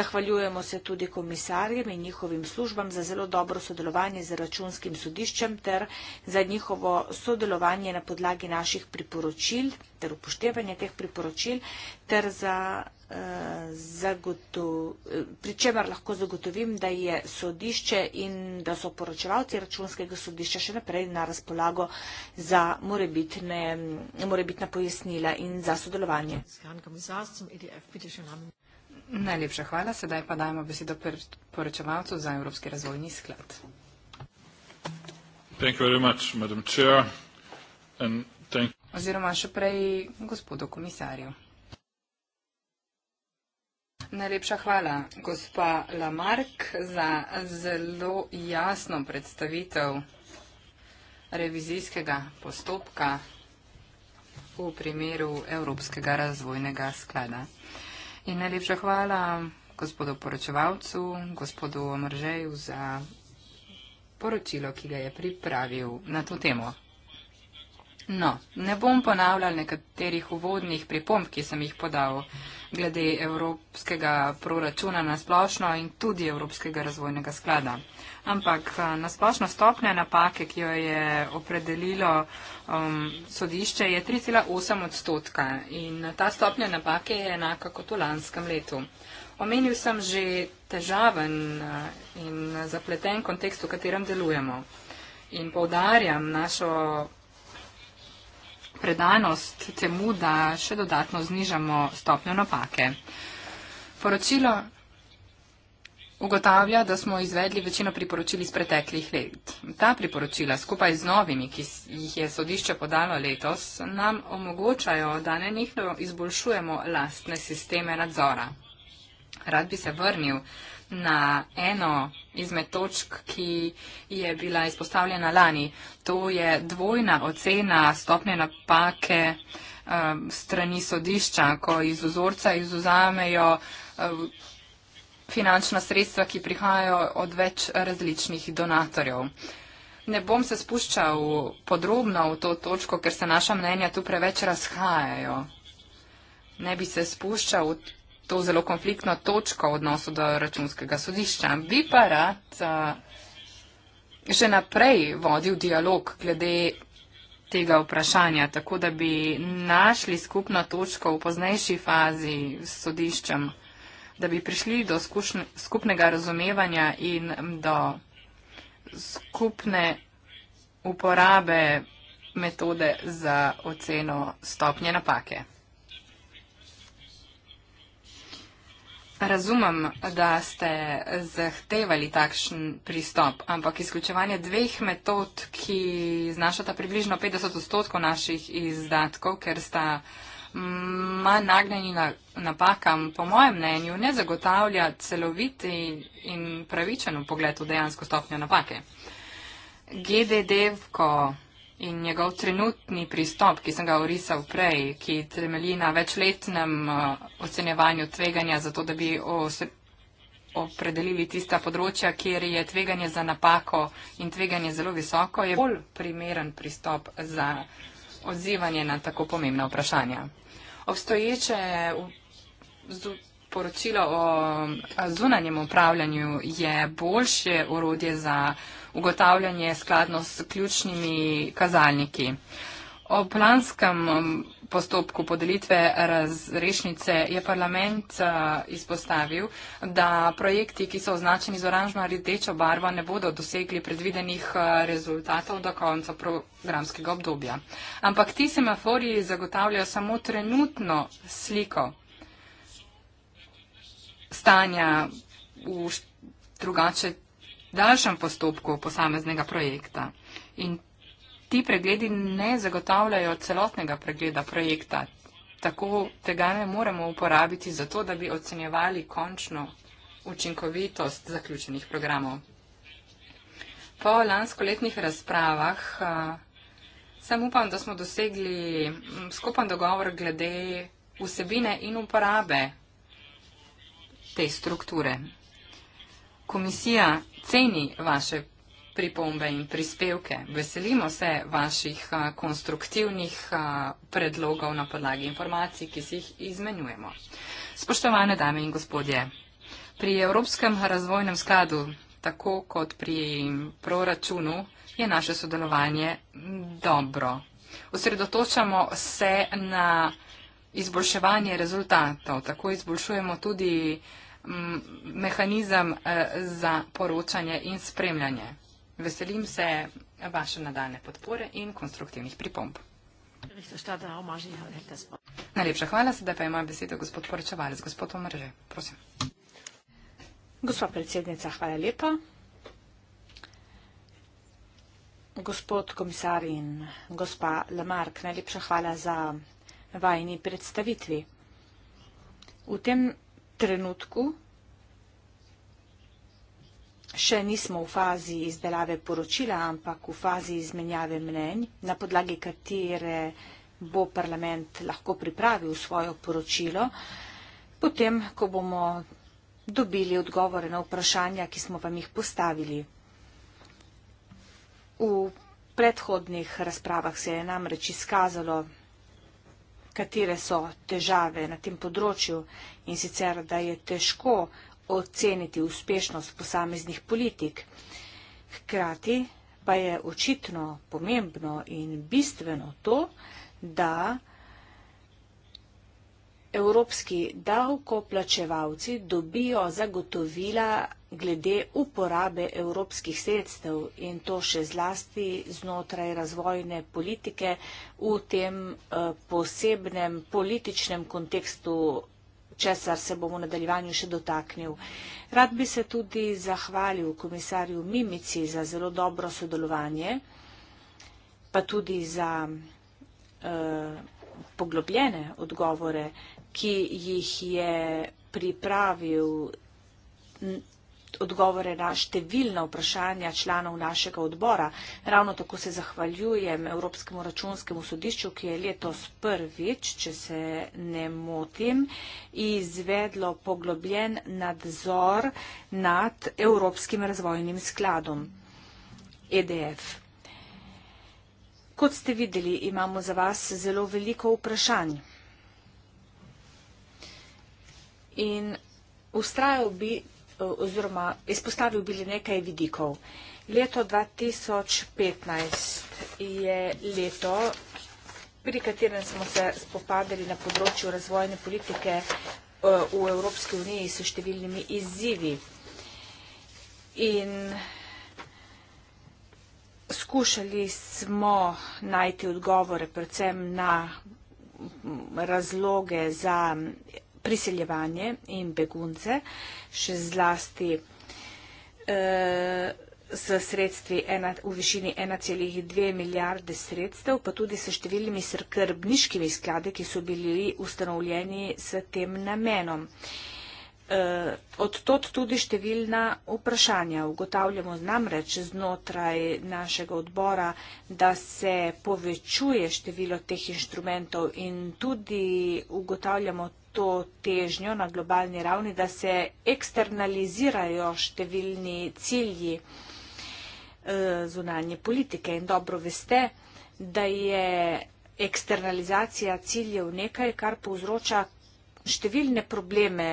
Zahvaljujemo se tudi komisarjem in njihovim službam za zelo dobro sodelovanje z računskim sodiščem ter za njihovo sodelovanje na podlagi naših priporočil ter upoštevanje teh priporočil ter za pri čemer lahko zagotovim, da je sodišče in da so poročevalci računskega sodišča še naprej na razpolago za morebitna pojasnila in za sodelovanje. Najlepša hvala. Sedaj pa dajmo besedo poročevalcu za Evropski razvojni sklad. Oziroma še prej gospodu komisarju. Najlepša hvala, gospa Lamark, za zelo jasno predstavitev revizijskega postopka v primeru Evropskega razvojnega sklada. In najlepša hvala gospodu poročevalcu, gospodu Omržeju za poročilo, ki ga je pripravil na to temo. No, ne bom ponavljal nekaterih uvodnih pripomb, ki sem jih podal glede evropskega proračuna na splošno in tudi evropskega razvojnega sklada. Ampak eh, na splošno stopnja napake, ki jo je opredelilo um, sodišče, je 3,8 odstotka in ta stopnja napake je enaka kot v lanskem letu. Omenil sem že težaven eh, in zapleten kontekst, v katerem delujemo. In poudarjam našo predanost temu, da še dodatno znižamo stopnjo napake. Poročilo ugotavlja, da smo izvedli večino priporočil iz preteklih let. Ta priporočila, skupaj z novimi, ki jih je sodišče podalo letos, nam omogočajo, da ne njihno izboljšujemo lastne sisteme nadzora. Rad bi se vrnil na eno izmed točk, ki je bila izpostavljena lani. To je dvojna ocena stopne napake um, strani sodišča, ko iz vzorca izuzamejo um, finančna sredstva, ki prihajajo od več različnih donatorjev. Ne bom se spuščal podrobno v to točko, ker se naša mnenja tu preveč razhajajo. Ne bi se spuščal v to zelo konfliktno točko v odnosu do računskega sodišča. Bi pa rad še naprej vodil dialog glede tega vprašanja, tako da bi našli skupno točko v poznejši fazi s sodiščem, da bi prišli do skušne, skupnega razumevanja in do skupne uporabe metode za oceno stopnje napake. Razumem, da ste zahtevali takšen pristop, ampak izključevanje dveh metod, ki znašata približno 50 odstotkov naših izdatkov, ker sta manj nagnjeni na, napakam, po mojem mnenju, ne zagotavlja celoviti in pravičen pogled v dejansko stopnjo napake. GDD, ko In njegov trenutni pristop, ki sem ga orisal prej, ki temelji na večletnem uh, ocenjevanju tveganja, zato da bi opredelili tista področja, kjer je tveganje za napako in tveganje zelo visoko, je bolj primeren pristop za odzivanje na tako pomembna vprašanja. Obstoječe poročilo o zunanjem upravljanju je boljše urodje za ugotavljanje skladno s ključnimi kazalniki. O planskem um, postopku podelitve razrešnice je parlament uh, izpostavil, da projekti, ki so označeni z oranžno ali rdečo barvo, ne bodo dosegli predvidenih uh, rezultatov do konca programskega obdobja. Ampak ti semaforiji zagotavljajo samo trenutno sliko stanja v drugače daljšem postopku posameznega projekta. In ti pregledi ne zagotavljajo celotnega pregleda projekta. Tako tega ne moremo uporabiti za to, da bi ocenjevali končno učinkovitost zaključenih programov. Po lansko letnih razpravah sem upam, da smo dosegli skupen dogovor glede vsebine in uporabe te strukture. Komisija ceni vaše pripombe in prispevke. Veselimo se vaših a, konstruktivnih a, predlogov na podlagi informacij, ki si jih izmenjujemo. Spoštovane dame in gospodje, pri Evropskem razvojnem skladu, tako kot pri proračunu, je naše sodelovanje dobro. Osredotočamo se na izboljševanje rezultatov, tako izboljšujemo tudi Mm, mehanizem eh, za poročanje in spremljanje. Veselim se vaše nadaljne podpore in konstruktivnih pripomb. Najlepša hvala, sedaj pa ima besedo gospod poročevalec, gospod Omrže, prosim. Gospa predsednica, hvala lepa. Gospod komisar in gospa Lamark, najlepša hvala za vajni predstavitvi. V tem trenutku še nismo v fazi izdelave poročila, ampak v fazi izmenjave mnenj, na podlagi katere bo parlament lahko pripravil svojo poročilo, potem, ko bomo dobili odgovore na vprašanja, ki smo vam jih postavili. V predhodnih razpravah se je namreč izkazalo, katere so težave na tem področju in sicer, da je težko oceniti uspešnost posameznih politik. Hkrati pa je očitno pomembno in bistveno to, da evropski davkoplačevalci dobijo zagotovila glede uporabe evropskih sredstev in to še zlasti znotraj razvojne politike v tem eh, posebnem političnem kontekstu, česar se bomo v nadaljevanju še dotaknil. Rad bi se tudi zahvalil komisarju Mimici za zelo dobro sodelovanje, pa tudi za eh, poglobljene odgovore, ki jih je pripravil odgovore na številna vprašanja članov našega odbora. Ravno tako se zahvaljujem Evropskemu računskemu sodišču, ki je letos prvič, če se ne motim, izvedlo poglobljen nadzor nad Evropskim razvojnim skladom EDF. Kot ste videli, imamo za vas zelo veliko vprašanj. In ustrajal bi oziroma izpostavil bili nekaj vidikov. Leto 2015 je leto, pri katerem smo se spopadali na področju razvojne politike eh, v Evropski uniji s številnimi izzivi. In skušali smo najti odgovore predvsem na razloge za priseljevanje in begunce, še zlasti z eh, sredstvi ena, v višini 1,2 milijarde sredstev, pa tudi s številnimi srkrbniškimi skladi, ki so bili ustanovljeni s tem namenom. Eh, Odtot tudi številna vprašanja. Ugotavljamo namreč znotraj našega odbora, da se povečuje število teh inštrumentov in tudi ugotavljamo to težnjo na globalni ravni, da se eksternalizirajo številni cilji eh, zunanje politike. In dobro veste, da je eksternalizacija ciljev nekaj, kar povzroča številne probleme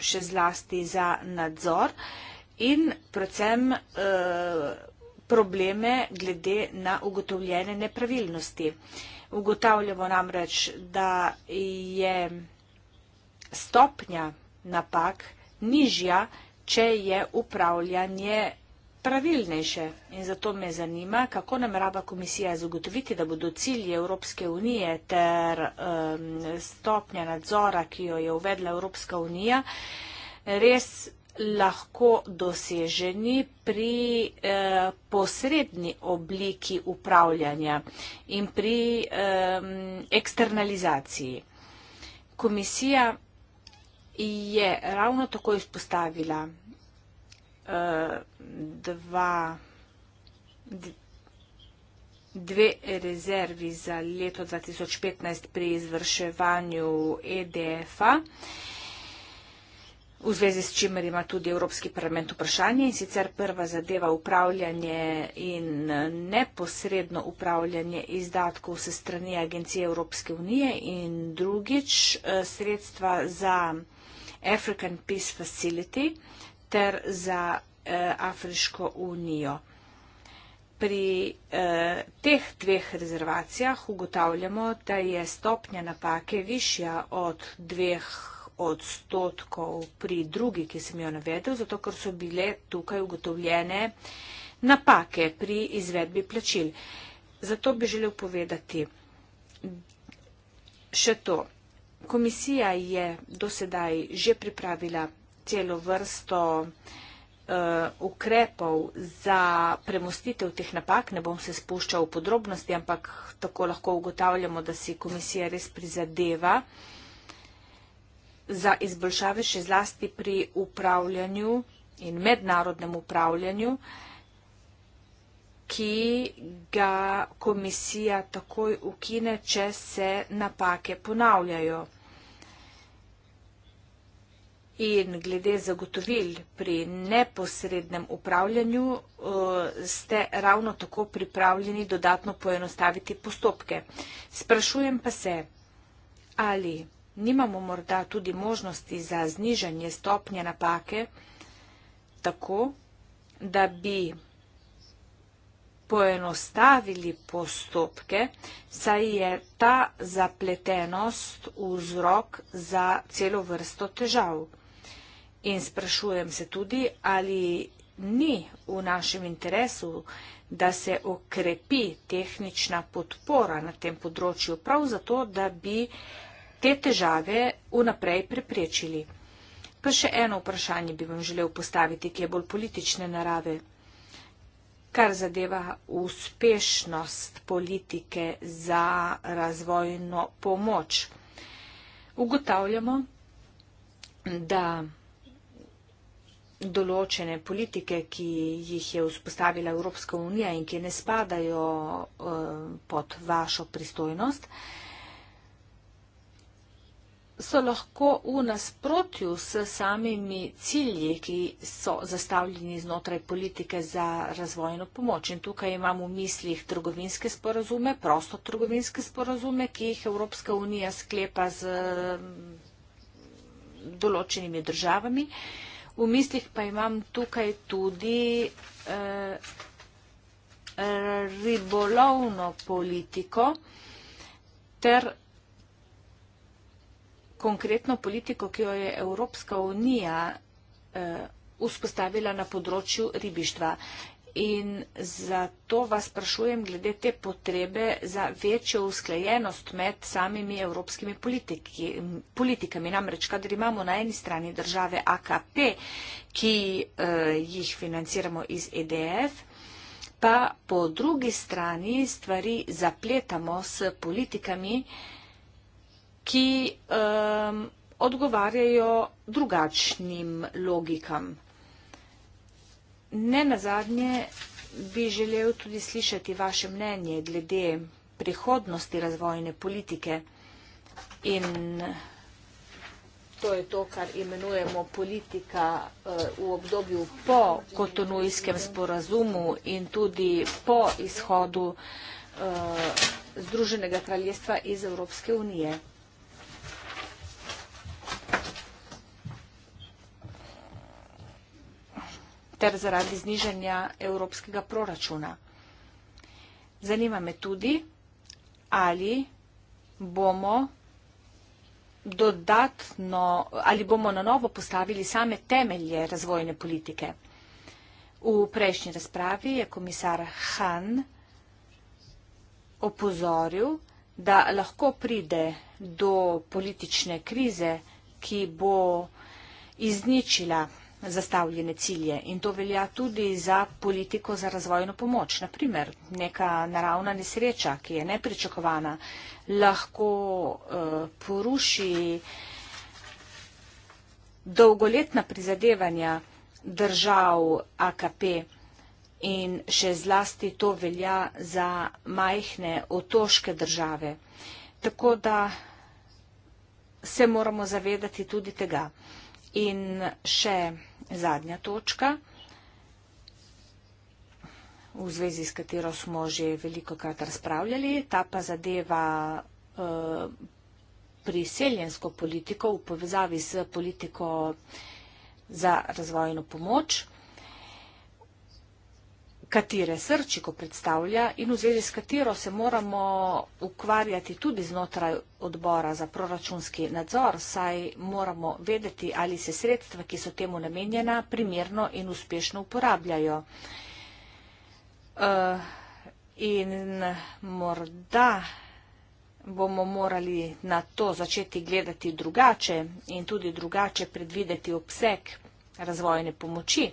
še zlasti za nadzor in predvsem eh, probleme glede na ugotovljene nepravilnosti. Ugotavljamo namreč, da je stopnja napak nižja, če je upravljanje pravilnejše. In zato me zanima, kako namerava komisija zagotoviti, da bodo cilji Evropske unije ter um, stopnja nadzora, ki jo je uvedla Evropska unija, res lahko doseženi pri eh, posredni obliki upravljanja in pri eh, eksternalizaciji. Komisija je ravno tako izpostavila uh, dva, dve rezervi za leto 2015 pri izvrševanju EDF-a, v zvezi s čimer ima tudi Evropski parlament vprašanje in sicer prva zadeva upravljanje in neposredno upravljanje izdatkov se strani Agencije Evropske unije in drugič eh, sredstva za African Peace Facility ter za eh, Afriško unijo. Pri eh, teh dveh rezervacijah ugotavljamo, da je stopnja napake višja od dveh odstotkov pri drugi, ki sem jo navedel, zato ker so bile tukaj ugotovljene napake pri izvedbi plačil. Zato bi želel povedati še to. Komisija je dosedaj že pripravila celo vrsto eh, ukrepov za premostitev teh napak. Ne bom se spuščal v podrobnosti, ampak tako lahko ugotavljamo, da si komisija res prizadeva za izboljšave še zlasti pri upravljanju in mednarodnem upravljanju, ki ga komisija takoj ukine, če se napake ponavljajo in glede zagotovil pri neposrednem upravljanju eh, ste ravno tako pripravljeni dodatno poenostaviti postopke. Sprašujem pa se, ali nimamo morda tudi možnosti za znižanje stopnje napake tako, da bi poenostavili postopke, saj je ta zapletenost vzrok za celo vrsto težav. In sprašujem se tudi, ali ni v našem interesu, da se okrepi tehnična podpora na tem področju, prav zato, da bi te težave vnaprej preprečili. Pa še eno vprašanje bi vam želel postaviti, ki je bolj politične narave, kar zadeva uspešnost politike za razvojno pomoč. Ugotavljamo, da določene politike, ki jih je vzpostavila Evropska unija in ki ne spadajo eh, pod vašo pristojnost, so lahko v nasprotju s samimi cilji, ki so zastavljeni znotraj politike za razvojno pomoč. In tukaj imamo v mislih trgovinske sporozume, prosto trgovinske sporozume, ki jih Evropska unija sklepa z mm, določenimi državami. V mislih pa imam tukaj tudi eh, ribolovno politiko ter konkretno politiko, ki jo je Evropska unija eh, vzpostavila na področju ribištva. In zato vas sprašujem glede te potrebe za večjo usklajenost med samimi evropskimi politiki, politikami. Namreč, kadar imamo na eni strani države AKP, ki uh, jih financiramo iz EDF, pa po drugi strani stvari zapletamo s politikami, ki um, odgovarjajo drugačnim logikam. Ne nazadnje bi želel tudi slišati vaše mnenje glede prihodnosti razvojne politike in to je to, kar imenujemo politika eh, v obdobju po kotonujskem sporazumu in tudi po izhodu eh, Združenega kraljestva iz Evropske unije. ter zaradi znižanja evropskega proračuna. Zanima me tudi, ali bomo dodatno, ali bomo na novo postavili same temelje razvojne politike. V prejšnji razpravi je komisar Han opozoril, da lahko pride do politične krize, ki bo izničila zastavljene cilje in to velja tudi za politiko za razvojno pomoč. Naprimer, neka naravna nesreča, ki je nepričakovana, lahko eh, poruši dolgoletna prizadevanja držav AKP in še zlasti to velja za majhne otoške države. Tako da se moramo zavedati tudi tega. In še zadnja točka, v zvezi s katero smo že veliko krat razpravljali, ta pa zadeva uh, priseljensko politiko v povezavi s politiko za razvojno pomoč katere srčiko predstavlja in v zvezi s katero se moramo ukvarjati tudi znotraj odbora za proračunski nadzor, saj moramo vedeti, ali se sredstva, ki so temu namenjena, primerno in uspešno uporabljajo. Eh, in morda bomo morali na to začeti gledati drugače in tudi drugače predvideti obseg razvojne pomoči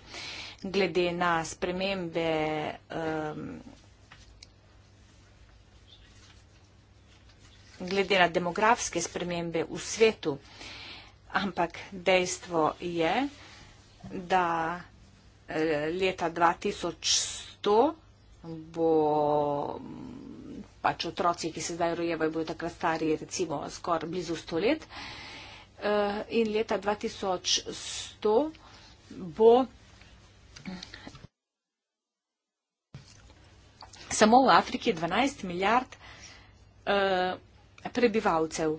glede na spremembe um, glede na demografske spremembe v svetu, ampak dejstvo je, da eh, leta 2100 bo pač otroci, ki se zdaj rojevajo, bojo takrat stari recimo skor blizu 100 let eh, in leta 2100 bo Samo v Afriki je 12 milijard uh, prebivalcev.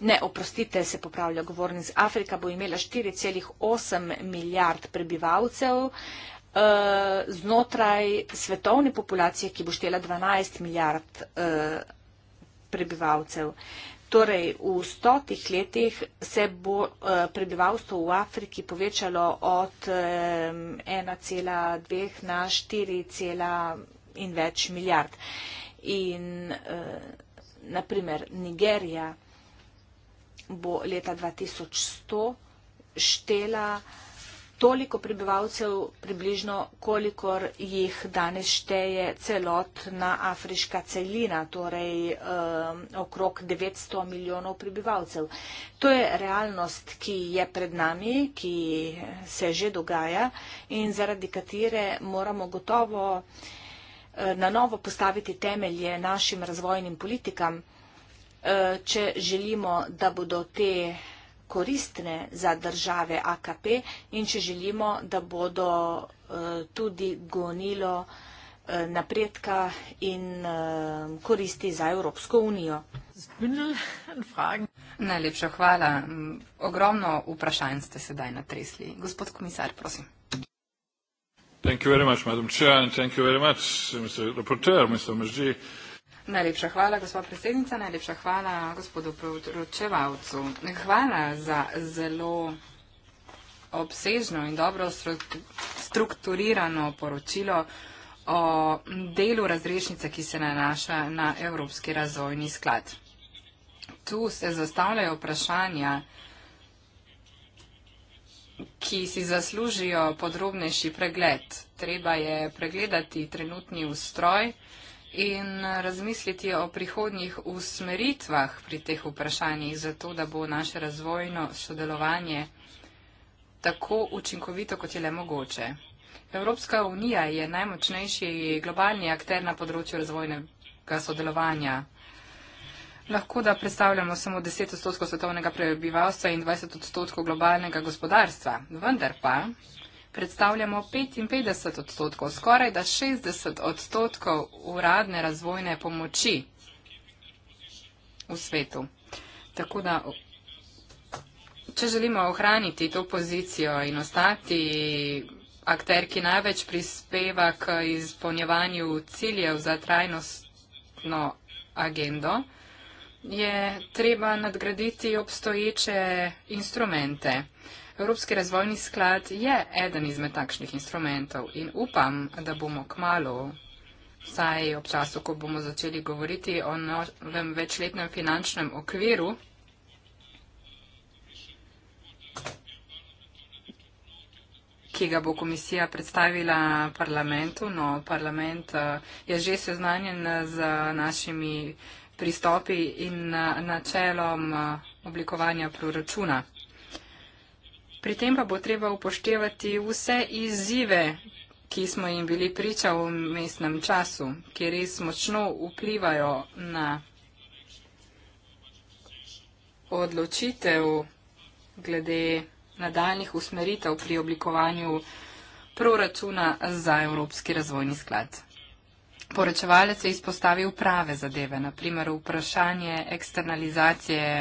Ne, oprostite, se popravlja govornic. Afrika bo imela 4,8 milijard prebivalcev uh, znotraj svetovne populacije, ki bo štela 12 milijard uh, prebivalcev. Torej, v stotih letih se bo eh, prebivalstvo v Afriki povečalo od 1,2 eh, na 4, in več milijard. In eh, naprimer Nigerija bo leta 2100 štela toliko prebivalcev približno, kolikor jih danes šteje celotna afriška celina, torej eh, okrog 900 milijonov prebivalcev. To je realnost, ki je pred nami, ki se že dogaja in zaradi katere moramo gotovo eh, na novo postaviti temelje našim razvojnim politikam, eh, če želimo, da bodo te koristne za države AKP in če želimo, da bodo eh, tudi gonilo eh, napredka in eh, koristi za Evropsko unijo. Najlepša hvala. Ogromno vprašanj ste sedaj natresli. Gospod komisar, prosim. Thank you very much, Madam Chair, and thank you very much, Mr. Reporter, Mr. Majdi. Najlepša hvala, gospod predsednica, najlepša hvala gospodu poročevalcu. Hvala za zelo obsežno in dobro strukturirano poročilo o delu razrešnice, ki se nanaša na Evropski razvojni sklad. Tu se zastavljajo vprašanja, ki si zaslužijo podrobnejši pregled. Treba je pregledati trenutni ustroj, in razmisliti o prihodnjih usmeritvah pri teh vprašanjih, zato da bo naše razvojno sodelovanje tako učinkovito, kot je le mogoče. Evropska unija je najmočnejši globalni akter na področju razvojnega sodelovanja. Lahko da predstavljamo samo 10 odstotkov svetovnega prebivalstva in 20 odstotkov globalnega gospodarstva, vendar pa predstavljamo 55 odstotkov, skoraj da 60 odstotkov uradne razvojne pomoči v svetu. Tako da, če želimo ohraniti to pozicijo in ostati akter, ki največ prispeva k izpolnjevanju ciljev za trajnostno agendo, je treba nadgraditi obstoječe instrumente. Uh, Evropski razvojni sklad je eden izmed takšnih instrumentov in upam, da bomo k malu, saj ob času, ko bomo začeli govoriti o novem večletnem finančnem okviru, ki ga bo komisija predstavila parlamentu. No, parlament eh, je že seznanjen eh, z našimi pristopi in eh, načelom oblikovanja proračuna. Pri tem pa bo treba upoštevati vse izzive, ki smo jim bili priča v mestnem času, ki res močno vplivajo na odločitev glede nadaljnih usmeritev pri oblikovanju proračuna za Evropski razvojni sklad. Poročevalec je izpostavil prave zadeve, naprimer vprašanje eksternalizacije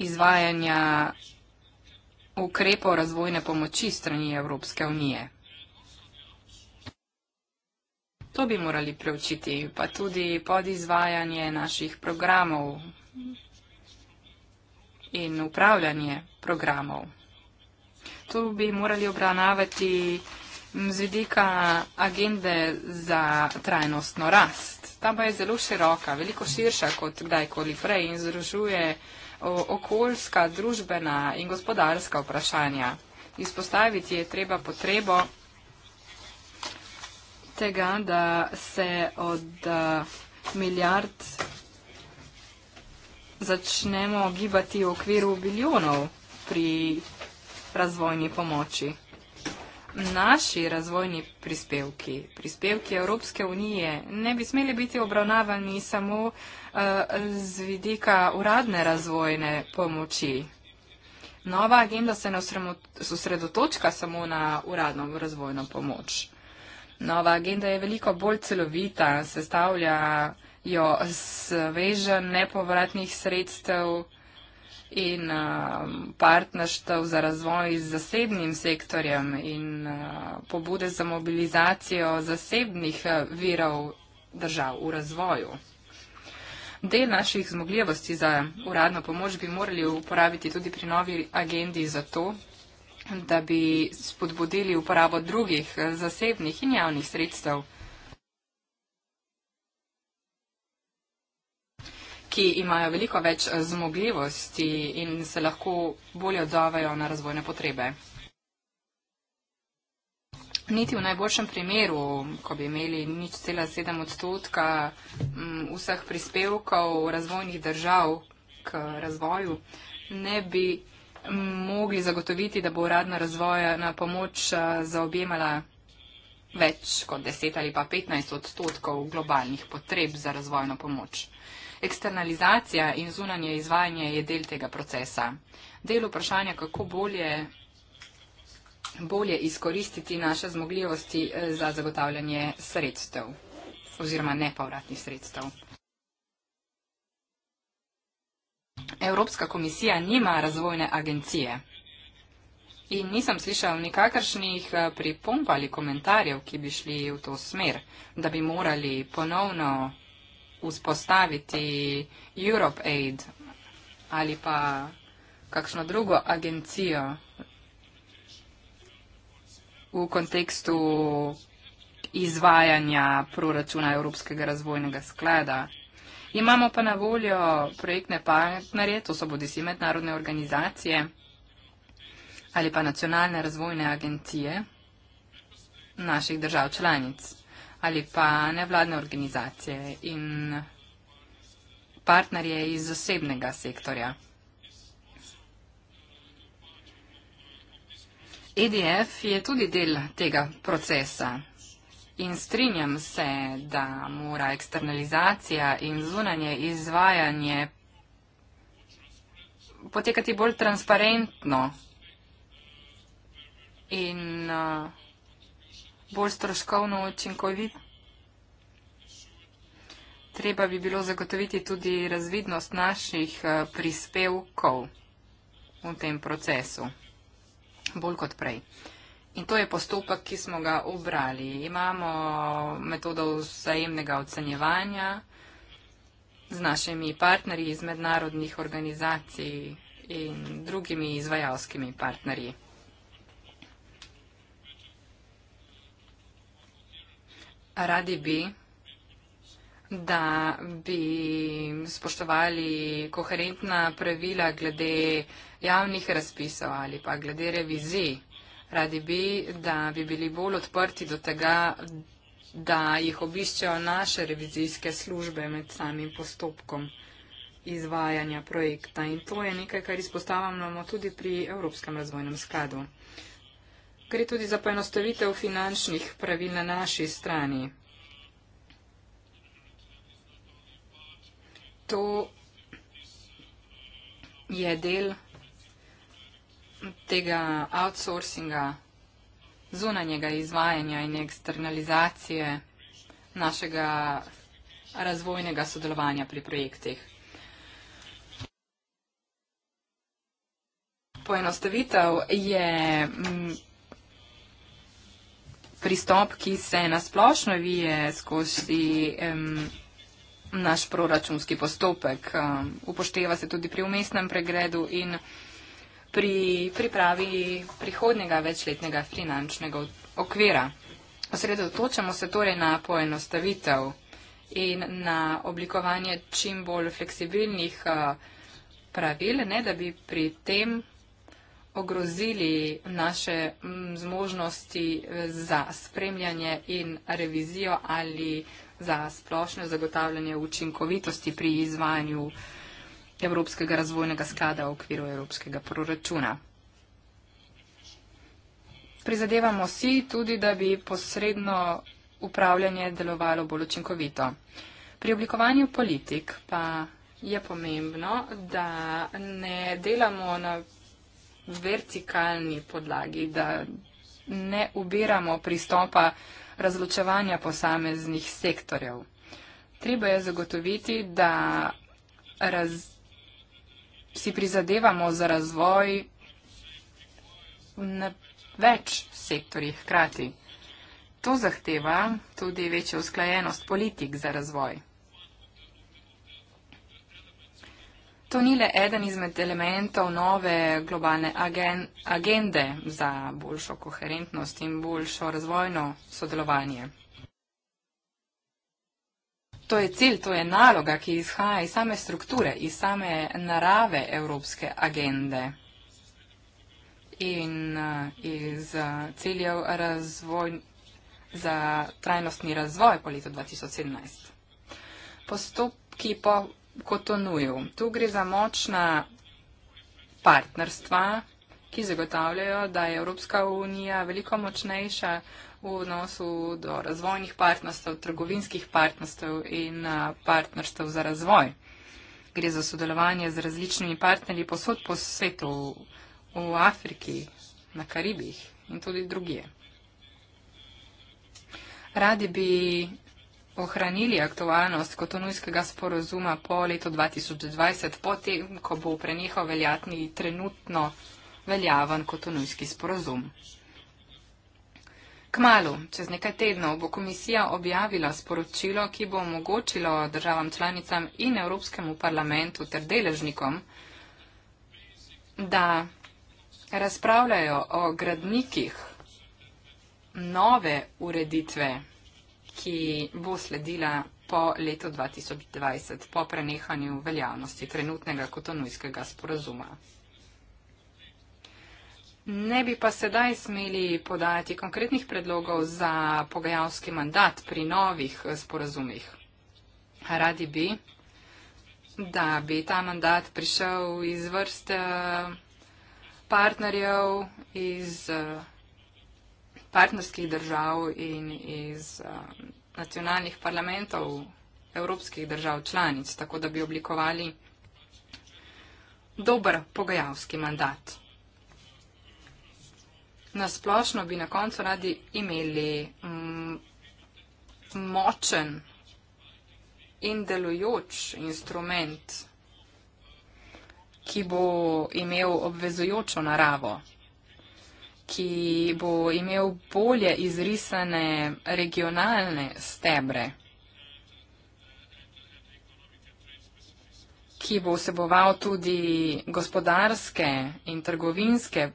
izvajanja ukrepov razvojne pomoči strani Evropske unije. To bi morali preučiti, pa tudi podizvajanje naših programov in upravljanje programov. To bi morali obravnavati z vidika agende za trajnostno rast. Ta pa je zelo široka, veliko širša kot kdajkoli prej in združuje okoljska, družbena in gospodarska vprašanja. Izpostaviti je treba potrebo tega, da se od milijard začnemo gibati v okviru bilijonov pri razvojni pomoči naši razvojni prispevki, prispevki Evropske unije, ne bi smeli biti obravnavani samo uh, z vidika uradne razvojne pomoči. Nova agenda se ne osredotoča samo na uradno razvojno pomoč. Nova agenda je veliko bolj celovita, sestavlja jo svežen nepovratnih sredstev, in uh, partnerstv za razvoj z zasebnim sektorjem in uh, pobude za mobilizacijo zasebnih uh, virov držav v razvoju. Del naših zmogljivosti za uradno pomoč bi morali uporabiti tudi pri novi agendi za to, da bi spodbudili uporabo drugih uh, zasebnih in javnih sredstev. ki imajo veliko več eh, zmogljivosti in se lahko bolje odzovejo na razvojne potrebe. Niti v najboljšem primeru, ko bi imeli nič cela sedem odstotka mm, vseh prispevkov razvojnih držav k razvoju, ne bi mogli zagotoviti, da bo uradna razvojna pomoč eh, zaobjemala več kot 10 ali pa 15 odstotkov globalnih potreb za razvojno pomoč. Externalizacija in zunanje izvajanje je del tega procesa. Del vprašanja, kako bolje, bolje izkoristiti naše zmogljivosti eh, za zagotavljanje sredstev oziroma nepovratnih sredstev. Evropska komisija nima razvojne agencije. In nisem slišal nikakršnih eh, pripomb ali komentarjev, ki bi šli v to smer, da bi morali ponovno vzpostaviti Europe Aid ali pa kakšno drugo agencijo v kontekstu izvajanja proračuna Evropskega razvojnega sklada. Imamo pa na voljo projektne partnerje, to so bodi si mednarodne organizacije ali pa nacionalne razvojne agencije naših držav članic ali pa nevladne organizacije in partnerje iz zasebnega sektorja. EDF je tudi del tega procesa in strinjam se, da mora eksternalizacija in zunanje izvajanje potekati bolj transparentno in uh, bolj stroškovno učinkovit. Treba bi bilo zagotoviti tudi razvidnost naših eh, prispevkov v tem procesu, bolj kot prej. In to je postopek, ki smo ga obrali. Imamo metodo vzajemnega ocenjevanja z našimi partnerji iz mednarodnih organizacij in drugimi izvajalskimi partnerji. radi bi, da bi spoštovali koherentna pravila glede javnih razpisov ali pa glede revizij. Radi bi, da bi bili bolj odprti do tega, da jih obiščejo naše revizijske službe med samim postopkom izvajanja projekta. In to je nekaj, kar izpostavljamo tudi pri Evropskem razvojnem skladu gre tudi za poenostavitev finančnih pravil na naši strani. To je del tega outsourcinga, zunanjega izvajanja in eksternalizacije našega razvojnega sodelovanja pri projektih. Poenostavitev je. Mm, pristop, ki se nasplošno vije skozi um, naš proračunski postopek. Um, upošteva se tudi pri umestnem pregledu in pri pripravi prihodnega večletnega finančnega okvira. Osredotočamo se torej na poenostavitev in na oblikovanje čim bolj fleksibilnih uh, pravil, ne da bi pri tem ogrozili naše zmožnosti eh, za spremljanje in revizijo ali za splošno zagotavljanje učinkovitosti pri izvajanju Evropskega razvojnega sklada v okviru Evropskega proračuna. Prizadevamo si tudi, da bi posredno upravljanje delovalo bolj učinkovito. Pri oblikovanju politik pa je pomembno, da ne delamo na vertikalni podlagi, da ne ubiramo pristopa razločevanja posameznih sektorjev. Treba je zagotoviti, da raz, si prizadevamo za razvoj na več sektorjih hkrati. To zahteva tudi večjo usklajenost politik za razvoj. To ni le eden izmed elementov nove globalne agen agende za boljšo koherentnost in boljšo razvojno sodelovanje. To je cilj, to je naloga, ki izhaja iz same strukture, iz same narave evropske agende in eh, iz eh, ciljev razvoj, za trajnostni razvoj po letu 2017. Postopki po Kotonuju. Tu gre za močna partnerstva, ki zagotavljajo, da je Evropska unija veliko močnejša v odnosu do razvojnih partnerstv, trgovinskih partnerstv in partnerstv za razvoj. Gre za sodelovanje z različnimi partnerji posod po svetu, v Afriki, na Karibih in tudi drugje. Radi bi ohranili aktualnost kotonujskega sporozuma po letu 2020, potem, ko bo prenehal veljatni trenutno veljavan kotonujski sporozum. Kmalo, čez nekaj tednov, bo komisija objavila sporočilo, ki bo omogočilo državam članicam in Evropskemu parlamentu ter deležnikom, da razpravljajo o gradnikih nove ureditve ki bo sledila po letu 2020, po prenehanju veljavnosti trenutnega kotonujskega sporazuma. Ne bi pa sedaj smeli podajati konkretnih predlogov za pogajalski mandat pri novih eh, sporazumih. Radi bi, da bi ta mandat prišel iz vrste eh, partnerjev, iz eh, partnerskih držav in iz uh, nacionalnih parlamentov evropskih držav članic, tako da bi oblikovali dober pogajalski mandat. Nasplošno bi na koncu radi imeli mm, močen in delujoč instrument, ki bo imel obvezujočo naravo ki bo imel bolje izrisane regionalne stebre, ki bo vseboval tudi gospodarske in trgovinske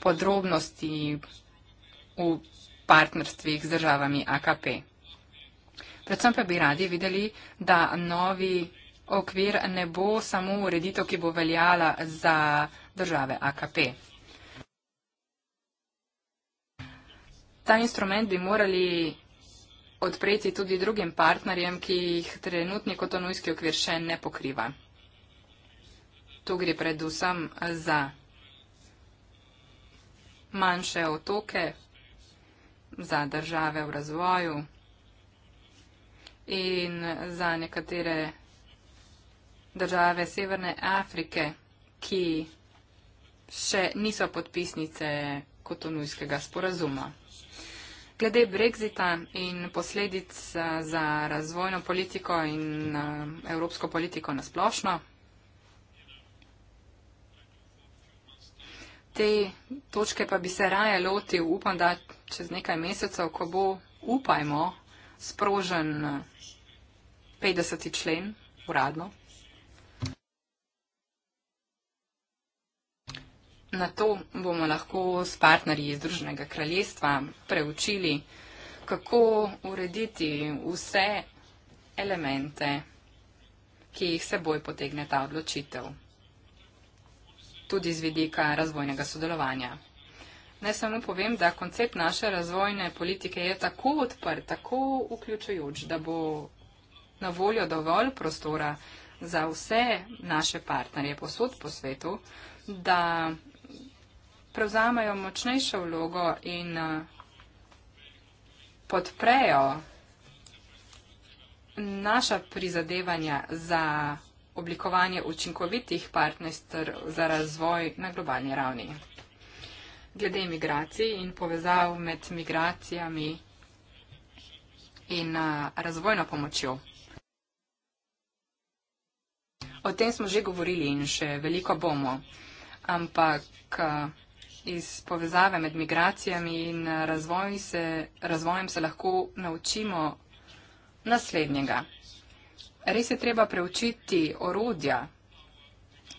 podrobnosti v partnerstvih z državami AKP. Predvsem pa bi radi videli, da novi okvir ne bo samo ureditev, ki bo veljala za države AKP. ta instrument bi morali odpreti tudi drugim partnerjem, ki jih trenutni kotonujski okvir še ne pokriva. Tu gre predvsem za manjše otoke, za države v razvoju in za nekatere države Severne Afrike, ki še niso podpisnice kotonujskega sporazuma. Glede Brexita in posledic eh, za razvojno politiko in eh, evropsko politiko nasplošno, te točke pa bi se raje lotil, upam, da čez nekaj mesecev, ko bo, upajmo, sprožen 50. Eh, člen uradno. Na to bomo lahko s partnerji iz Združenega kraljestva preučili, kako urediti vse elemente, ki jih seboj potegne ta odločitev. Tudi z vidika razvojnega sodelovanja. Naj samo povem, da koncept naše razvojne politike je tako odprt, tako vključujoč, da bo na voljo dovolj prostora za vse naše partnerje posod po svetu, da prevzamejo močnejšo vlogo in eh, podprejo naša prizadevanja za oblikovanje učinkovitih partnerstv za razvoj na globalni ravni. Glede migracij in povezav med migracijami in eh, razvojno pomočjo. O tem smo že govorili in še veliko bomo, ampak eh, Iz povezave med migracijami in eh, razvojem se, razvojem se lahko naučimo naslednjega. Res je treba preučiti orodja,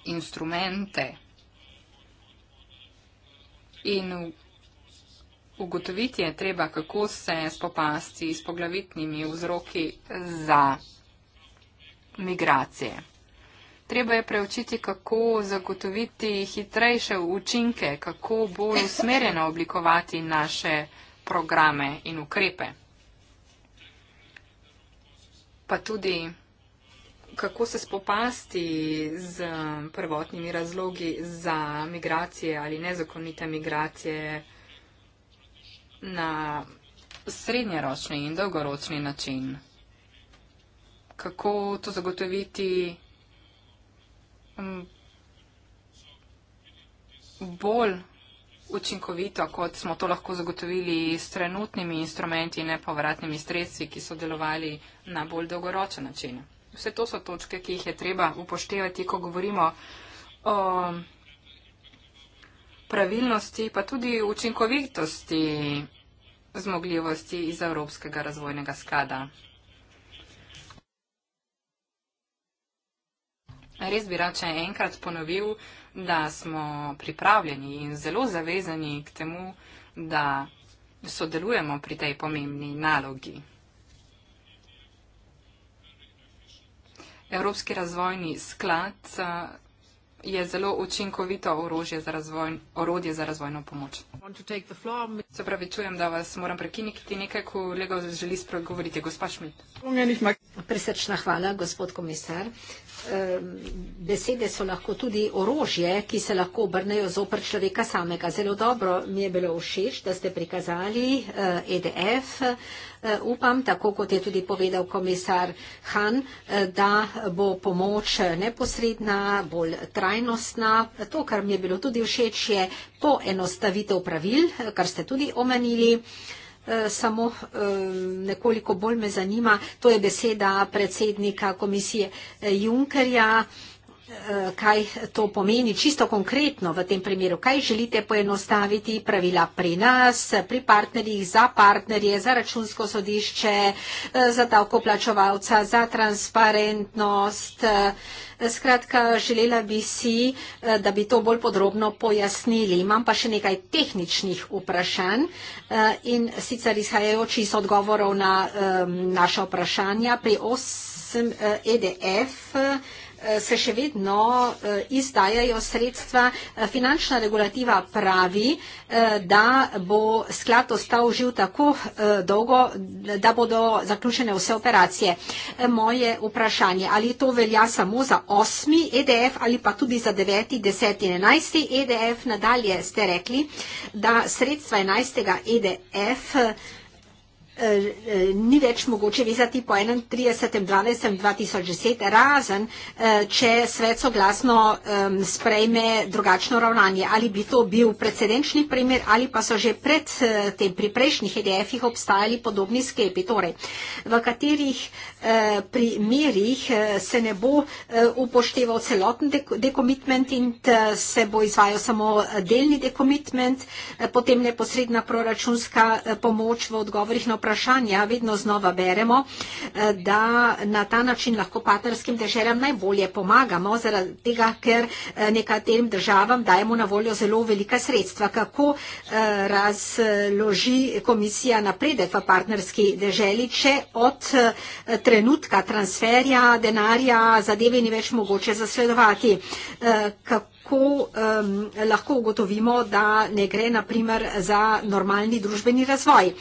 instrumente in ugotoviti je treba, kako se spopasti s poglavitnimi vzroki za migracije. Treba je preučiti, kako zagotoviti hitrejše učinke, kako bolj usmerjeno oblikovati naše programe in ukrepe. Pa tudi, kako se spopasti z prvotnimi razlogi za migracije ali nezakonite migracije na srednjeročni in dolgoročni način. Kako to zagotoviti? um, bolj učinkovito, kot smo to lahko zagotovili s trenutnimi instrumenti in nepovratnimi sredstvi, ki so delovali na bolj dolgoročen način. Vse to so točke, ki jih je treba upoštevati, ko govorimo o pravilnosti, pa tudi učinkovitosti zmogljivosti iz Evropskega razvojnega sklada. Res bi rad še enkrat ponovil, da smo pripravljeni in zelo zavezani k temu, da sodelujemo pri tej pomembni nalogi. Evropski razvojni sklad je zelo učinkovito orodje za, razvoj, orodje za razvojno pomoč. Se pravi, čujem, da vas moram prekiniti nekaj, ko lego želi spregovoriti gospa Šmit. Presrčna hvala, gospod komisar. Besede so lahko tudi orožje, ki se lahko obrnejo zoper človeka samega. Zelo dobro mi je bilo všeč, da ste prikazali EDF eh, e Eh, upam, tako kot je tudi povedal komisar Han, eh, da bo pomoč neposredna, bolj trajnostna. To, kar mi je bilo tudi všeč, je poenostavitev pravil, eh, kar ste tudi omenili. Samo nekoliko bolj me zanima, to je beseda predsednika komisije Junkerja. Eh, kaj to pomeni čisto konkretno v tem primeru, kaj želite poenostaviti pravila pri nas, pri partnerjih, za partnerje, za računsko sodišče, eh, za davkoplačevalca, za transparentnost. Eh, skratka, želela bi si, da bi to bolj podrobno pojasnili. Imam pa še nekaj tehničnih vprašanj in sicer izhajajoči iz odgovorov na naše vprašanja pri 8 EDF. E Eh, se še vedno eh, izdajajo sredstva. Eh, finančna regulativa pravi, da bo sklad ostal živ tako dolgo, da bodo zaključene vse operacije. Moje vprašanje, ali to velja samo za osmi EDF ali pa tudi za deveti, deseti, enajsti EDF, nadalje ste rekli, da sredstva enajstega EDF Eh, eh, ni več mogoče vezati po 31.12.2010, razen eh, če svet soglasno sprejme drugačno ravnanje. Ali bi to bil precedenčni primer ali pa so že pred tem pri prejšnjih EDF-ih obstajali podobni sklepi, torej v katerih primerih se ne bo upošteval celoten dekomitment in se bo izvajal samo delni dekomitment, potem neposredna proračunska pomoč v odgovorih na vprašanja vedno znova beremo, eh, da na ta način lahko paterskim deželjam najbolje pomagamo, zaradi tega, ker eh, nekaterim državam dajemo na voljo zelo velika sredstva. Kako eh, razloži komisija napredek v partnerski deželi, če od trenutka transferja denarja zadeve ni več mogoče zasledovati? Kako Kako um, lahko ugotovimo, da ne gre naprimer za normalni družbeni razvoj? Uh,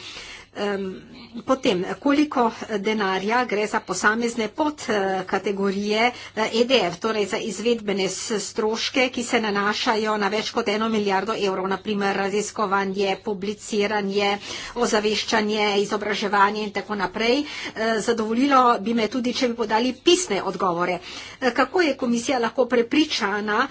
Um, Potem, koliko denarja gre za posamezne podkategorije EDF, eh, e torej za izvedbene stroške, ki se nanašajo na več kot eno milijardo evrov, naprimer raziskovanje, publiciranje, ozaveščanje, izobraževanje in tako naprej. Eh, zadovoljilo bi me tudi, če bi podali pisne odgovore. Eh, kako je komisija lahko prepričana,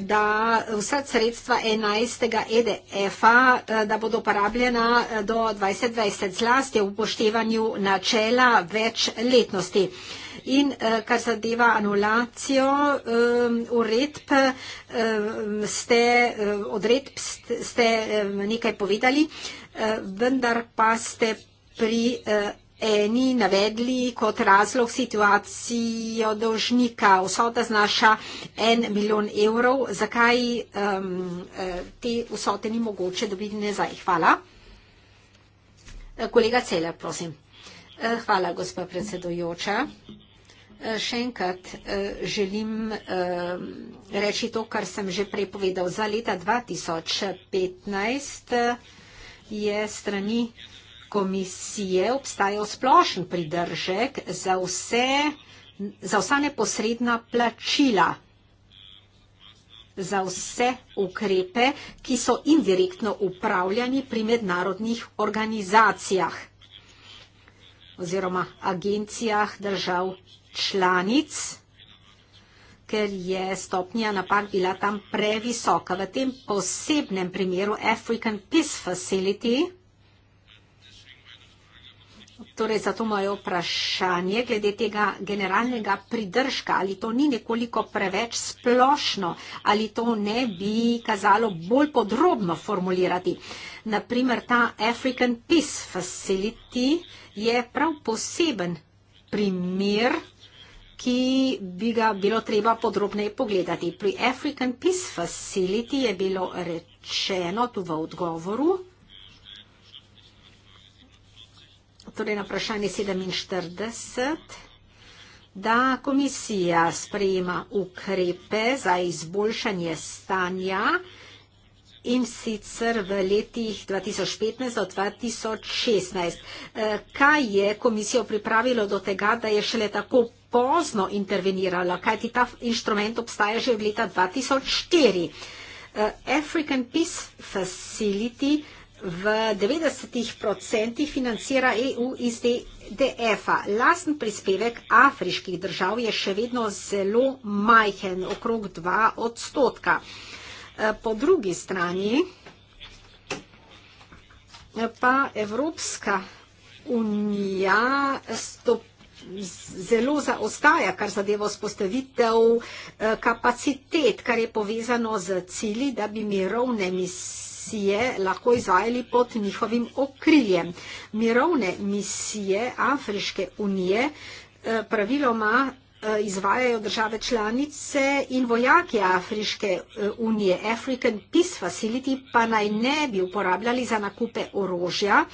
da vsa sredstva 11. EDF-a, da bodo uporabljena do 2020 zlasti? upoštevanju načela večletnosti. In eh, kar zadeva anulacijo eh, uredb, eh, ste, odredb ste nekaj povedali, vendar pa ste pri eni navedli kot razlog situacijo dožnika. Vsota znaša en milijon evrov. Zakaj ehm, te vsote ni mogoče dobiti nazaj? Hvala. Kolega Celja, prosim. Eh, hvala, gospa predsedojoča. Eh, še enkrat eh, želim reči to, kar sem že prej povedal. Za leta 2015 je strani komisije obstajal splošen pridržek za, vse, za vsa neposredna plačila za vse ukrepe, ki so indirektno upravljani pri mednarodnih organizacijah oziroma agencijah držav članic, ker je stopnja napak bila tam previsoka. V tem posebnem primeru African Peace Facility Torej, zato moje vprašanje glede tega generalnega pridržka, ali to ni nekoliko preveč splošno, ali to ne bi kazalo bolj podrobno formulirati. Naprimer, ta African Peace Facility je prav poseben primer, ki bi ga bilo treba podrobneje pogledati. Pri African Peace Facility je bilo rečeno tu v odgovoru, torej na vprašanje 47, da komisija sprejema ukrepe za izboljšanje stanja in sicer v letih 2015 do 2016. Eh, kaj je komisijo pripravilo do tega, da je šele tako pozno intervenirala, kajti ta inštrument obstaja že od leta 2004. Eh, African Peace Facility v 90% financira EU iz DDF-a. Lasten prispevek afriških držav je še vedno zelo majhen, okrog 2 odstotka. Eh, po drugi strani eh, pa Evropska unija zelo zaostaja, kar zadeva spostavitev eh, kapacitet, kar je povezano z cili, da bi mirovne misije misije lahko izvajali pod njihovim okriljem. Mirovne misije Afriške unije eh, praviloma eh, izvajajo države članice in vojaki Afriške eh, unije, African Peace Facility, pa naj ne bi uporabljali za nakupe orožja,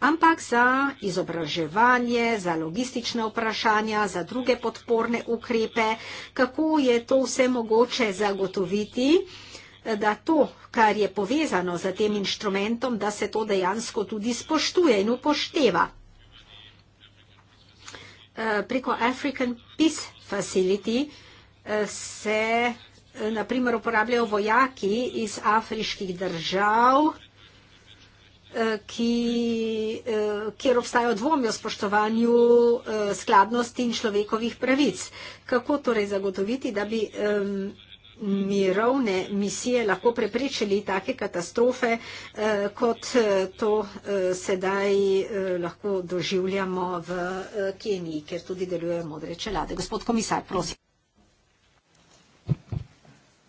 ampak za izobraževanje, za logistične vprašanja, za druge podporne ukrepe, kako je to vse mogoče zagotoviti da to, kar je povezano z tem inštrumentom, da se to dejansko tudi spoštuje in upošteva. Eh, preko African Peace Facility eh, se eh, naprimer uporabljajo vojaki iz afriških držav, ki, kjer obstajajo dvomi o spoštovanju skladnosti in človekovih pravic. Kako torej zagotoviti, da bi mirovne misije lahko preprečili take katastrofe, eh, kot eh, to eh, sedaj lahko doživljamo v Keniji, ker tudi deluje modre čelade. Gospod komisar, prosim.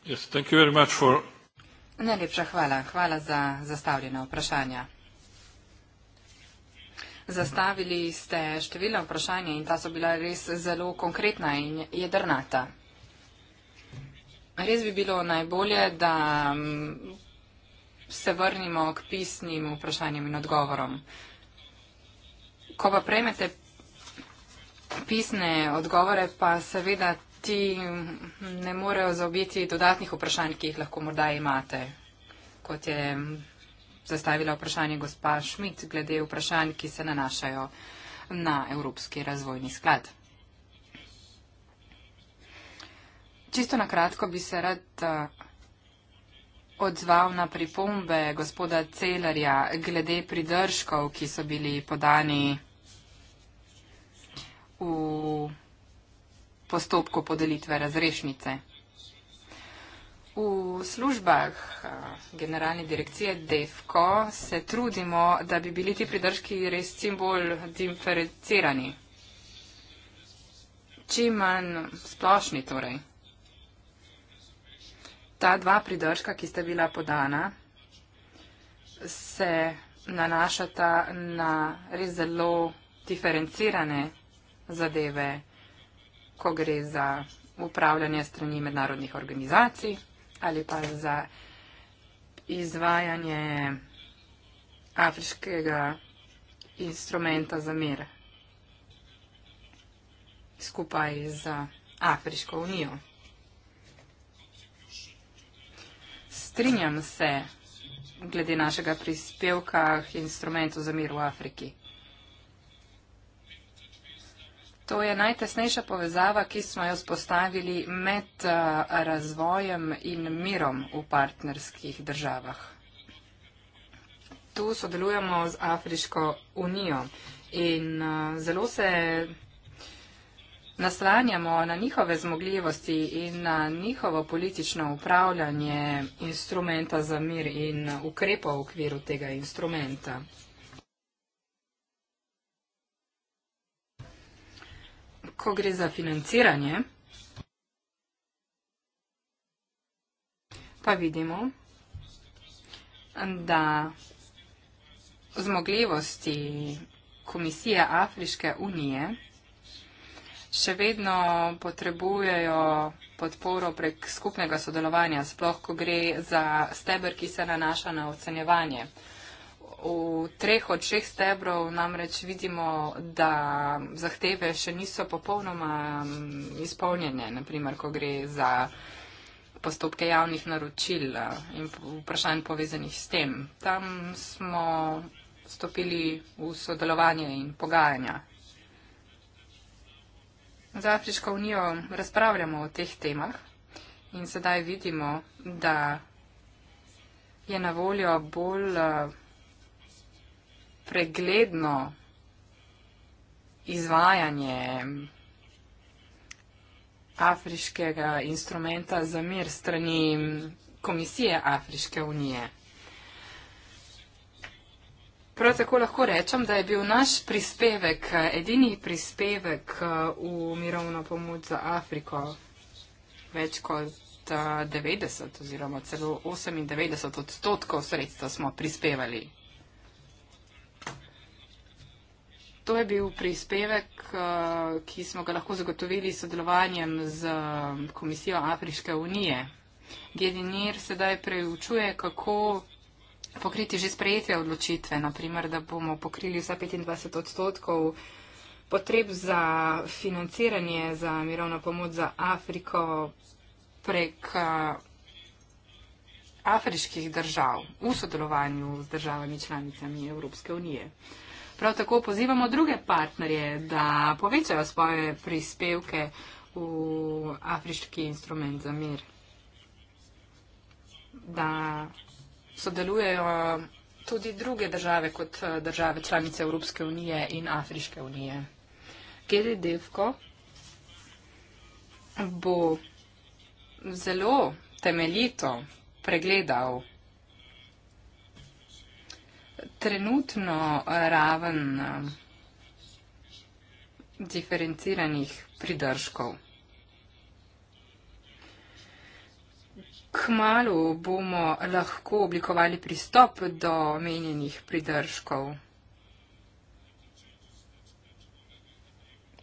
Yes, thank you very much for... Najlepša hvala. Hvala za zastavljena vprašanja. Zastavili ste številna vprašanja in ta so bila res zelo konkretna in jedrnata. Res bi bilo najbolje, da mm, se vrnimo k pisnim vprašanjem in odgovorom. Ko pa prejmete pisne odgovore, pa seveda ti mm, ne morejo zaobjeti dodatnih vprašanj, ki jih lahko morda imate, kot je mm, zastavila vprašanje gospa Šmit glede vprašanj, ki se nanašajo na Evropski razvojni sklad. Čisto na kratko bi se rad eh, odzval na pripombe gospoda Celerja glede pridržkov, ki so bili podani v postopku podelitve razrešnice. V službah eh, generalne direkcije DEFCO se trudimo, da bi bili ti pridržki res čim bolj diferencirani. Čim manj splošni torej ta dva pridržka, ki sta bila podana, se nanašata na res zelo diferencirane zadeve, ko gre za upravljanje strani mednarodnih organizacij ali pa za izvajanje afriškega instrumenta za mir skupaj z Afriško unijo. strinjam se glede našega prispevka k instrumentu za mir v Afriki. To je najtesnejša povezava, ki smo jo spostavili med eh, razvojem in mirom v partnerskih državah. Tu sodelujemo z Afriško unijo in eh, zelo se naslanjamo na njihove zmogljivosti in na njihovo politično upravljanje instrumenta za mir in ukrepa v okviru tega instrumenta. Ko gre za financiranje, pa vidimo, da zmogljivosti Komisije Afriške unije še vedno potrebujejo podporo prek skupnega sodelovanja, sploh ko gre za steber, ki se nanaša na ocenjevanje. V treh od šest stebrov namreč vidimo, da zahteve še niso popolnoma mm, izpolnjene, naprimer, ko gre za postopke javnih naročil eh, in vprašanj povezanih s tem. Tam smo stopili v sodelovanje in pogajanja Za Afriško unijo razpravljamo o teh temah in sedaj vidimo, da je na voljo bolj eh, pregledno izvajanje afriškega instrumenta za mir strani komisije Afriške unije. Prav tako lahko rečem, da je bil naš prispevek, edini prispevek eh, v mirovno pomoč za Afriko več kot 90 eh, oziroma celo 98 odstotkov sredstva smo prispevali. To je bil prispevek, eh, ki smo ga lahko zagotovili s sodelovanjem z Komisijo Afriške unije. Gedinir sedaj preučuje, kako pokriti že sprejete odločitve, naprimer, da bomo pokrili vsa 25 odstotkov potreb za financiranje za mirovno pomoč za Afriko prek eh, afriških držav v sodelovanju z državami članicami Evropske unije. Prav tako pozivamo druge partnerje, da povečajo svoje prispevke v afriški instrument za mir. Da sodelujejo tudi druge države kot eh, države članice Evropske unije in Afriške unije. Geri Devko bo zelo temeljito pregledal trenutno raven eh, diferenciranih pridržkov. kmalo bomo lahko oblikovali pristop do omenjenih pridržkov?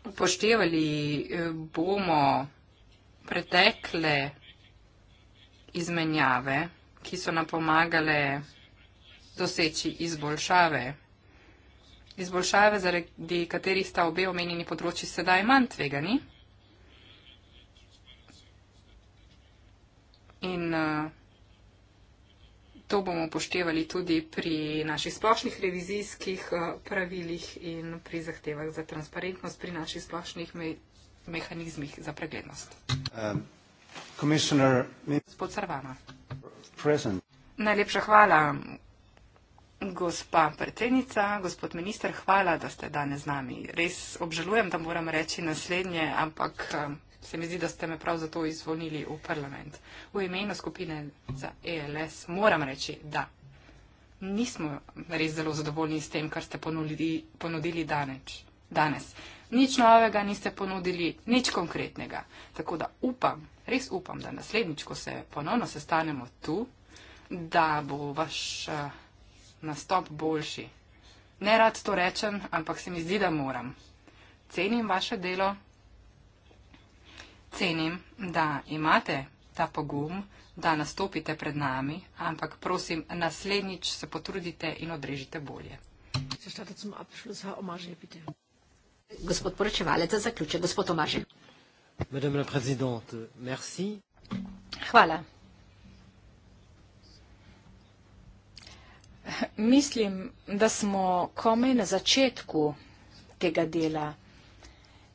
Upoštevali eh, bomo pretekle izmenjave, ki so nam pomagale doseči izboljšave. Izboljšave, zaradi katerih sta obe omenjeni področji sedaj manj tvegani. in uh, to bomo upoštevali tudi pri naših splošnih revizijskih uh, pravilih in pri zahtevah za transparentnost, pri naših splošnih me mehanizmih za preglednost. Um, gospod um, Sarvana. Present. Najlepša hvala, gospa predsednica, gospod minister, hvala, da ste danes z nami. Res obžalujem, da moram reči naslednje, ampak um, se mi zdi, da ste me prav zato izvolili v parlament. V imenu skupine za ELS moram reči, da nismo res zelo zadovoljni s tem, kar ste ponudili, ponudili daneč, danes. Nič novega niste ponudili, nič konkretnega. Tako da upam, res upam, da naslednjič, ko se ponovno sestanemo tu, da bo vaš uh, nastop boljši. Nerad to rečem, ampak se mi zdi, da moram. Cenim vaše delo, Cenim, da imate ta pogum, da nastopite pred nami, ampak prosim, naslednjič se potrudite in odrežite bolje. Gospod poročevalec, za zaključek, gospod Omaže. Madame la Présidente, merci. Hvala. Mislim, da smo komaj na začetku tega dela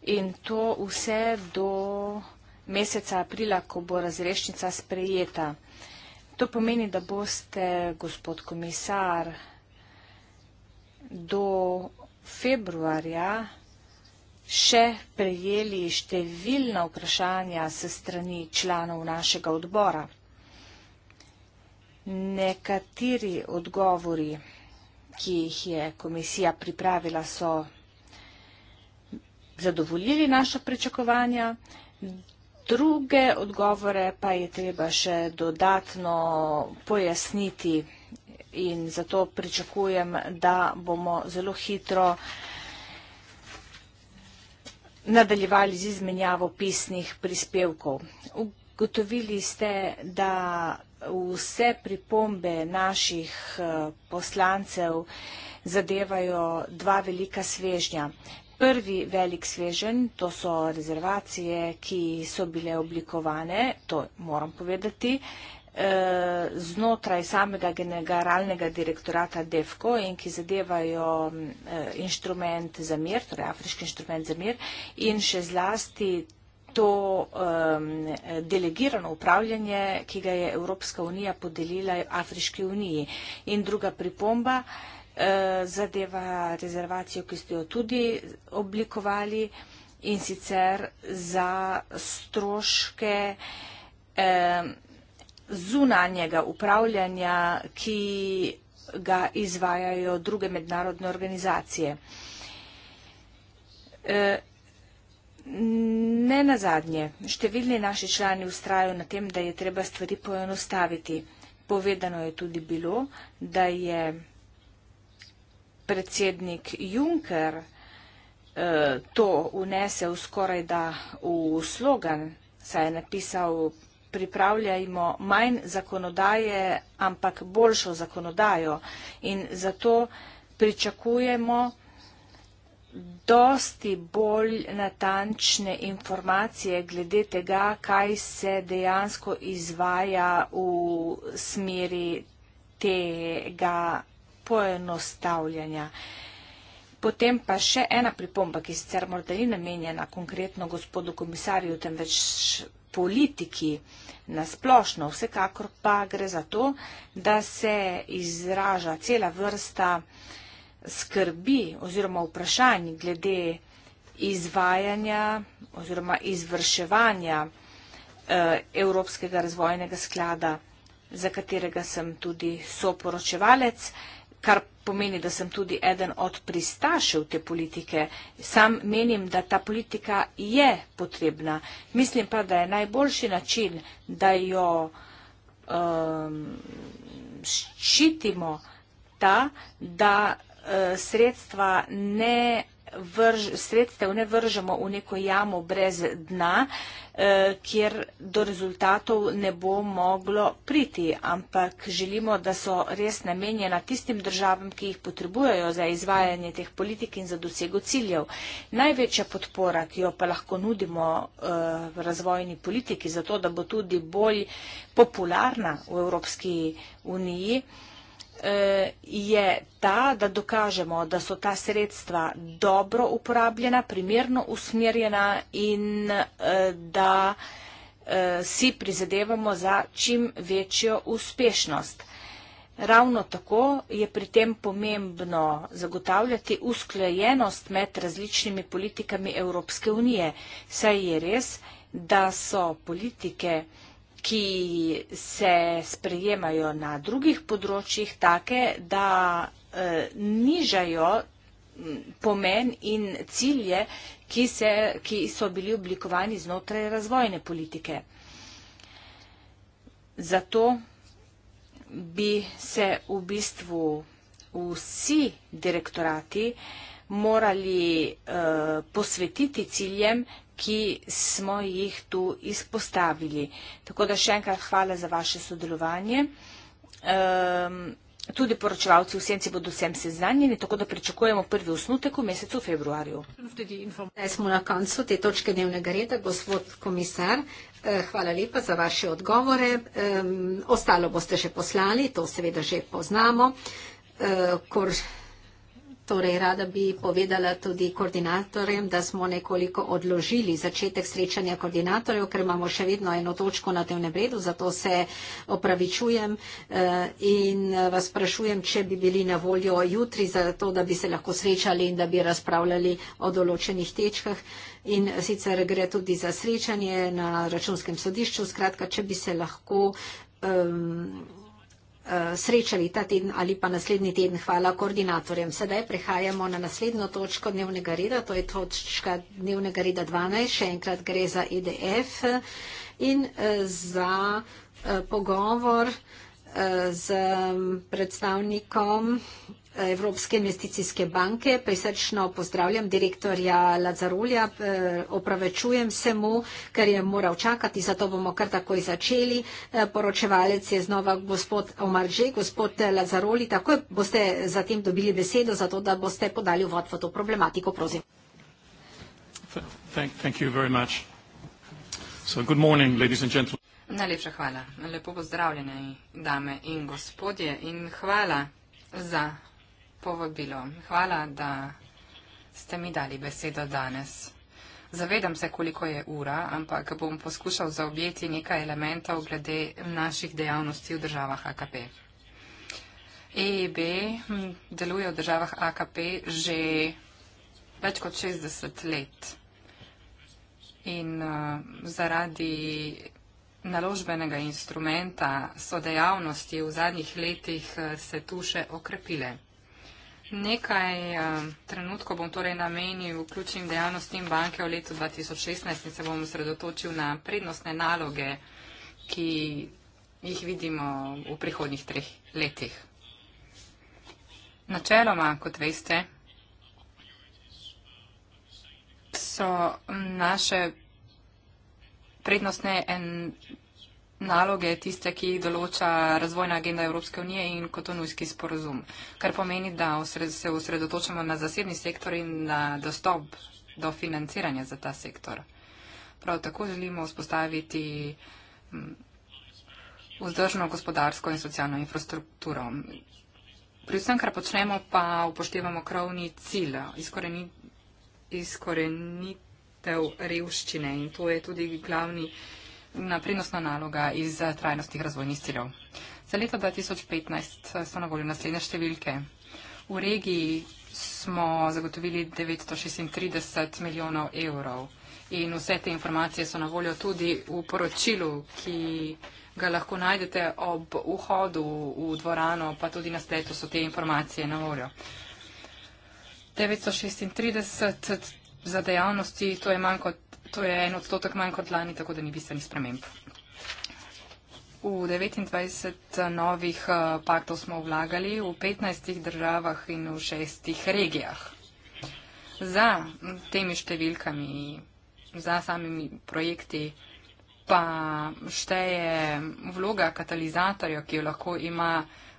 in to vse do meseca aprila, ko bo razrešnica sprejeta. To pomeni, da boste, gospod komisar, do februarja še prejeli številna vprašanja se strani članov našega odbora. Nekateri odgovori, ki jih je komisija pripravila, so zadovoljili naša pričakovanja. Druge odgovore pa je treba še dodatno pojasniti in zato pričakujem, da bomo zelo hitro nadaljevali z izmenjavo pisnih prispevkov. Ugotovili ste, da vse pripombe naših eh, poslancev zadevajo dva velika svežnja prvi velik svežen, to so rezervacije, ki so bile oblikovane, to moram povedati, eh, znotraj samega generalnega direktorata DEFCO in ki zadevajo eh, inštrument za mir, torej afriški inštrument za mir in še zlasti to um, delegirano upravljanje, ki ga je Evropska unija podelila Afriški uniji. In druga pripomba, uh, Eh, zadeva rezervacijo, ki ste jo tudi oblikovali in sicer za stroške eh, zunanjega upravljanja, ki ga izvajajo druge mednarodne organizacije. Eh, ne na zadnje, številni naši člani ustrajajo na tem, da je treba stvari poenostaviti. Povedano je tudi bilo, da je predsednik Juncker eh, to unesel skoraj da v slogan, saj je napisal, pripravljajmo manj zakonodaje, ampak boljšo zakonodajo in zato pričakujemo dosti bolj natančne informacije glede tega, kaj se dejansko izvaja v smeri tega poenostavljanja. Potem pa še ena pripomba, ki sicer morda ni namenjena konkretno gospodu komisarju, temveč politiki na splošno. Vsekakor pa gre za to, da se izraža cela vrsta skrbi oziroma vprašanj glede izvajanja oziroma izvrševanja eh, Evropskega razvojnega sklada, za katerega sem tudi soporočevalec kar pomeni, da sem tudi eden od pristašev te politike. Sam menim, da ta politika je potrebna. Mislim pa, da je najboljši način, da jo um, ščitimo ta, da uh, sredstva ne vrž, sredstev ne vržemo v neko jamo brez dna, eh, kjer do rezultatov ne bo moglo priti, ampak želimo, da so res namenjena tistim državam, ki jih potrebujejo za izvajanje teh politik in za dosego ciljev. Največja podpora, ki jo pa lahko nudimo eh, v razvojni politiki, zato da bo tudi bolj popularna v Evropski uniji, Eh, je ta, da dokažemo, da so ta sredstva dobro uporabljena, primerno usmerjena in eh, da eh, si prizadevamo za čim večjo uspešnost. Ravno tako je pri tem pomembno zagotavljati usklajenost med različnimi politikami Evropske unije, saj je res, da so politike Evropske unije ki se sprejemajo na drugih področjih take, da eh, nižajo pomen in cilje, ki, se, ki so bili oblikovani znotraj razvojne politike. Zato bi se v bistvu vsi direktorati morali eh, posvetiti ciljem, ki smo jih tu izpostavili. Tako da še enkrat hvala za vaše sodelovanje. Um, tudi poročevalci v Senci bodo vsem seznanjeni, tako da pričakujemo prvi osnutek v mesecu februarju. Zdaj smo na koncu te točke dnevnega reda, gospod komisar. Eh, hvala lepa za vaše odgovore. Um, ostalo boste še poslali, to seveda že poznamo. Uh, kor... Torej, rada bi povedala tudi koordinatorjem, da smo nekoliko odložili začetek srečanja koordinatorjev, ker imamo še vedno eno točko na dnevnem redu, zato se opravičujem eh, in eh, vas sprašujem, če bi bili na voljo jutri za to, da bi se lahko srečali in da bi razpravljali o določenih tečkah. In sicer gre tudi za srečanje na računskem sodišču, skratka, če bi se lahko. Um, srečali ta teden ali pa naslednji teden. Hvala koordinatorjem. Sedaj prehajamo na naslednjo točko dnevnega reda, to je točka dnevnega reda 12, še enkrat gre za EDF in eh, za eh, pogovor eh, z mm, predstavnikom Evropske investicijske banke. Prisrčno pozdravljam direktorja Lazarulja, eh, opravečujem se mu, ker je moral čakati, zato bomo kar takoj začeli. Eh, poročevalec je znova gospod Omar Žej, gospod eh, Lazaruli, takoj boste zatem dobili besedo, zato da boste podali vod v to problematiko, prosim. Najlepša hvala. Lepo pozdravljene, dame in gospodje. In hvala za povabilo. Hvala, da ste mi dali besedo danes. Zavedam se, koliko je ura, ampak bom poskušal zaobjeti nekaj elementov glede naših dejavnosti v državah AKP. EEB hm, deluje v državah AKP že več kot 60 let. In uh, zaradi naložbenega instrumenta so dejavnosti v zadnjih letih eh, se tu še okrepile. Nekaj eh, trenutkov bom torej namenil vključnim dejavnostim banke v letu 2016 in se bom sredotočil na prednostne naloge, ki jih vidimo v prihodnjih treh letih. Načeloma, kot veste, so naše prednostne naloge, tiste, ki jih določa razvojna agenda Evropske unije in kotonujski sporozum. Kar pomeni, da se osredotočamo na zasebni sektor in na dostop do financiranja za ta sektor. Prav tako želimo vzpostaviti vzdržno gospodarsko in socialno infrastrukturo. Pri vsem, kar počnemo, pa upoštevamo krovni cilj izkoreni, izkorenitev revščine in to je tudi glavni na prednostna naloga iz eh, trajnostnih razvojnih ciljev. Za leto 2015 eh, so na voljo naslednje številke. V regiji smo zagotovili 936 milijonov evrov in vse te informacije so na voljo tudi v poročilu, ki ga lahko najdete ob vhodu v dvorano, pa tudi na spletu so te informacije na voljo. 936 eh, za dejavnosti, to je manj kot To je en odstotek manj kot lani, tako da ni bistvenih sprememb. V 29 eh, novih eh, paktov smo vlagali v 15 državah in v 6 regijah. Za temi številkami, za samimi projekti pa šteje vloga katalizatorja, ki jo lahko ima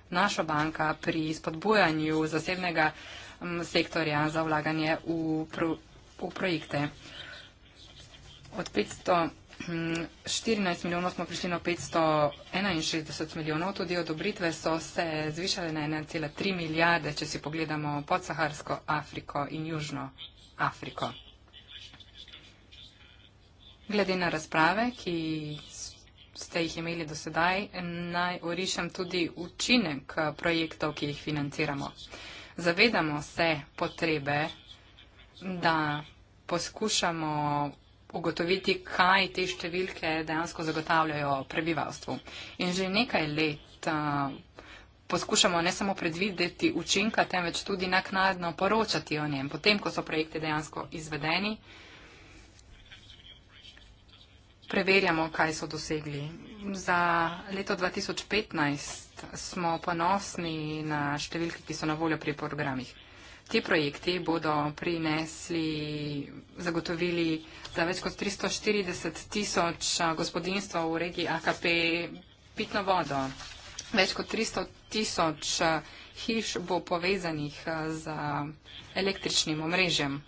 naša banka pri spodbujanju zasebnega sektorja za vlaganje v, pro, v projekte od 500. 14 hm, milijonov smo prišli na 561 milijonov, tudi odobritve so se zvišale na 1,3 milijarde, če si pogledamo podsaharsko Afriko in južno Afriko. Glede na razprave, ki ste jih imeli do sedaj, naj orišem tudi učinek projektov, ki jih financiramo. Zavedamo se potrebe, da poskušamo ugotoviti, kaj te številke dejansko zagotavljajo prebivalstvu. In že nekaj let a, poskušamo ne samo predvideti učinka, temveč tudi naknadno poročati o njem, potem, ko so projekti dejansko izvedeni, preverjamo, kaj so dosegli. Za leto 2015 smo ponosni na številke, ki so na voljo pri programih. Ti projekti bodo prinesli, zagotovili za več kot 340 tisoč gospodinstva v regiji AKP pitno vodo. Več kot 300 tisoč hiš bo povezanih z električnim omrežjem.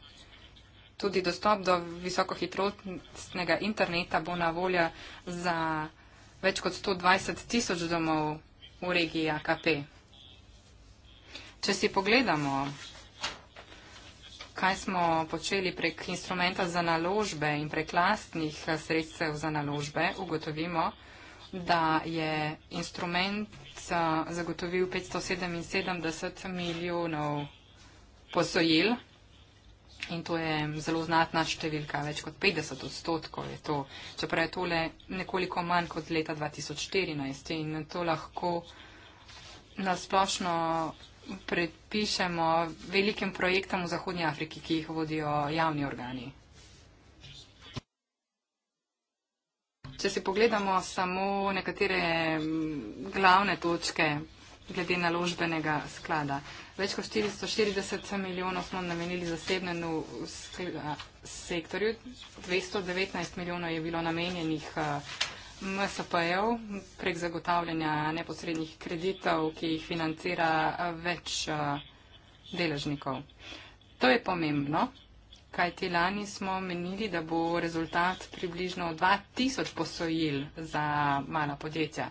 Tudi dostop do visokohitrostnega interneta bo na voljo za več kot 120 tisoč domov v regiji AKP. Če si pogledamo kaj smo počeli prek instrumenta za naložbe in prek lastnih eh, sredstev za naložbe, ugotovimo, da je instrument eh, zagotovil 577 milijonov posojil in to je zelo znatna številka, več kot 50 odstotkov je to, čeprav je tole nekoliko manj kot leta 2014 in to lahko nasplošno predpišemo velikim projektom v Zahodnji Afriki, ki jih vodijo javni organi. Če si pogledamo samo nekatere mm, glavne točke glede naložbenega sklada. Več kot 440 milijonov smo namenili zasebnemu sektorju, 219 milijonov je bilo namenjenih uh, MSP-jev prek zagotavljanja neposrednih kreditov, ki jih financira več eh, deležnikov. To je pomembno, kaj ti lani smo menili, da bo rezultat približno 2000 posojil za mala podjetja.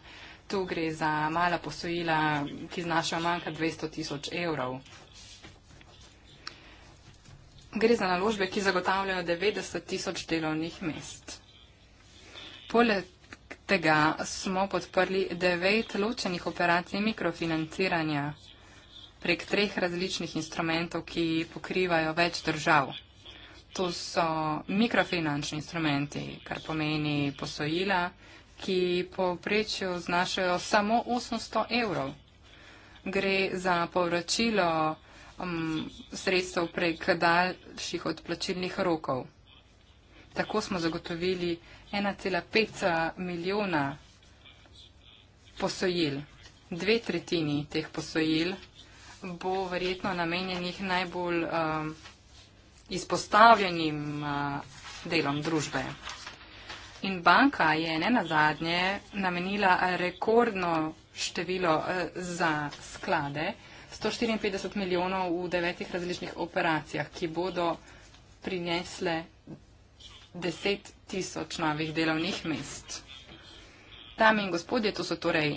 Tu gre za mala posojila, ki znašajo manj kot 200 tisoč evrov. Gre za naložbe, ki zagotavljajo 90 tisoč delovnih mest. Poleg tega smo podprli devet ločenih operacij mikrofinanciranja prek treh različnih instrumentov, ki pokrivajo več držav. To so mikrofinančni instrumenti, kar pomeni posojila, ki poprečju znašajo samo 800 evrov. Gre za povračilo um, sredstev prek daljših odplačilnih rokov. Tako smo zagotovili 1,5 milijona posojil, dve tretjini teh posojil bo verjetno namenjenih najbolj um, izpostavljenim uh, delom družbe. In banka je ne nazadnje namenila rekordno število uh, za sklade, 154 milijonov v devetih različnih operacijah, ki bodo prinesle 10 tisoč novih delovnih mest. Dame in gospodje, to so torej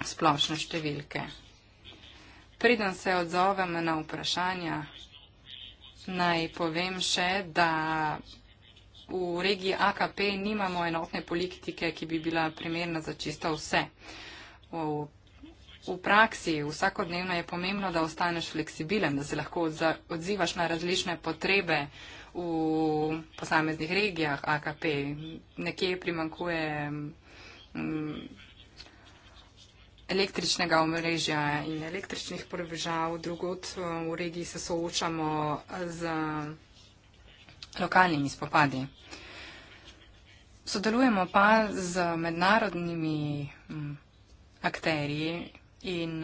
splošne številke. Preden se odzovem na vprašanja, naj povem še, da v regiji AKP nimamo enotne politike, ki bi bila primerna za čisto vse. V V praksi vsakodnevno je pomembno, da ostaneš fleksibilen, da se lahko odzivaš na različne potrebe, v posameznih regijah AKP. Nekje primankuje um, električnega omrežja in električnih povežav, drugod v regiji se soočamo z lokalnimi spopadi. Sodelujemo pa z mednarodnimi mm, akterji in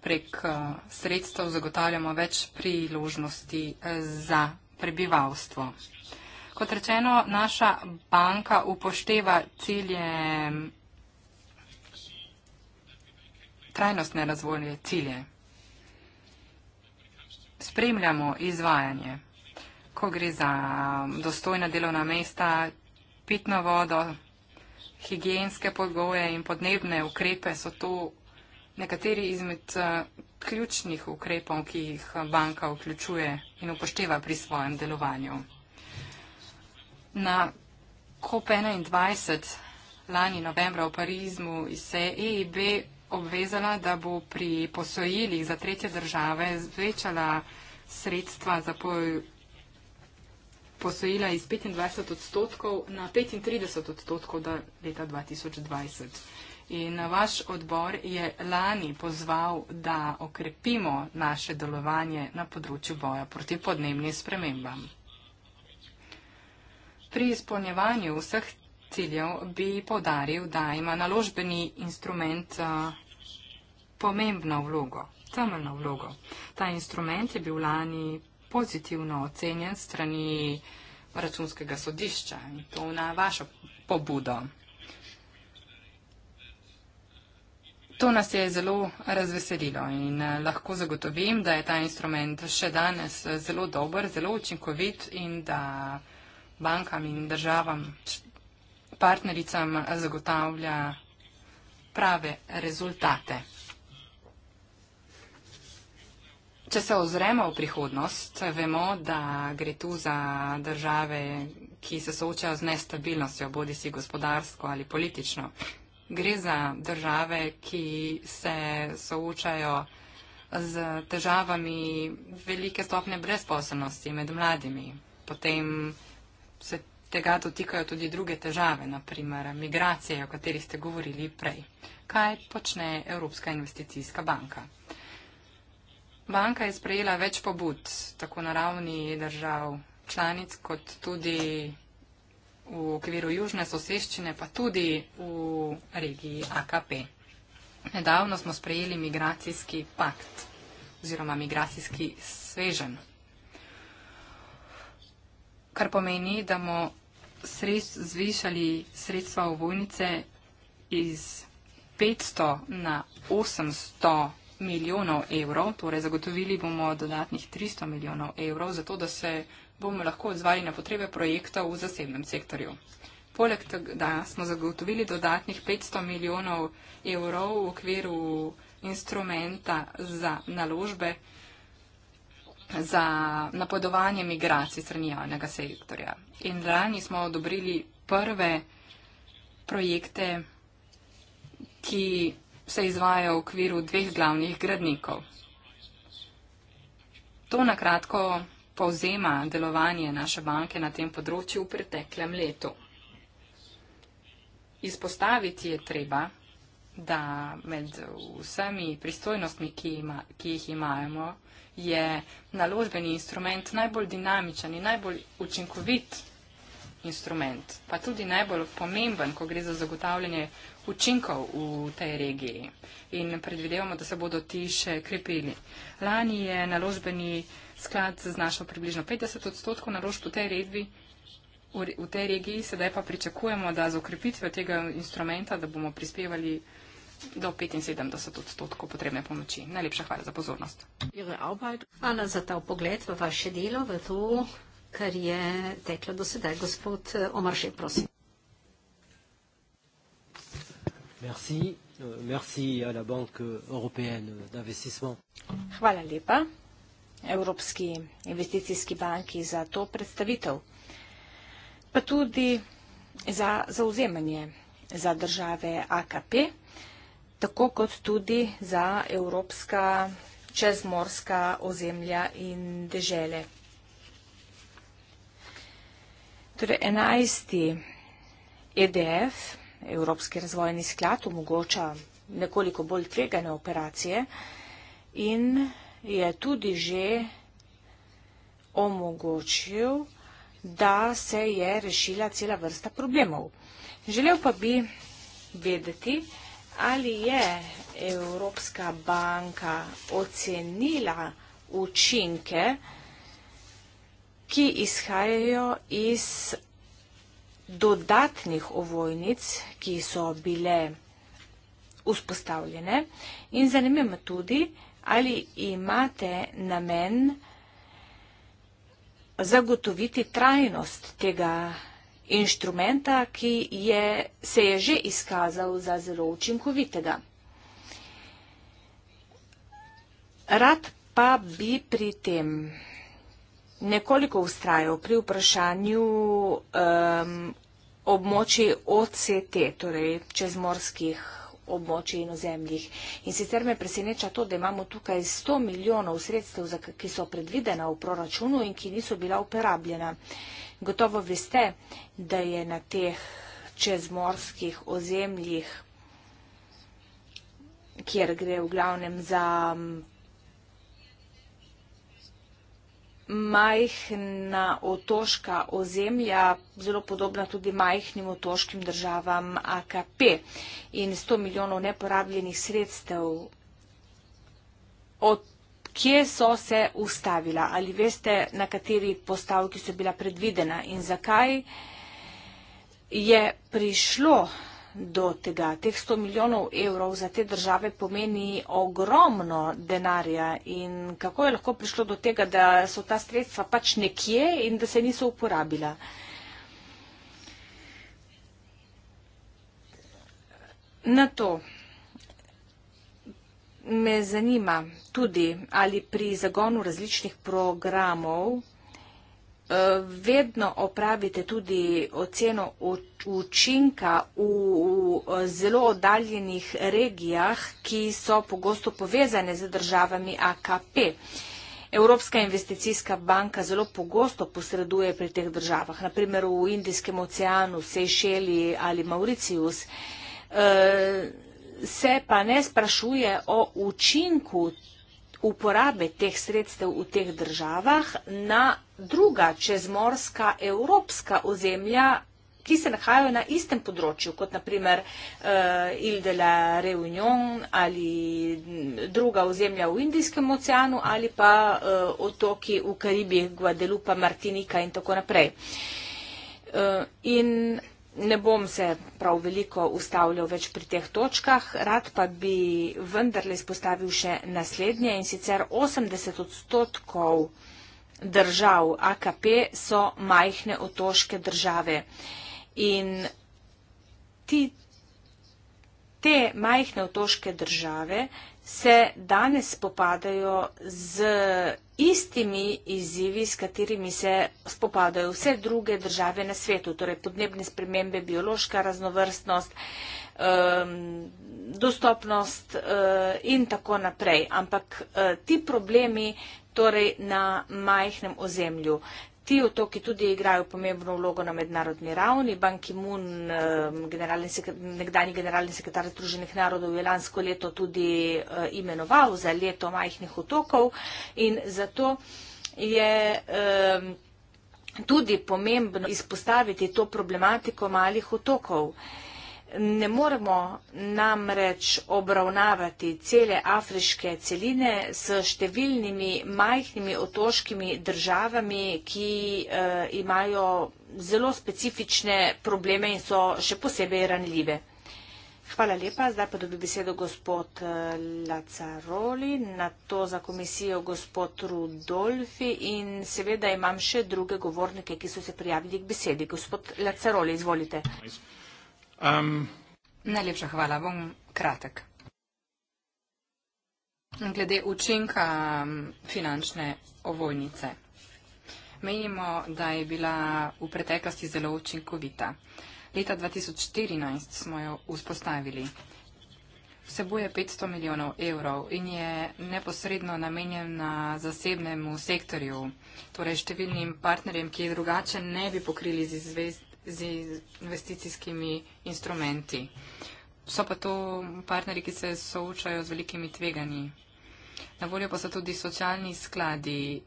prek sredstev zagotavljamo več priložnosti eh, za prebivalstvo. Kot rečeno, naša banka upošteva cilje trajnostne razvoje cilje. Spremljamo izvajanje, ko gre za dostojna delovna mesta, pitno vodo, higijenske pogoje in podnebne ukrepe so to nekateri izmed ključnih ukrepov, ki jih banka vključuje in upošteva pri svojem delovanju. Na COP21 lani novembra v Parizmu se je EIB obvezala, da bo pri posojilih za tretje države zvečala sredstva za posojila iz 25 odstotkov na 35 odstotkov do leta 2020. In vaš odbor je lani pozval, da okrepimo naše delovanje na področju boja proti podnebnim spremembam. Pri izpolnjevanju vseh ciljev bi podaril, da ima naložbeni instrument eh, pomembno vlogo, temeljno vlogo. Ta instrument je bil lani pozitivno ocenjen strani računskega sodišča in to na vašo pobudo. To nas je zelo razveselilo in eh, lahko zagotovim, da je ta instrument še danes eh, zelo dober, zelo učinkovit in da bankam in državam, partnericam eh, zagotavlja prave rezultate. Če se ozremo v prihodnost, vemo, da gre tu za države, ki se soočajo z nestabilnostjo, bodi si gospodarsko ali politično. Gre za države, ki se soočajo z težavami velike stopne brezposobnosti med mladimi. Potem se tega dotikajo tudi druge težave, naprimer migracije, o kateri ste govorili prej. Kaj počne Evropska investicijska banka? Banka je sprejela več pobud, tako na ravni držav članic, kot tudi v okviru južne soseščine, pa tudi v regiji AKP. Nedavno smo sprejeli migracijski pakt oziroma migracijski svežen, kar pomeni, da bomo sredst, zvišali sredstva v vojnice iz 500 na 800 milijonov evrov, torej zagotovili bomo dodatnih 300 milijonov evrov, zato da se bomo lahko odzvali na potrebe projektov v zasebnem sektorju. Poleg tega smo zagotovili dodatnih 500 milijonov evrov v okviru instrumenta za naložbe za napodovanje migracij strani javnega sektorja. In lani smo odobrili prve projekte, ki se izvajajo v okviru dveh glavnih gradnikov. To nakratko povzema delovanje naše banke na tem področju v preteklem letu. Izpostaviti je treba, da med vsemi pristojnostmi, ki, ima, ki jih imamo, je naložbeni instrument najbolj dinamičen in najbolj učinkovit instrument, pa tudi najbolj pomemben, ko gre za zagotavljanje učinkov v tej regiji. In predvidevamo, da se bodo ti še krepili. Lani je naložbeni instrument sklad znašal približno 50 odstotkov naložb v tej redvi, v tej regiji, sedaj pa pričakujemo, da z okrepitvijo tega instrumenta, da bomo prispevali do 75 odstotkov potrebne pomoči. Najlepša hvala za pozornost. Hvala za ta pogled v vaše delo, v to, kar je teklo do sedaj. Gospod eh, Omaršek, prosim. Merci. Euh, merci à la Banque européenne d'investissement. Voilà les pas. Evropski investicijski banki za to predstavitev, pa tudi za zauzemanje za države AKP, tako kot tudi za evropska čezmorska ozemlja in dežele. Torej, enajsti EDF, Evropski razvojni sklad, omogoča nekoliko bolj tvegane operacije in je tudi že omogočil, da se je rešila cela vrsta problemov. Želel pa bi vedeti, ali je Evropska banka ocenila učinke, ki izhajajo iz dodatnih ovojnic, ki so bile vzpostavljene. In zanimivo tudi, Ali imate namen zagotoviti trajnost tega inštrumenta, ki je, se je že izkazal za zelo učinkovitega? Rad pa bi pri tem nekoliko ustrajal pri vprašanju um, območij OCT, torej čezmorskih območij in ozemljih. In sicer me preseneča to, da imamo tukaj 100 milijonov sredstev, ki so predvidena v proračunu in ki niso bila uporabljena. Gotovo veste, da je na teh čezmorskih ozemljih, kjer gre v glavnem za majhna otoška ozemlja, zelo podobna tudi majhnim otoškim državam AKP in 100 milijonov neporabljenih sredstev. Od kje so se ustavila? Ali veste, na kateri postavki so bila predvidena in zakaj je prišlo do tega. Teh 100 milijonov evrov za te države pomeni ogromno denarja in kako je lahko prišlo do tega, da so ta sredstva pač nekje in da se niso uporabila. Na to me zanima tudi, ali pri zagonu različnih programov Eh, vedno opravite tudi oceno učinka v zelo oddaljenih regijah, ki so pogosto povezane z državami AKP. Evropska investicijska banka zelo pogosto posreduje pri teh državah, naprimer v Indijskem oceanu, Sejšeli ali Mauricius, eh, se pa ne sprašuje o učinku uporabe teh sredstev v teh državah na druga čezmorska evropska ozemlja, ki se nahajajo na istem področju, kot naprimer uh, Ile de la Reunion ali mm, druga ozemlja v Indijskem oceanu ali pa uh, otoki v Karibih, Guadelupa, Martinika in tako naprej. Uh, in ne bom se prav veliko ustavljal več pri teh točkah, rad pa bi vendarle izpostavil še naslednje in sicer 80 odstotkov držav AKP so majhne otoške države. In ti, te majhne otoške države se danes spopadajo z istimi izzivi, s katerimi se spopadajo vse druge države na svetu, torej podnebne spremembe, biološka raznovrstnost, dostopnost eh, in tako naprej. Ampak eh, ti problemi torej na majhnem ozemlju ti otoki tudi igrajo pomembno vlogo na mednarodni ravni. Ban Ki-moon, generalni nekdani generalni sekretar Združenih narodov, je lansko leto tudi eh, imenoval za leto majhnih otokov in zato je tudi pomembno izpostaviti to problematiko malih otokov. Ne moremo namreč obravnavati cele afriške celine s številnimi majhnimi otoškimi državami, ki eh, imajo zelo specifične probleme in so še posebej ranljive. Hvala lepa. Zdaj pa dobi besedo gospod eh, Lacaroli, na to za komisijo gospod Rudolfi in seveda imam še druge govornike, ki so se prijavili k besedi. Gospod Lacaroli, izvolite. Nice. Um, Najlepša hvala, bom kratek. Glede učinka um, finančne ovojnice. Menimo, da je bila v preteklosti zelo učinkovita. Leta 2014 smo jo vzpostavili. Vsebuje 500 milijonov evrov in je neposredno namenjena zasebnemu sektorju, torej številnim partnerjem, ki drugače ne bi pokrili z izvest z investicijskimi instrumenti. So pa to partnerji, ki se soočajo z velikimi tveganji. Na voljo pa so tudi socialni skladi,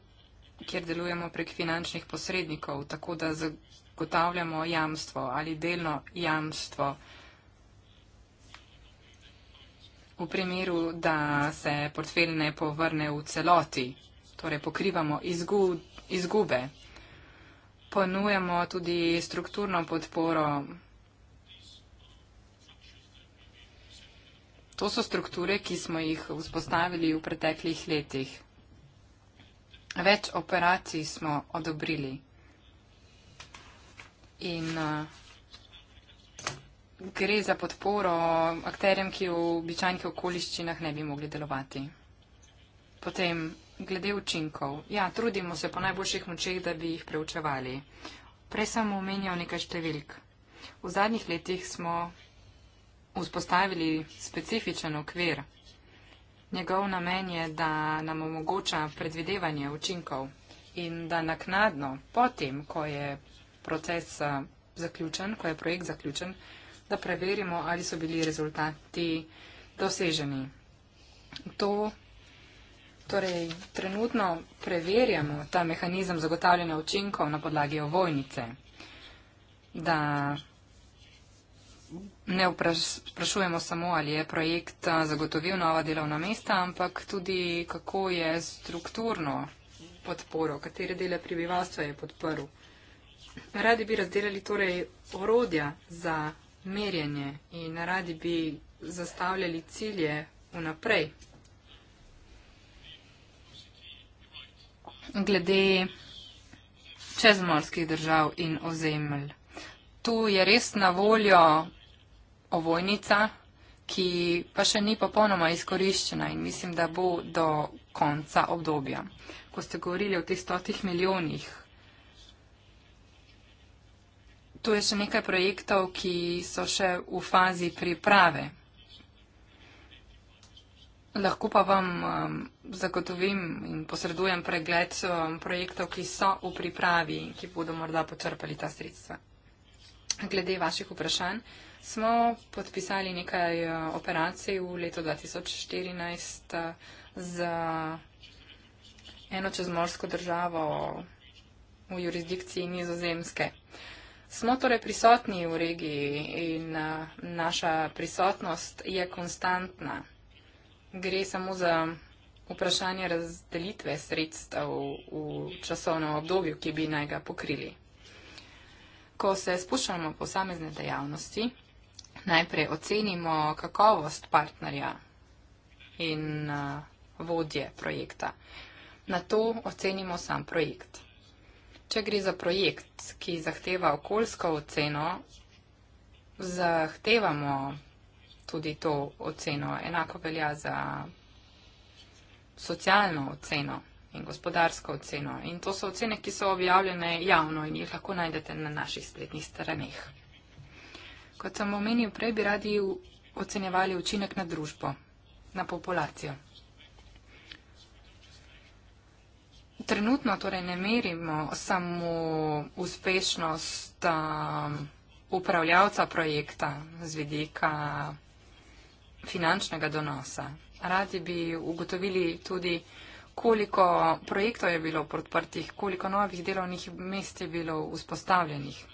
kjer delujemo prek finančnih posrednikov, tako da zagotavljamo jamstvo ali delno jamstvo. V primeru, da se portfelj ne povrne v celoti, torej pokrivamo izgu, izgube ponujamo tudi strukturno podporo. To so strukture, ki smo jih vzpostavili v preteklih letih. Več operacij smo odobrili. In uh, gre za podporo akterjem, ki v običajnih okoliščinah ne bi mogli delovati. Potem glede učinkov. Ja, trudimo se po najboljših močeh, da bi jih preučevali. Prej sem omenjal nekaj številk. V zadnjih letih smo vzpostavili specifičen okvir. Njegov namen je, da nam omogoča predvidevanje učinkov in da naknadno, potem, ko je proces eh, zaključen, ko je projekt zaključen, da preverimo, ali so bili rezultati doseženi. To Torej, trenutno preverjamo ta mehanizem zagotavljanja učinkov na podlagi ovojnice, da ne vprašujemo samo, ali je projekt zagotovil nova delovna mesta, ampak tudi kako je strukturno podporo, katere dele prebivalstva je podporil. Radi bi razdelali torej orodja za merjenje in radi bi zastavljali cilje vnaprej glede čezmorskih držav in ozemelj. Tu je res na voljo ovojnica, ki pa še ni popolnoma izkoriščena in mislim, da bo do konca obdobja. Ko ste govorili o teh stotih milijonih, tu je še nekaj projektov, ki so še v fazi priprave. Lahko pa vam um, zagotovim in posredujem pregled um, projektov, ki so v pripravi in ki bodo morda počrpali ta sredstva. Glede vaših vprašanj, smo podpisali nekaj uh, operacij v letu 2014 uh, z eno čezmorsko državo v jurisdikciji nizozemske. Smo torej prisotni v regiji in uh, naša prisotnost je konstantna gre samo za vprašanje razdelitve sredstev v časovnem obdobju, ki bi naj ga pokrili. Ko se spuščamo v posamezne dejavnosti, najprej ocenimo kakovost partnerja in vodje projekta. Na to ocenimo sam projekt. Če gre za projekt, ki zahteva okoljsko oceno, zahtevamo tudi to oceno. Enako velja za socialno oceno in gospodarsko oceno. In to so ocene, ki so objavljene javno in jih lahko najdete na naših spletnih straneh. Kot sem omenil prej, bi radi ocenjevali učinek na družbo, na populacijo. Trenutno torej ne merimo samo uspešnost um, upravljavca projekta z vidika finančnega donosa. Radi bi ugotovili tudi, koliko projektov je bilo podprtih, koliko novih delovnih mest je bilo vzpostavljenih.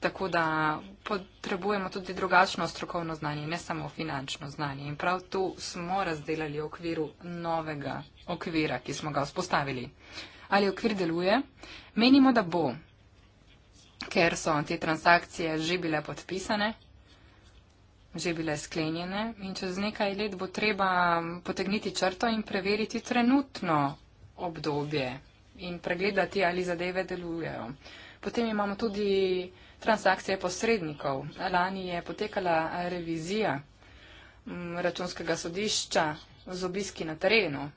Tako da potrebujemo tudi drugačno strokovno znanje, ne samo finančno znanje. In prav tu smo razdelali v okviru novega okvira, ki smo ga vzpostavili. Ali okvir deluje? Menimo, da bo, ker so te transakcije že bile podpisane že bile sklenjene in čez nekaj let bo treba potegniti črto in preveriti trenutno obdobje in pregledati, ali zadeve delujejo. Potem imamo tudi transakcije posrednikov. Lani je potekala revizija mm, računskega sodišča z obiski na terenu.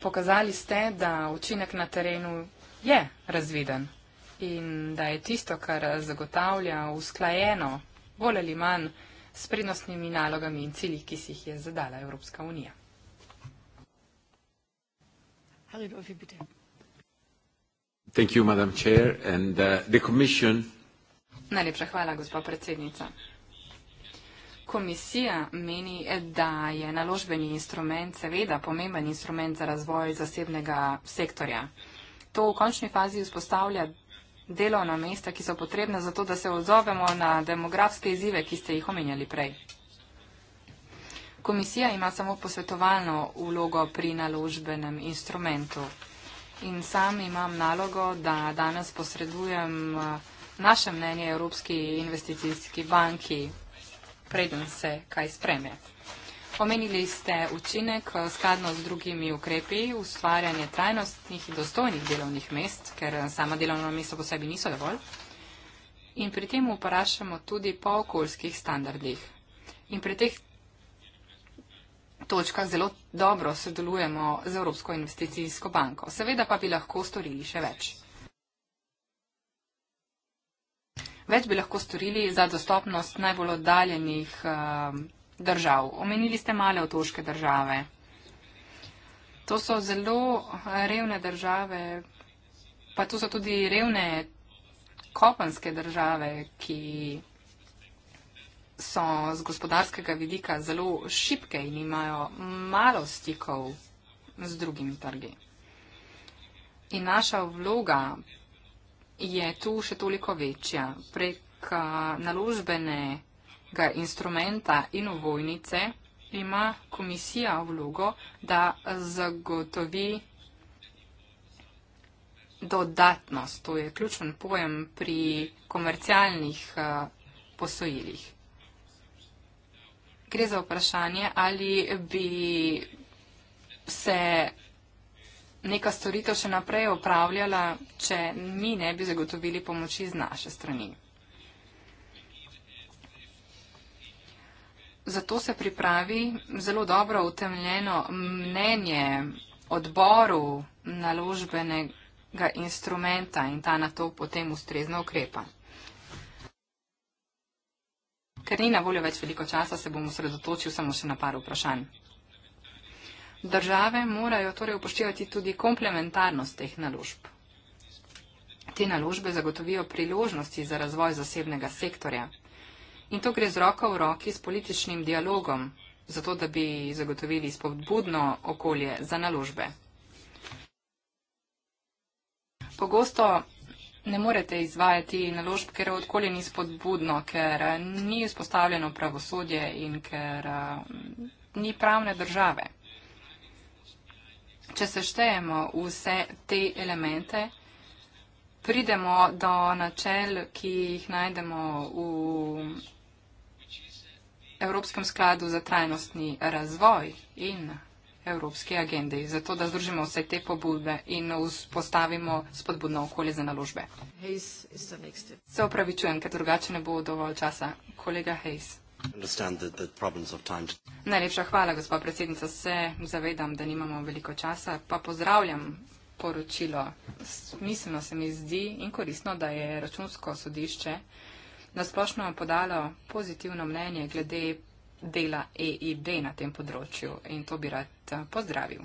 Pokazali ste, da učinek na terenu je razviden in da je tisto, kar zagotavlja, usklajeno, bolj ali manj, s prednostnimi nalogami in cilji, ki si jih je zadala Evropska unija. Uh, Najlepša hvala, gospod predsednica. Komisija meni, da je naložbeni instrument seveda pomemben instrument za razvoj zasebnega sektorja. To v končni fazi vzpostavlja delovna mesta, ki so potrebna za to, da se odzovemo na demografske izzive, ki ste jih omenjali prej. Komisija ima samo posvetovalno vlogo pri naložbenem instrumentu. In sam imam nalogo, da danes posredujem eh, naše mnenje Evropski investicijski banki, preden se kaj spreme. Omenili ste učinek eh, skladno z drugimi ukrepi ustvarjanje trajnostnih in dostojnih delovnih mest, ker eh, sama delovna mesta po sebi niso dovolj. In pri tem uporašamo tudi po okoljskih standardih. In pri teh točkah zelo dobro sodelujemo z Evropsko investicijsko banko. Seveda pa bi lahko storili še več. Več bi lahko storili za dostopnost najbolj oddaljenih. Uh, držav. Omenili ste male otoške države. To so zelo revne države, pa tu so tudi revne kopanske države, ki so z gospodarskega vidika zelo šipke in imajo malo stikov z drugimi trgi. In naša vloga je tu še toliko večja. Prek eh, naložbene tehničnega instrumenta in vojnice ima komisija vlogo, da zagotovi dodatnost. To je ključen pojem pri komercialnih eh, posojilih. Gre za vprašanje, ali bi se neka storitev še naprej opravljala, če mi ne bi zagotovili pomoči z naše strani. zato se pripravi zelo dobro utemljeno mnenje odboru naložbenega instrumenta in ta na to potem ustrezno ukrepa. Ker ni na voljo več veliko časa, se bom osredotočil samo še na par vprašanj. Države morajo torej upoštevati tudi komplementarnost teh naložb. Te naložbe zagotovijo priložnosti za razvoj zasebnega sektorja in to gre z roko v roki s političnim dialogom, zato da bi zagotovili spodbudno okolje za naložbe. Pogosto ne morete izvajati naložb, ker okolje ni spodbudno, ker eh, ni vzpostavljeno pravosodje in ker eh, ni pravne države. Če seštejemo vse te elemente, pridemo do načel, ki jih najdemo v Evropskem skladu za trajnostni razvoj in Evropske agende, zato da združimo vse te pobude in vzpostavimo spodbudno okolje za naložbe. Se opravičujem, ker drugače ne bo dovolj časa. Kolega Hayes. Najlepša hvala, gospod predsednica. Se zavedam, da nimamo veliko časa, pa pozdravljam poročilo. Smiselno se mi zdi in koristno, da je računsko sodišče nasplošno podalo pozitivno mnenje glede dela EIB na tem področju in to bi rad eh, pozdravil.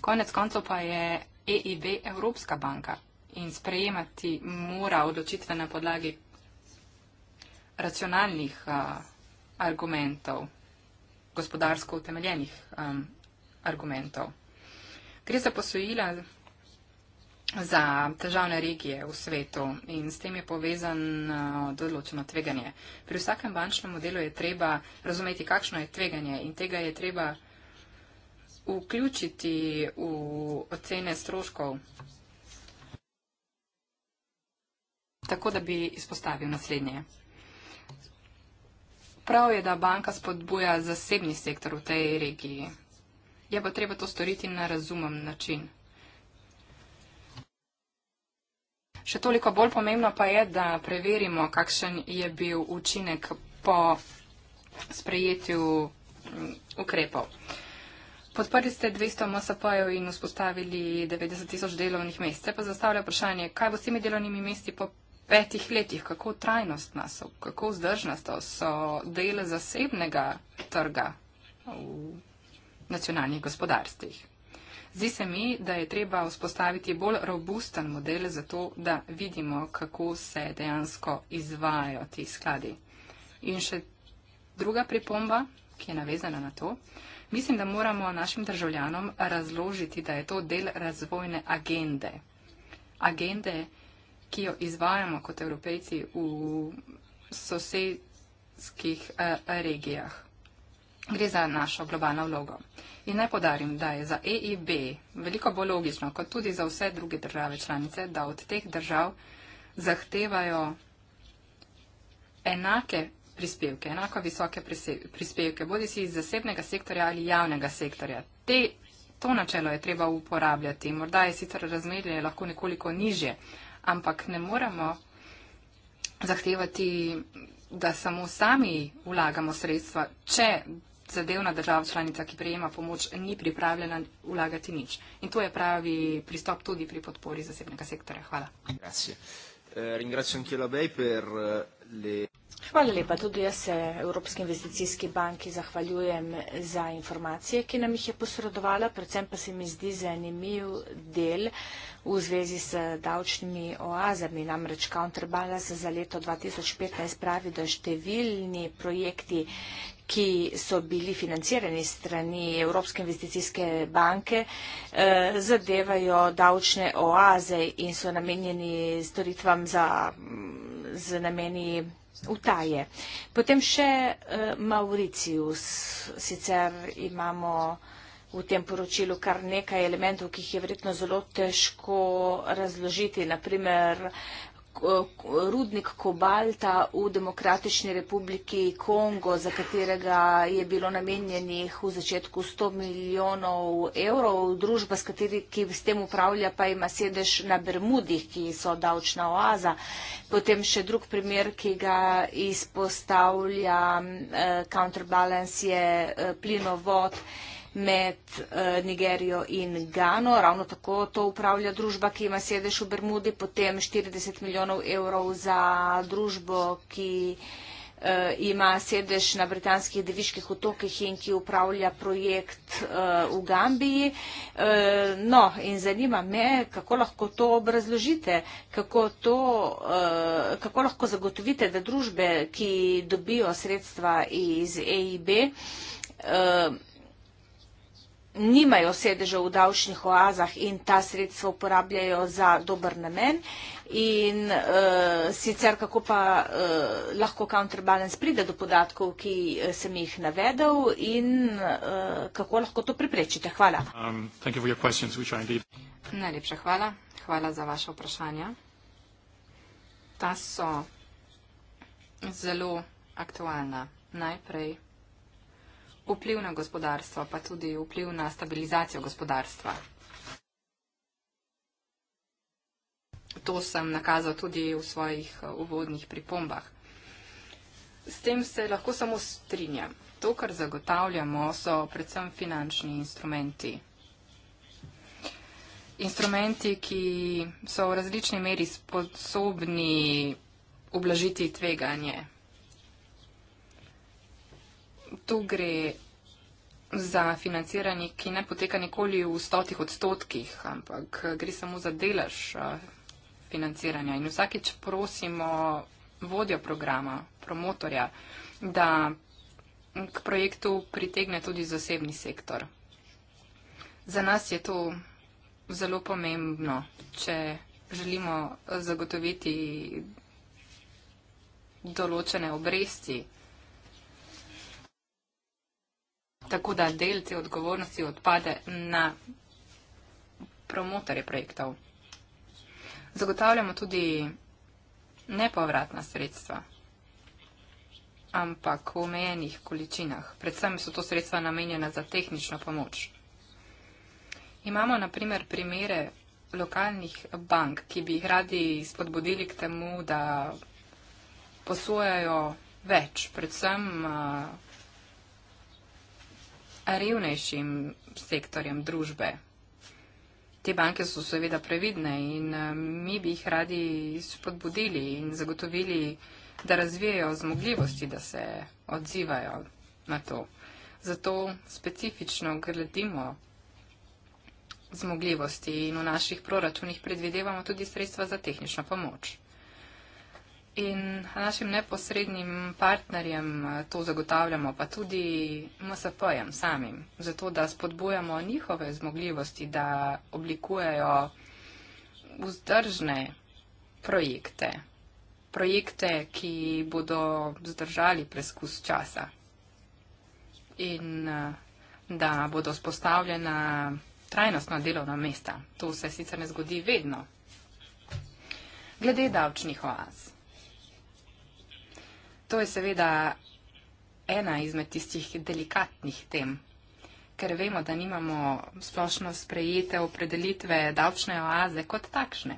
Konec koncev pa je EIB Evropska banka in sprejemati mora odločitve na podlagi racionalnih uh, argumentov, gospodarsko utemeljenih um, argumentov. Gre za posojila za težavne regije v svetu in s tem je povezan določeno tveganje. Pri vsakem bančnem modelu je treba razumeti, kakšno je tveganje in tega je treba vključiti v ocene stroškov. Tako da bi izpostavil naslednje. Prav je, da banka spodbuja zasebni sektor v tej regiji. Je pa treba to storiti na razumem način. Še toliko bolj pomembno pa je, da preverimo, kakšen je bil učinek po sprejetju mm, ukrepov. Podprli ste 200 MSP-jev in vzpostavili 90 tisoč delovnih mest. Se pa zastavlja vprašanje, kaj bo s temi delovnimi mesti po petih letih, kako trajnost nas, kako vzdržnost so del zasebnega trga v nacionalnih gospodarstvih. Zdi se mi, da je treba vzpostaviti bolj robusten model za to, da vidimo, kako se dejansko izvajajo ti skladi. In še druga pripomba, ki je navezana na to. Mislim, da moramo našim državljanom razložiti, da je to del razvojne agende. Agende, ki jo izvajamo kot evropejci v sosedskih eh, regijah. Gre za našo globalno vlogo. In naj podarim, da je za EIB veliko bolj logično, kot tudi za vse druge države članice, da od teh držav zahtevajo enake prispevke, enako visoke prispevke, bodi si iz zasebnega sektorja ali javnega sektorja. Te, to načelo je treba uporabljati. Morda je sicer razmerje lahko nekoliko niže, ampak ne moramo zahtevati, da samo sami vlagamo sredstva, če zadevna država članica, ki prejema pomoč, ni pripravljena vlagati nič. In to je pravi pristop tudi pri podpori zasebnega sektorja. Hvala. Grazie. Eh, ringrazio anche la BEI per eh, le. Hvala lepa. Tudi jaz se Evropski investicijski banki zahvaljujem za informacije, ki nam jih je posredovala. Predvsem pa se mi zdi zanimiv del v zvezi s davčnimi oazami. Namreč Counterbalance za leto 2015 pravi, da številni projekti, ki so bili financirani strani Evropske investicijske banke, eh, zadevajo davčne oaze in so namenjeni storitvam za z nameni utaje. Potem še eh, Mauricius. Sicer imamo v tem poročilu kar nekaj elementov, ki jih je verjetno zelo težko razložiti. Naprimer, rudnik kobalta v Demokratični republiki Kongo, za katerega je bilo namenjenih v začetku 100 milijonov evrov. Družba, s kateri, ki s tem upravlja, pa ima sedež na Bermudih, ki so davčna oaza. Potem še drug primer, ki ga izpostavlja eh, Counterbalance, je eh, plinovod med eh, Nigerijo in Gano. Ravno tako to upravlja družba, ki ima sedež v Bermudi, potem 40 milijonov evrov za družbo, ki eh, ima sedež na britanskih deviških otokih in ki upravlja projekt eh, v Gambiji. No, in zanima me, kako lahko to obrazložite, kako, to, kako lahko zagotovite, da družbe, ki dobijo sredstva iz EIB, nimajo sedeža v davčnih oazah in ta sredstva uporabljajo za dober namen. In uh, sicer kako pa uh, lahko counterbalance pride do podatkov, ki eh, sem jih navedel in uh, kako lahko to preprečite. Hvala. Um, Najlepša hvala. Hvala za vaše vprašanja. Ta so zelo aktualna. Najprej vpliv na gospodarstvo, pa tudi vpliv na stabilizacijo gospodarstva. To sem nakazal tudi v svojih eh, uvodnih pripombah. S tem se lahko samo strinjam. To, kar zagotavljamo, so predvsem finančni instrumenti. Instrumenti, ki so v različni meri sposobni ublažiti tveganje tu gre za financiranje, ki ne poteka nikoli v stotih odstotkih, ampak eh, gre samo za delež eh, financiranja. In vsakeč prosimo vodjo programa, promotorja, da k projektu pritegne tudi zasebni sektor. Za nas je to zelo pomembno, če želimo eh, zagotoviti določene obresti. Tako da del te odgovornosti odpade na promotorje projektov. Zagotavljamo tudi nepovratna sredstva, ampak v omejenih količinah. Predvsem so to sredstva namenjena za tehnično pomoč. Imamo naprimer primere lokalnih bank, ki bi jih radi spodbudili k temu, da posojajo več, predvsem revnejšim sektorjem družbe. Te banke so seveda previdne in eh, mi bi jih radi spodbudili in zagotovili, da razvijajo zmogljivosti, da se odzivajo na to. Zato specifično gradimo zmogljivosti in v naših proračunih predvidevamo tudi sredstva za tehnično pomoč. In našim neposrednim partnerjem eh, to zagotavljamo, pa tudi MSP-jem samim, zato da spodbujamo njihove zmogljivosti, da oblikujejo vzdržne projekte, projekte, ki bodo vzdržali preskus časa in eh, da bodo spostavljena trajnostna delovna mesta. To se sicer ne zgodi vedno. Glede davčnih oaz. To je seveda ena izmed tistih delikatnih tem, ker vemo, da nimamo splošno sprejete opredelitve davčne oaze kot takšne.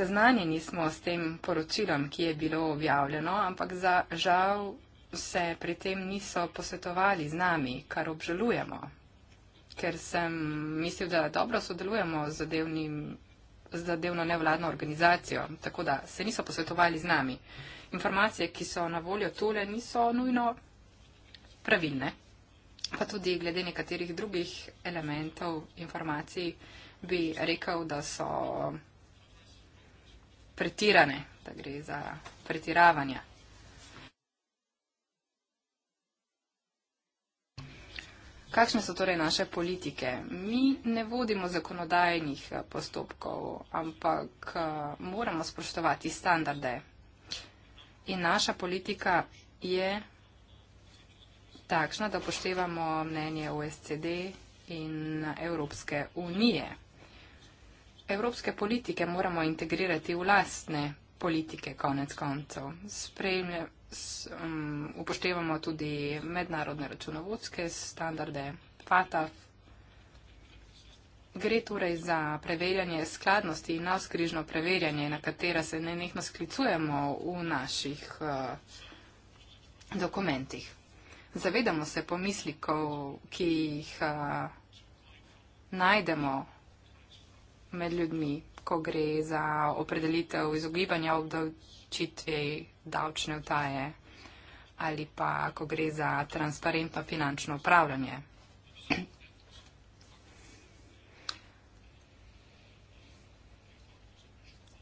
Seznanjeni smo s tem poročilom, ki je bilo objavljeno, ampak za žal se pri tem niso posvetovali z nami, kar obžalujemo, ker sem mislil, da dobro sodelujemo z zadevnim zadevno nevladno organizacijo, tako da se niso posvetovali z nami. Informacije, ki so na voljo tole, niso nujno pravilne, pa tudi glede nekaterih drugih elementov informacij bi rekel, da so pretirane, da gre za pretiravanja. Kakšne so torej naše politike? Mi ne vodimo zakonodajnih eh, postopkov, ampak eh, moramo spoštovati standarde. In naša politika je takšna, da poštevamo mnenje OSCD in Evropske unije. Evropske politike moramo integrirati v lastne politike konec koncev. Spremljamo Um, upoštevamo tudi mednarodne računovodske standarde FATA. Gre torej za preverjanje skladnosti in navskrižno preverjanje, na katera se nenehno sklicujemo v naših uh, dokumentih. Zavedamo se pomislikov, ki jih uh, najdemo med ljudmi, ko gre za opredelitev izogibanja obdavčitvi davčne utaje ali pa ko gre za transparentno finančno upravljanje.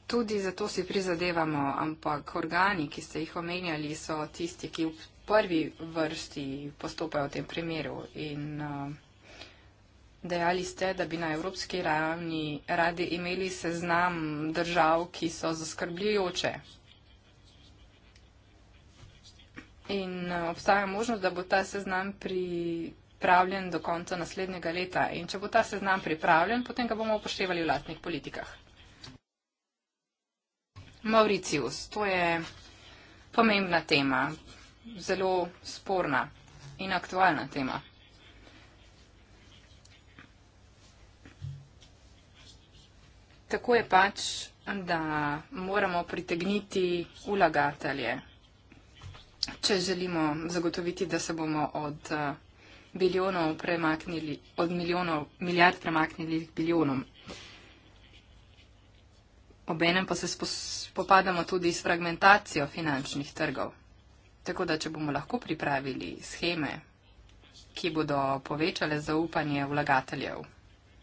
Tudi zato si prizadevamo, ampak organi, ki ste jih omenjali, so tisti, ki v prvi vrsti postopajo v tem primeru. In eh, dejali ste, da bi na evropski ravni radi imeli seznam držav, ki so zaskrbljujoče In eh, obstaja možnost, da bo ta seznam pripravljen do konca naslednjega leta. In če bo ta seznam pripravljen, potem ga bomo upoštevali v lastnih politikah. Mauricius, to je pomembna tema, zelo sporna in aktualna tema. Tako je pač, da moramo pritegniti vlagatelje, če želimo zagotoviti, da se bomo od eh, bilijonov premaknili, od milijonov, milijard premaknili k bilijonom. Obenem pa se spopadamo tudi s fragmentacijo finančnih trgov. Tako da, če bomo lahko pripravili scheme, ki bodo povečale zaupanje vlagateljev,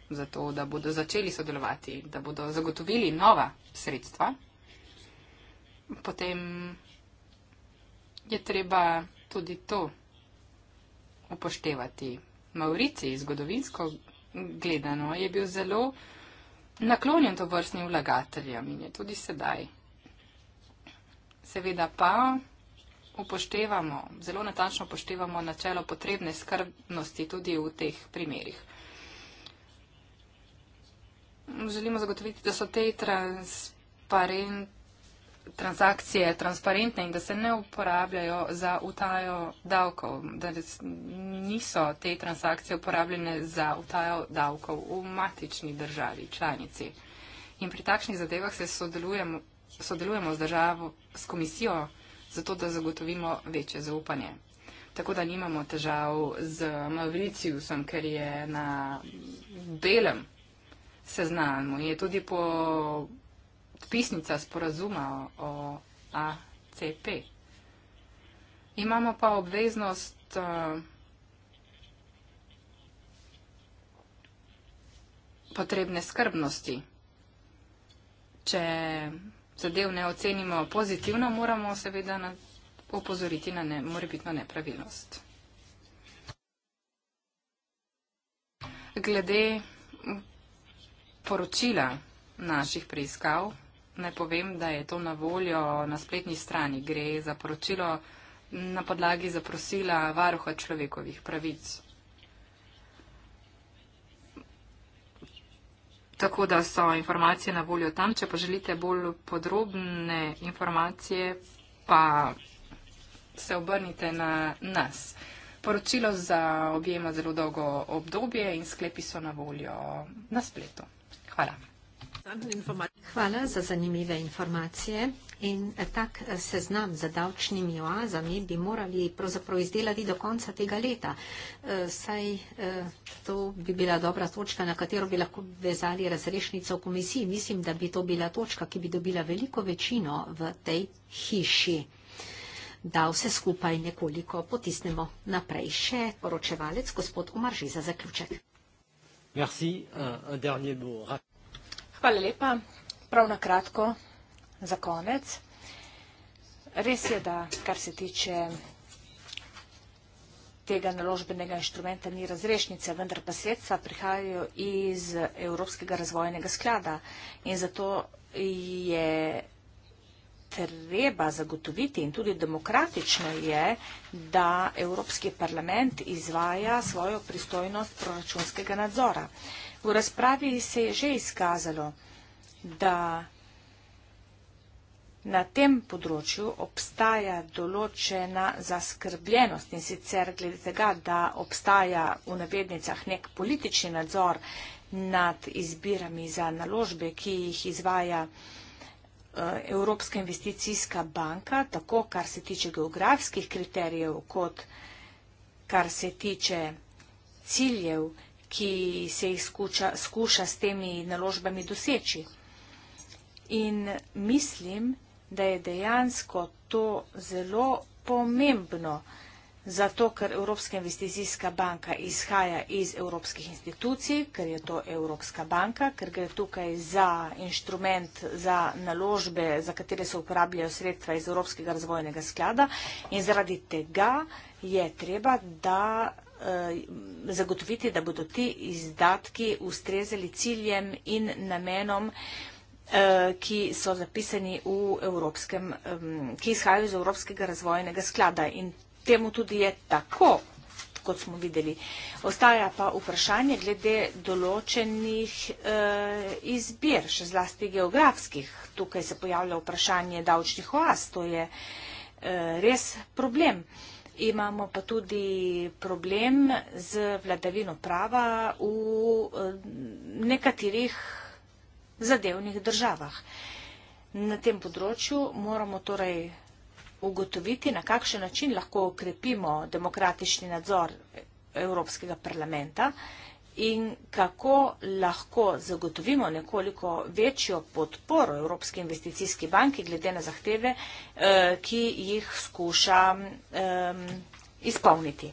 zato da bodo začeli sodelovati, da bodo zagotovili nova sredstva, potem je treba tudi to upoštevati. Maurici, zgodovinsko gledano, je bil zelo naklonjen to vrstni vlagateljem in je tudi sedaj. Seveda pa upoštevamo, zelo natančno upoštevamo načelo potrebne skrbnosti tudi v teh primerih. Želimo zagotoviti, da so te transparent transakcije transparentne in da se ne uporabljajo za utajo davkov, da niso te transakcije uporabljene za utajo davkov v matični državi, članici. In pri takšnih zadevah se sodelujemo, sodelujemo z državo, s komisijo, zato da zagotovimo večje zaupanje. Tako da nimamo težav z Mauriciusom, ker je na belem seznamu. Je tudi po podpisnica sporazuma o, o ACP. Imamo pa obveznost uh, potrebne skrbnosti. Če zadev ne ocenimo pozitivno, moramo seveda na, opozoriti na ne, morebitno nepravilnost. Glede poročila naših preiskav, Naj povem, da je to na voljo na spletni strani. Gre za poročilo na podlagi zaprosila varuha človekovih pravic. Tako da so informacije na voljo tam. Če pa želite bolj podrobne informacije, pa se obrnite na nas. Poročilo za objema zelo dolgo obdobje in sklepi so na voljo na spletu. Hvala. Hvala za zanimive informacije. In tak eh, seznam za davčnimi oazami bi morali pravzaprav izdelati do konca tega leta. Eh, saj eh, to bi bila dobra točka, na katero bi lahko vezali razrešnico v komisiji. Mislim, da bi to bila točka, ki bi dobila veliko večino v tej hiši da vse skupaj nekoliko potisnemo naprej. Še poročevalec, gospod Umarži, za zaključek. Merci, un, un Hvala lepa. Prav na kratko za konec. Res je, da kar se tiče tega naložbenega inštrumenta ni razrešnice, vendar pa sredstva prihajajo iz Evropskega razvojnega sklada in zato je treba zagotoviti in tudi demokratično je, da Evropski parlament izvaja svojo pristojnost proračunskega nadzora. Uh, V razpravi se je že izkazalo, da na tem področju obstaja določena zaskrbljenost in sicer glede tega, da obstaja v navednicah nek politični nadzor nad izbirami za naložbe, ki jih izvaja eh, Evropska investicijska banka, tako kar se tiče geografskih kriterijev, kot kar se tiče ciljev, ki se jih skuča, skuša s temi naložbami doseči. In mislim, da je dejansko to zelo pomembno, zato ker Evropska investicijska banka izhaja iz evropskih institucij, ker je to Evropska banka, ker gre tukaj za inštrument za naložbe, za katere se uporabljajo sredstva iz Evropskega razvojnega sklada in zaradi tega je treba, da Eh, zagotoviti, da bodo ti izdatki ustrezali ciljem in namenom, eh, ki so zapisani v Evropskem, ki izhajajo iz Evropskega razvojnega sklada in temu tudi je tako, kot smo videli. Ostaja pa vprašanje glede določenih eh, izbir, še zlasti geografskih. Tukaj se pojavlja vprašanje davčnih oaz, to je res problem. Vprašanje imamo pa tudi problem z vladavino prava v eh, nekaterih zadevnih državah. Na tem področju moramo torej ugotoviti, na kakšen način lahko okrepimo demokratični nadzor Evropskega parlamenta in kako lahko zagotovimo nekoliko večjo podporo Evropske investicijske banke glede na zahteve, eh, ki jih skuša izpolniti.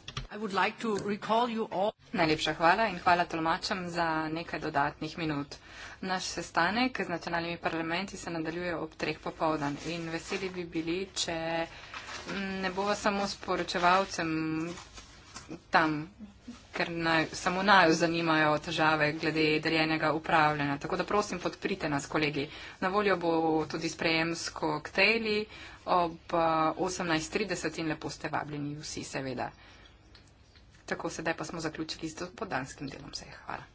Like all... Najlepša hvala in hvala tolmačem za nekaj dodatnih minut. Naš sestanek z nacionalnimi parlamenti se nadaljuje ob treh popovdan in veseli bi bili, če ne bova samo sporočevalcem tam ker naj, samo naj zanimajo težave glede deljenega upravljanja. Tako da prosim, podprite nas, kolegi. Na voljo bo tudi sprejemsko koktejli ob 18.30 eh, in lepo ste vabljeni vsi, seveda. Tako sedaj pa smo zaključili s podanskim delom. Vse, hvala.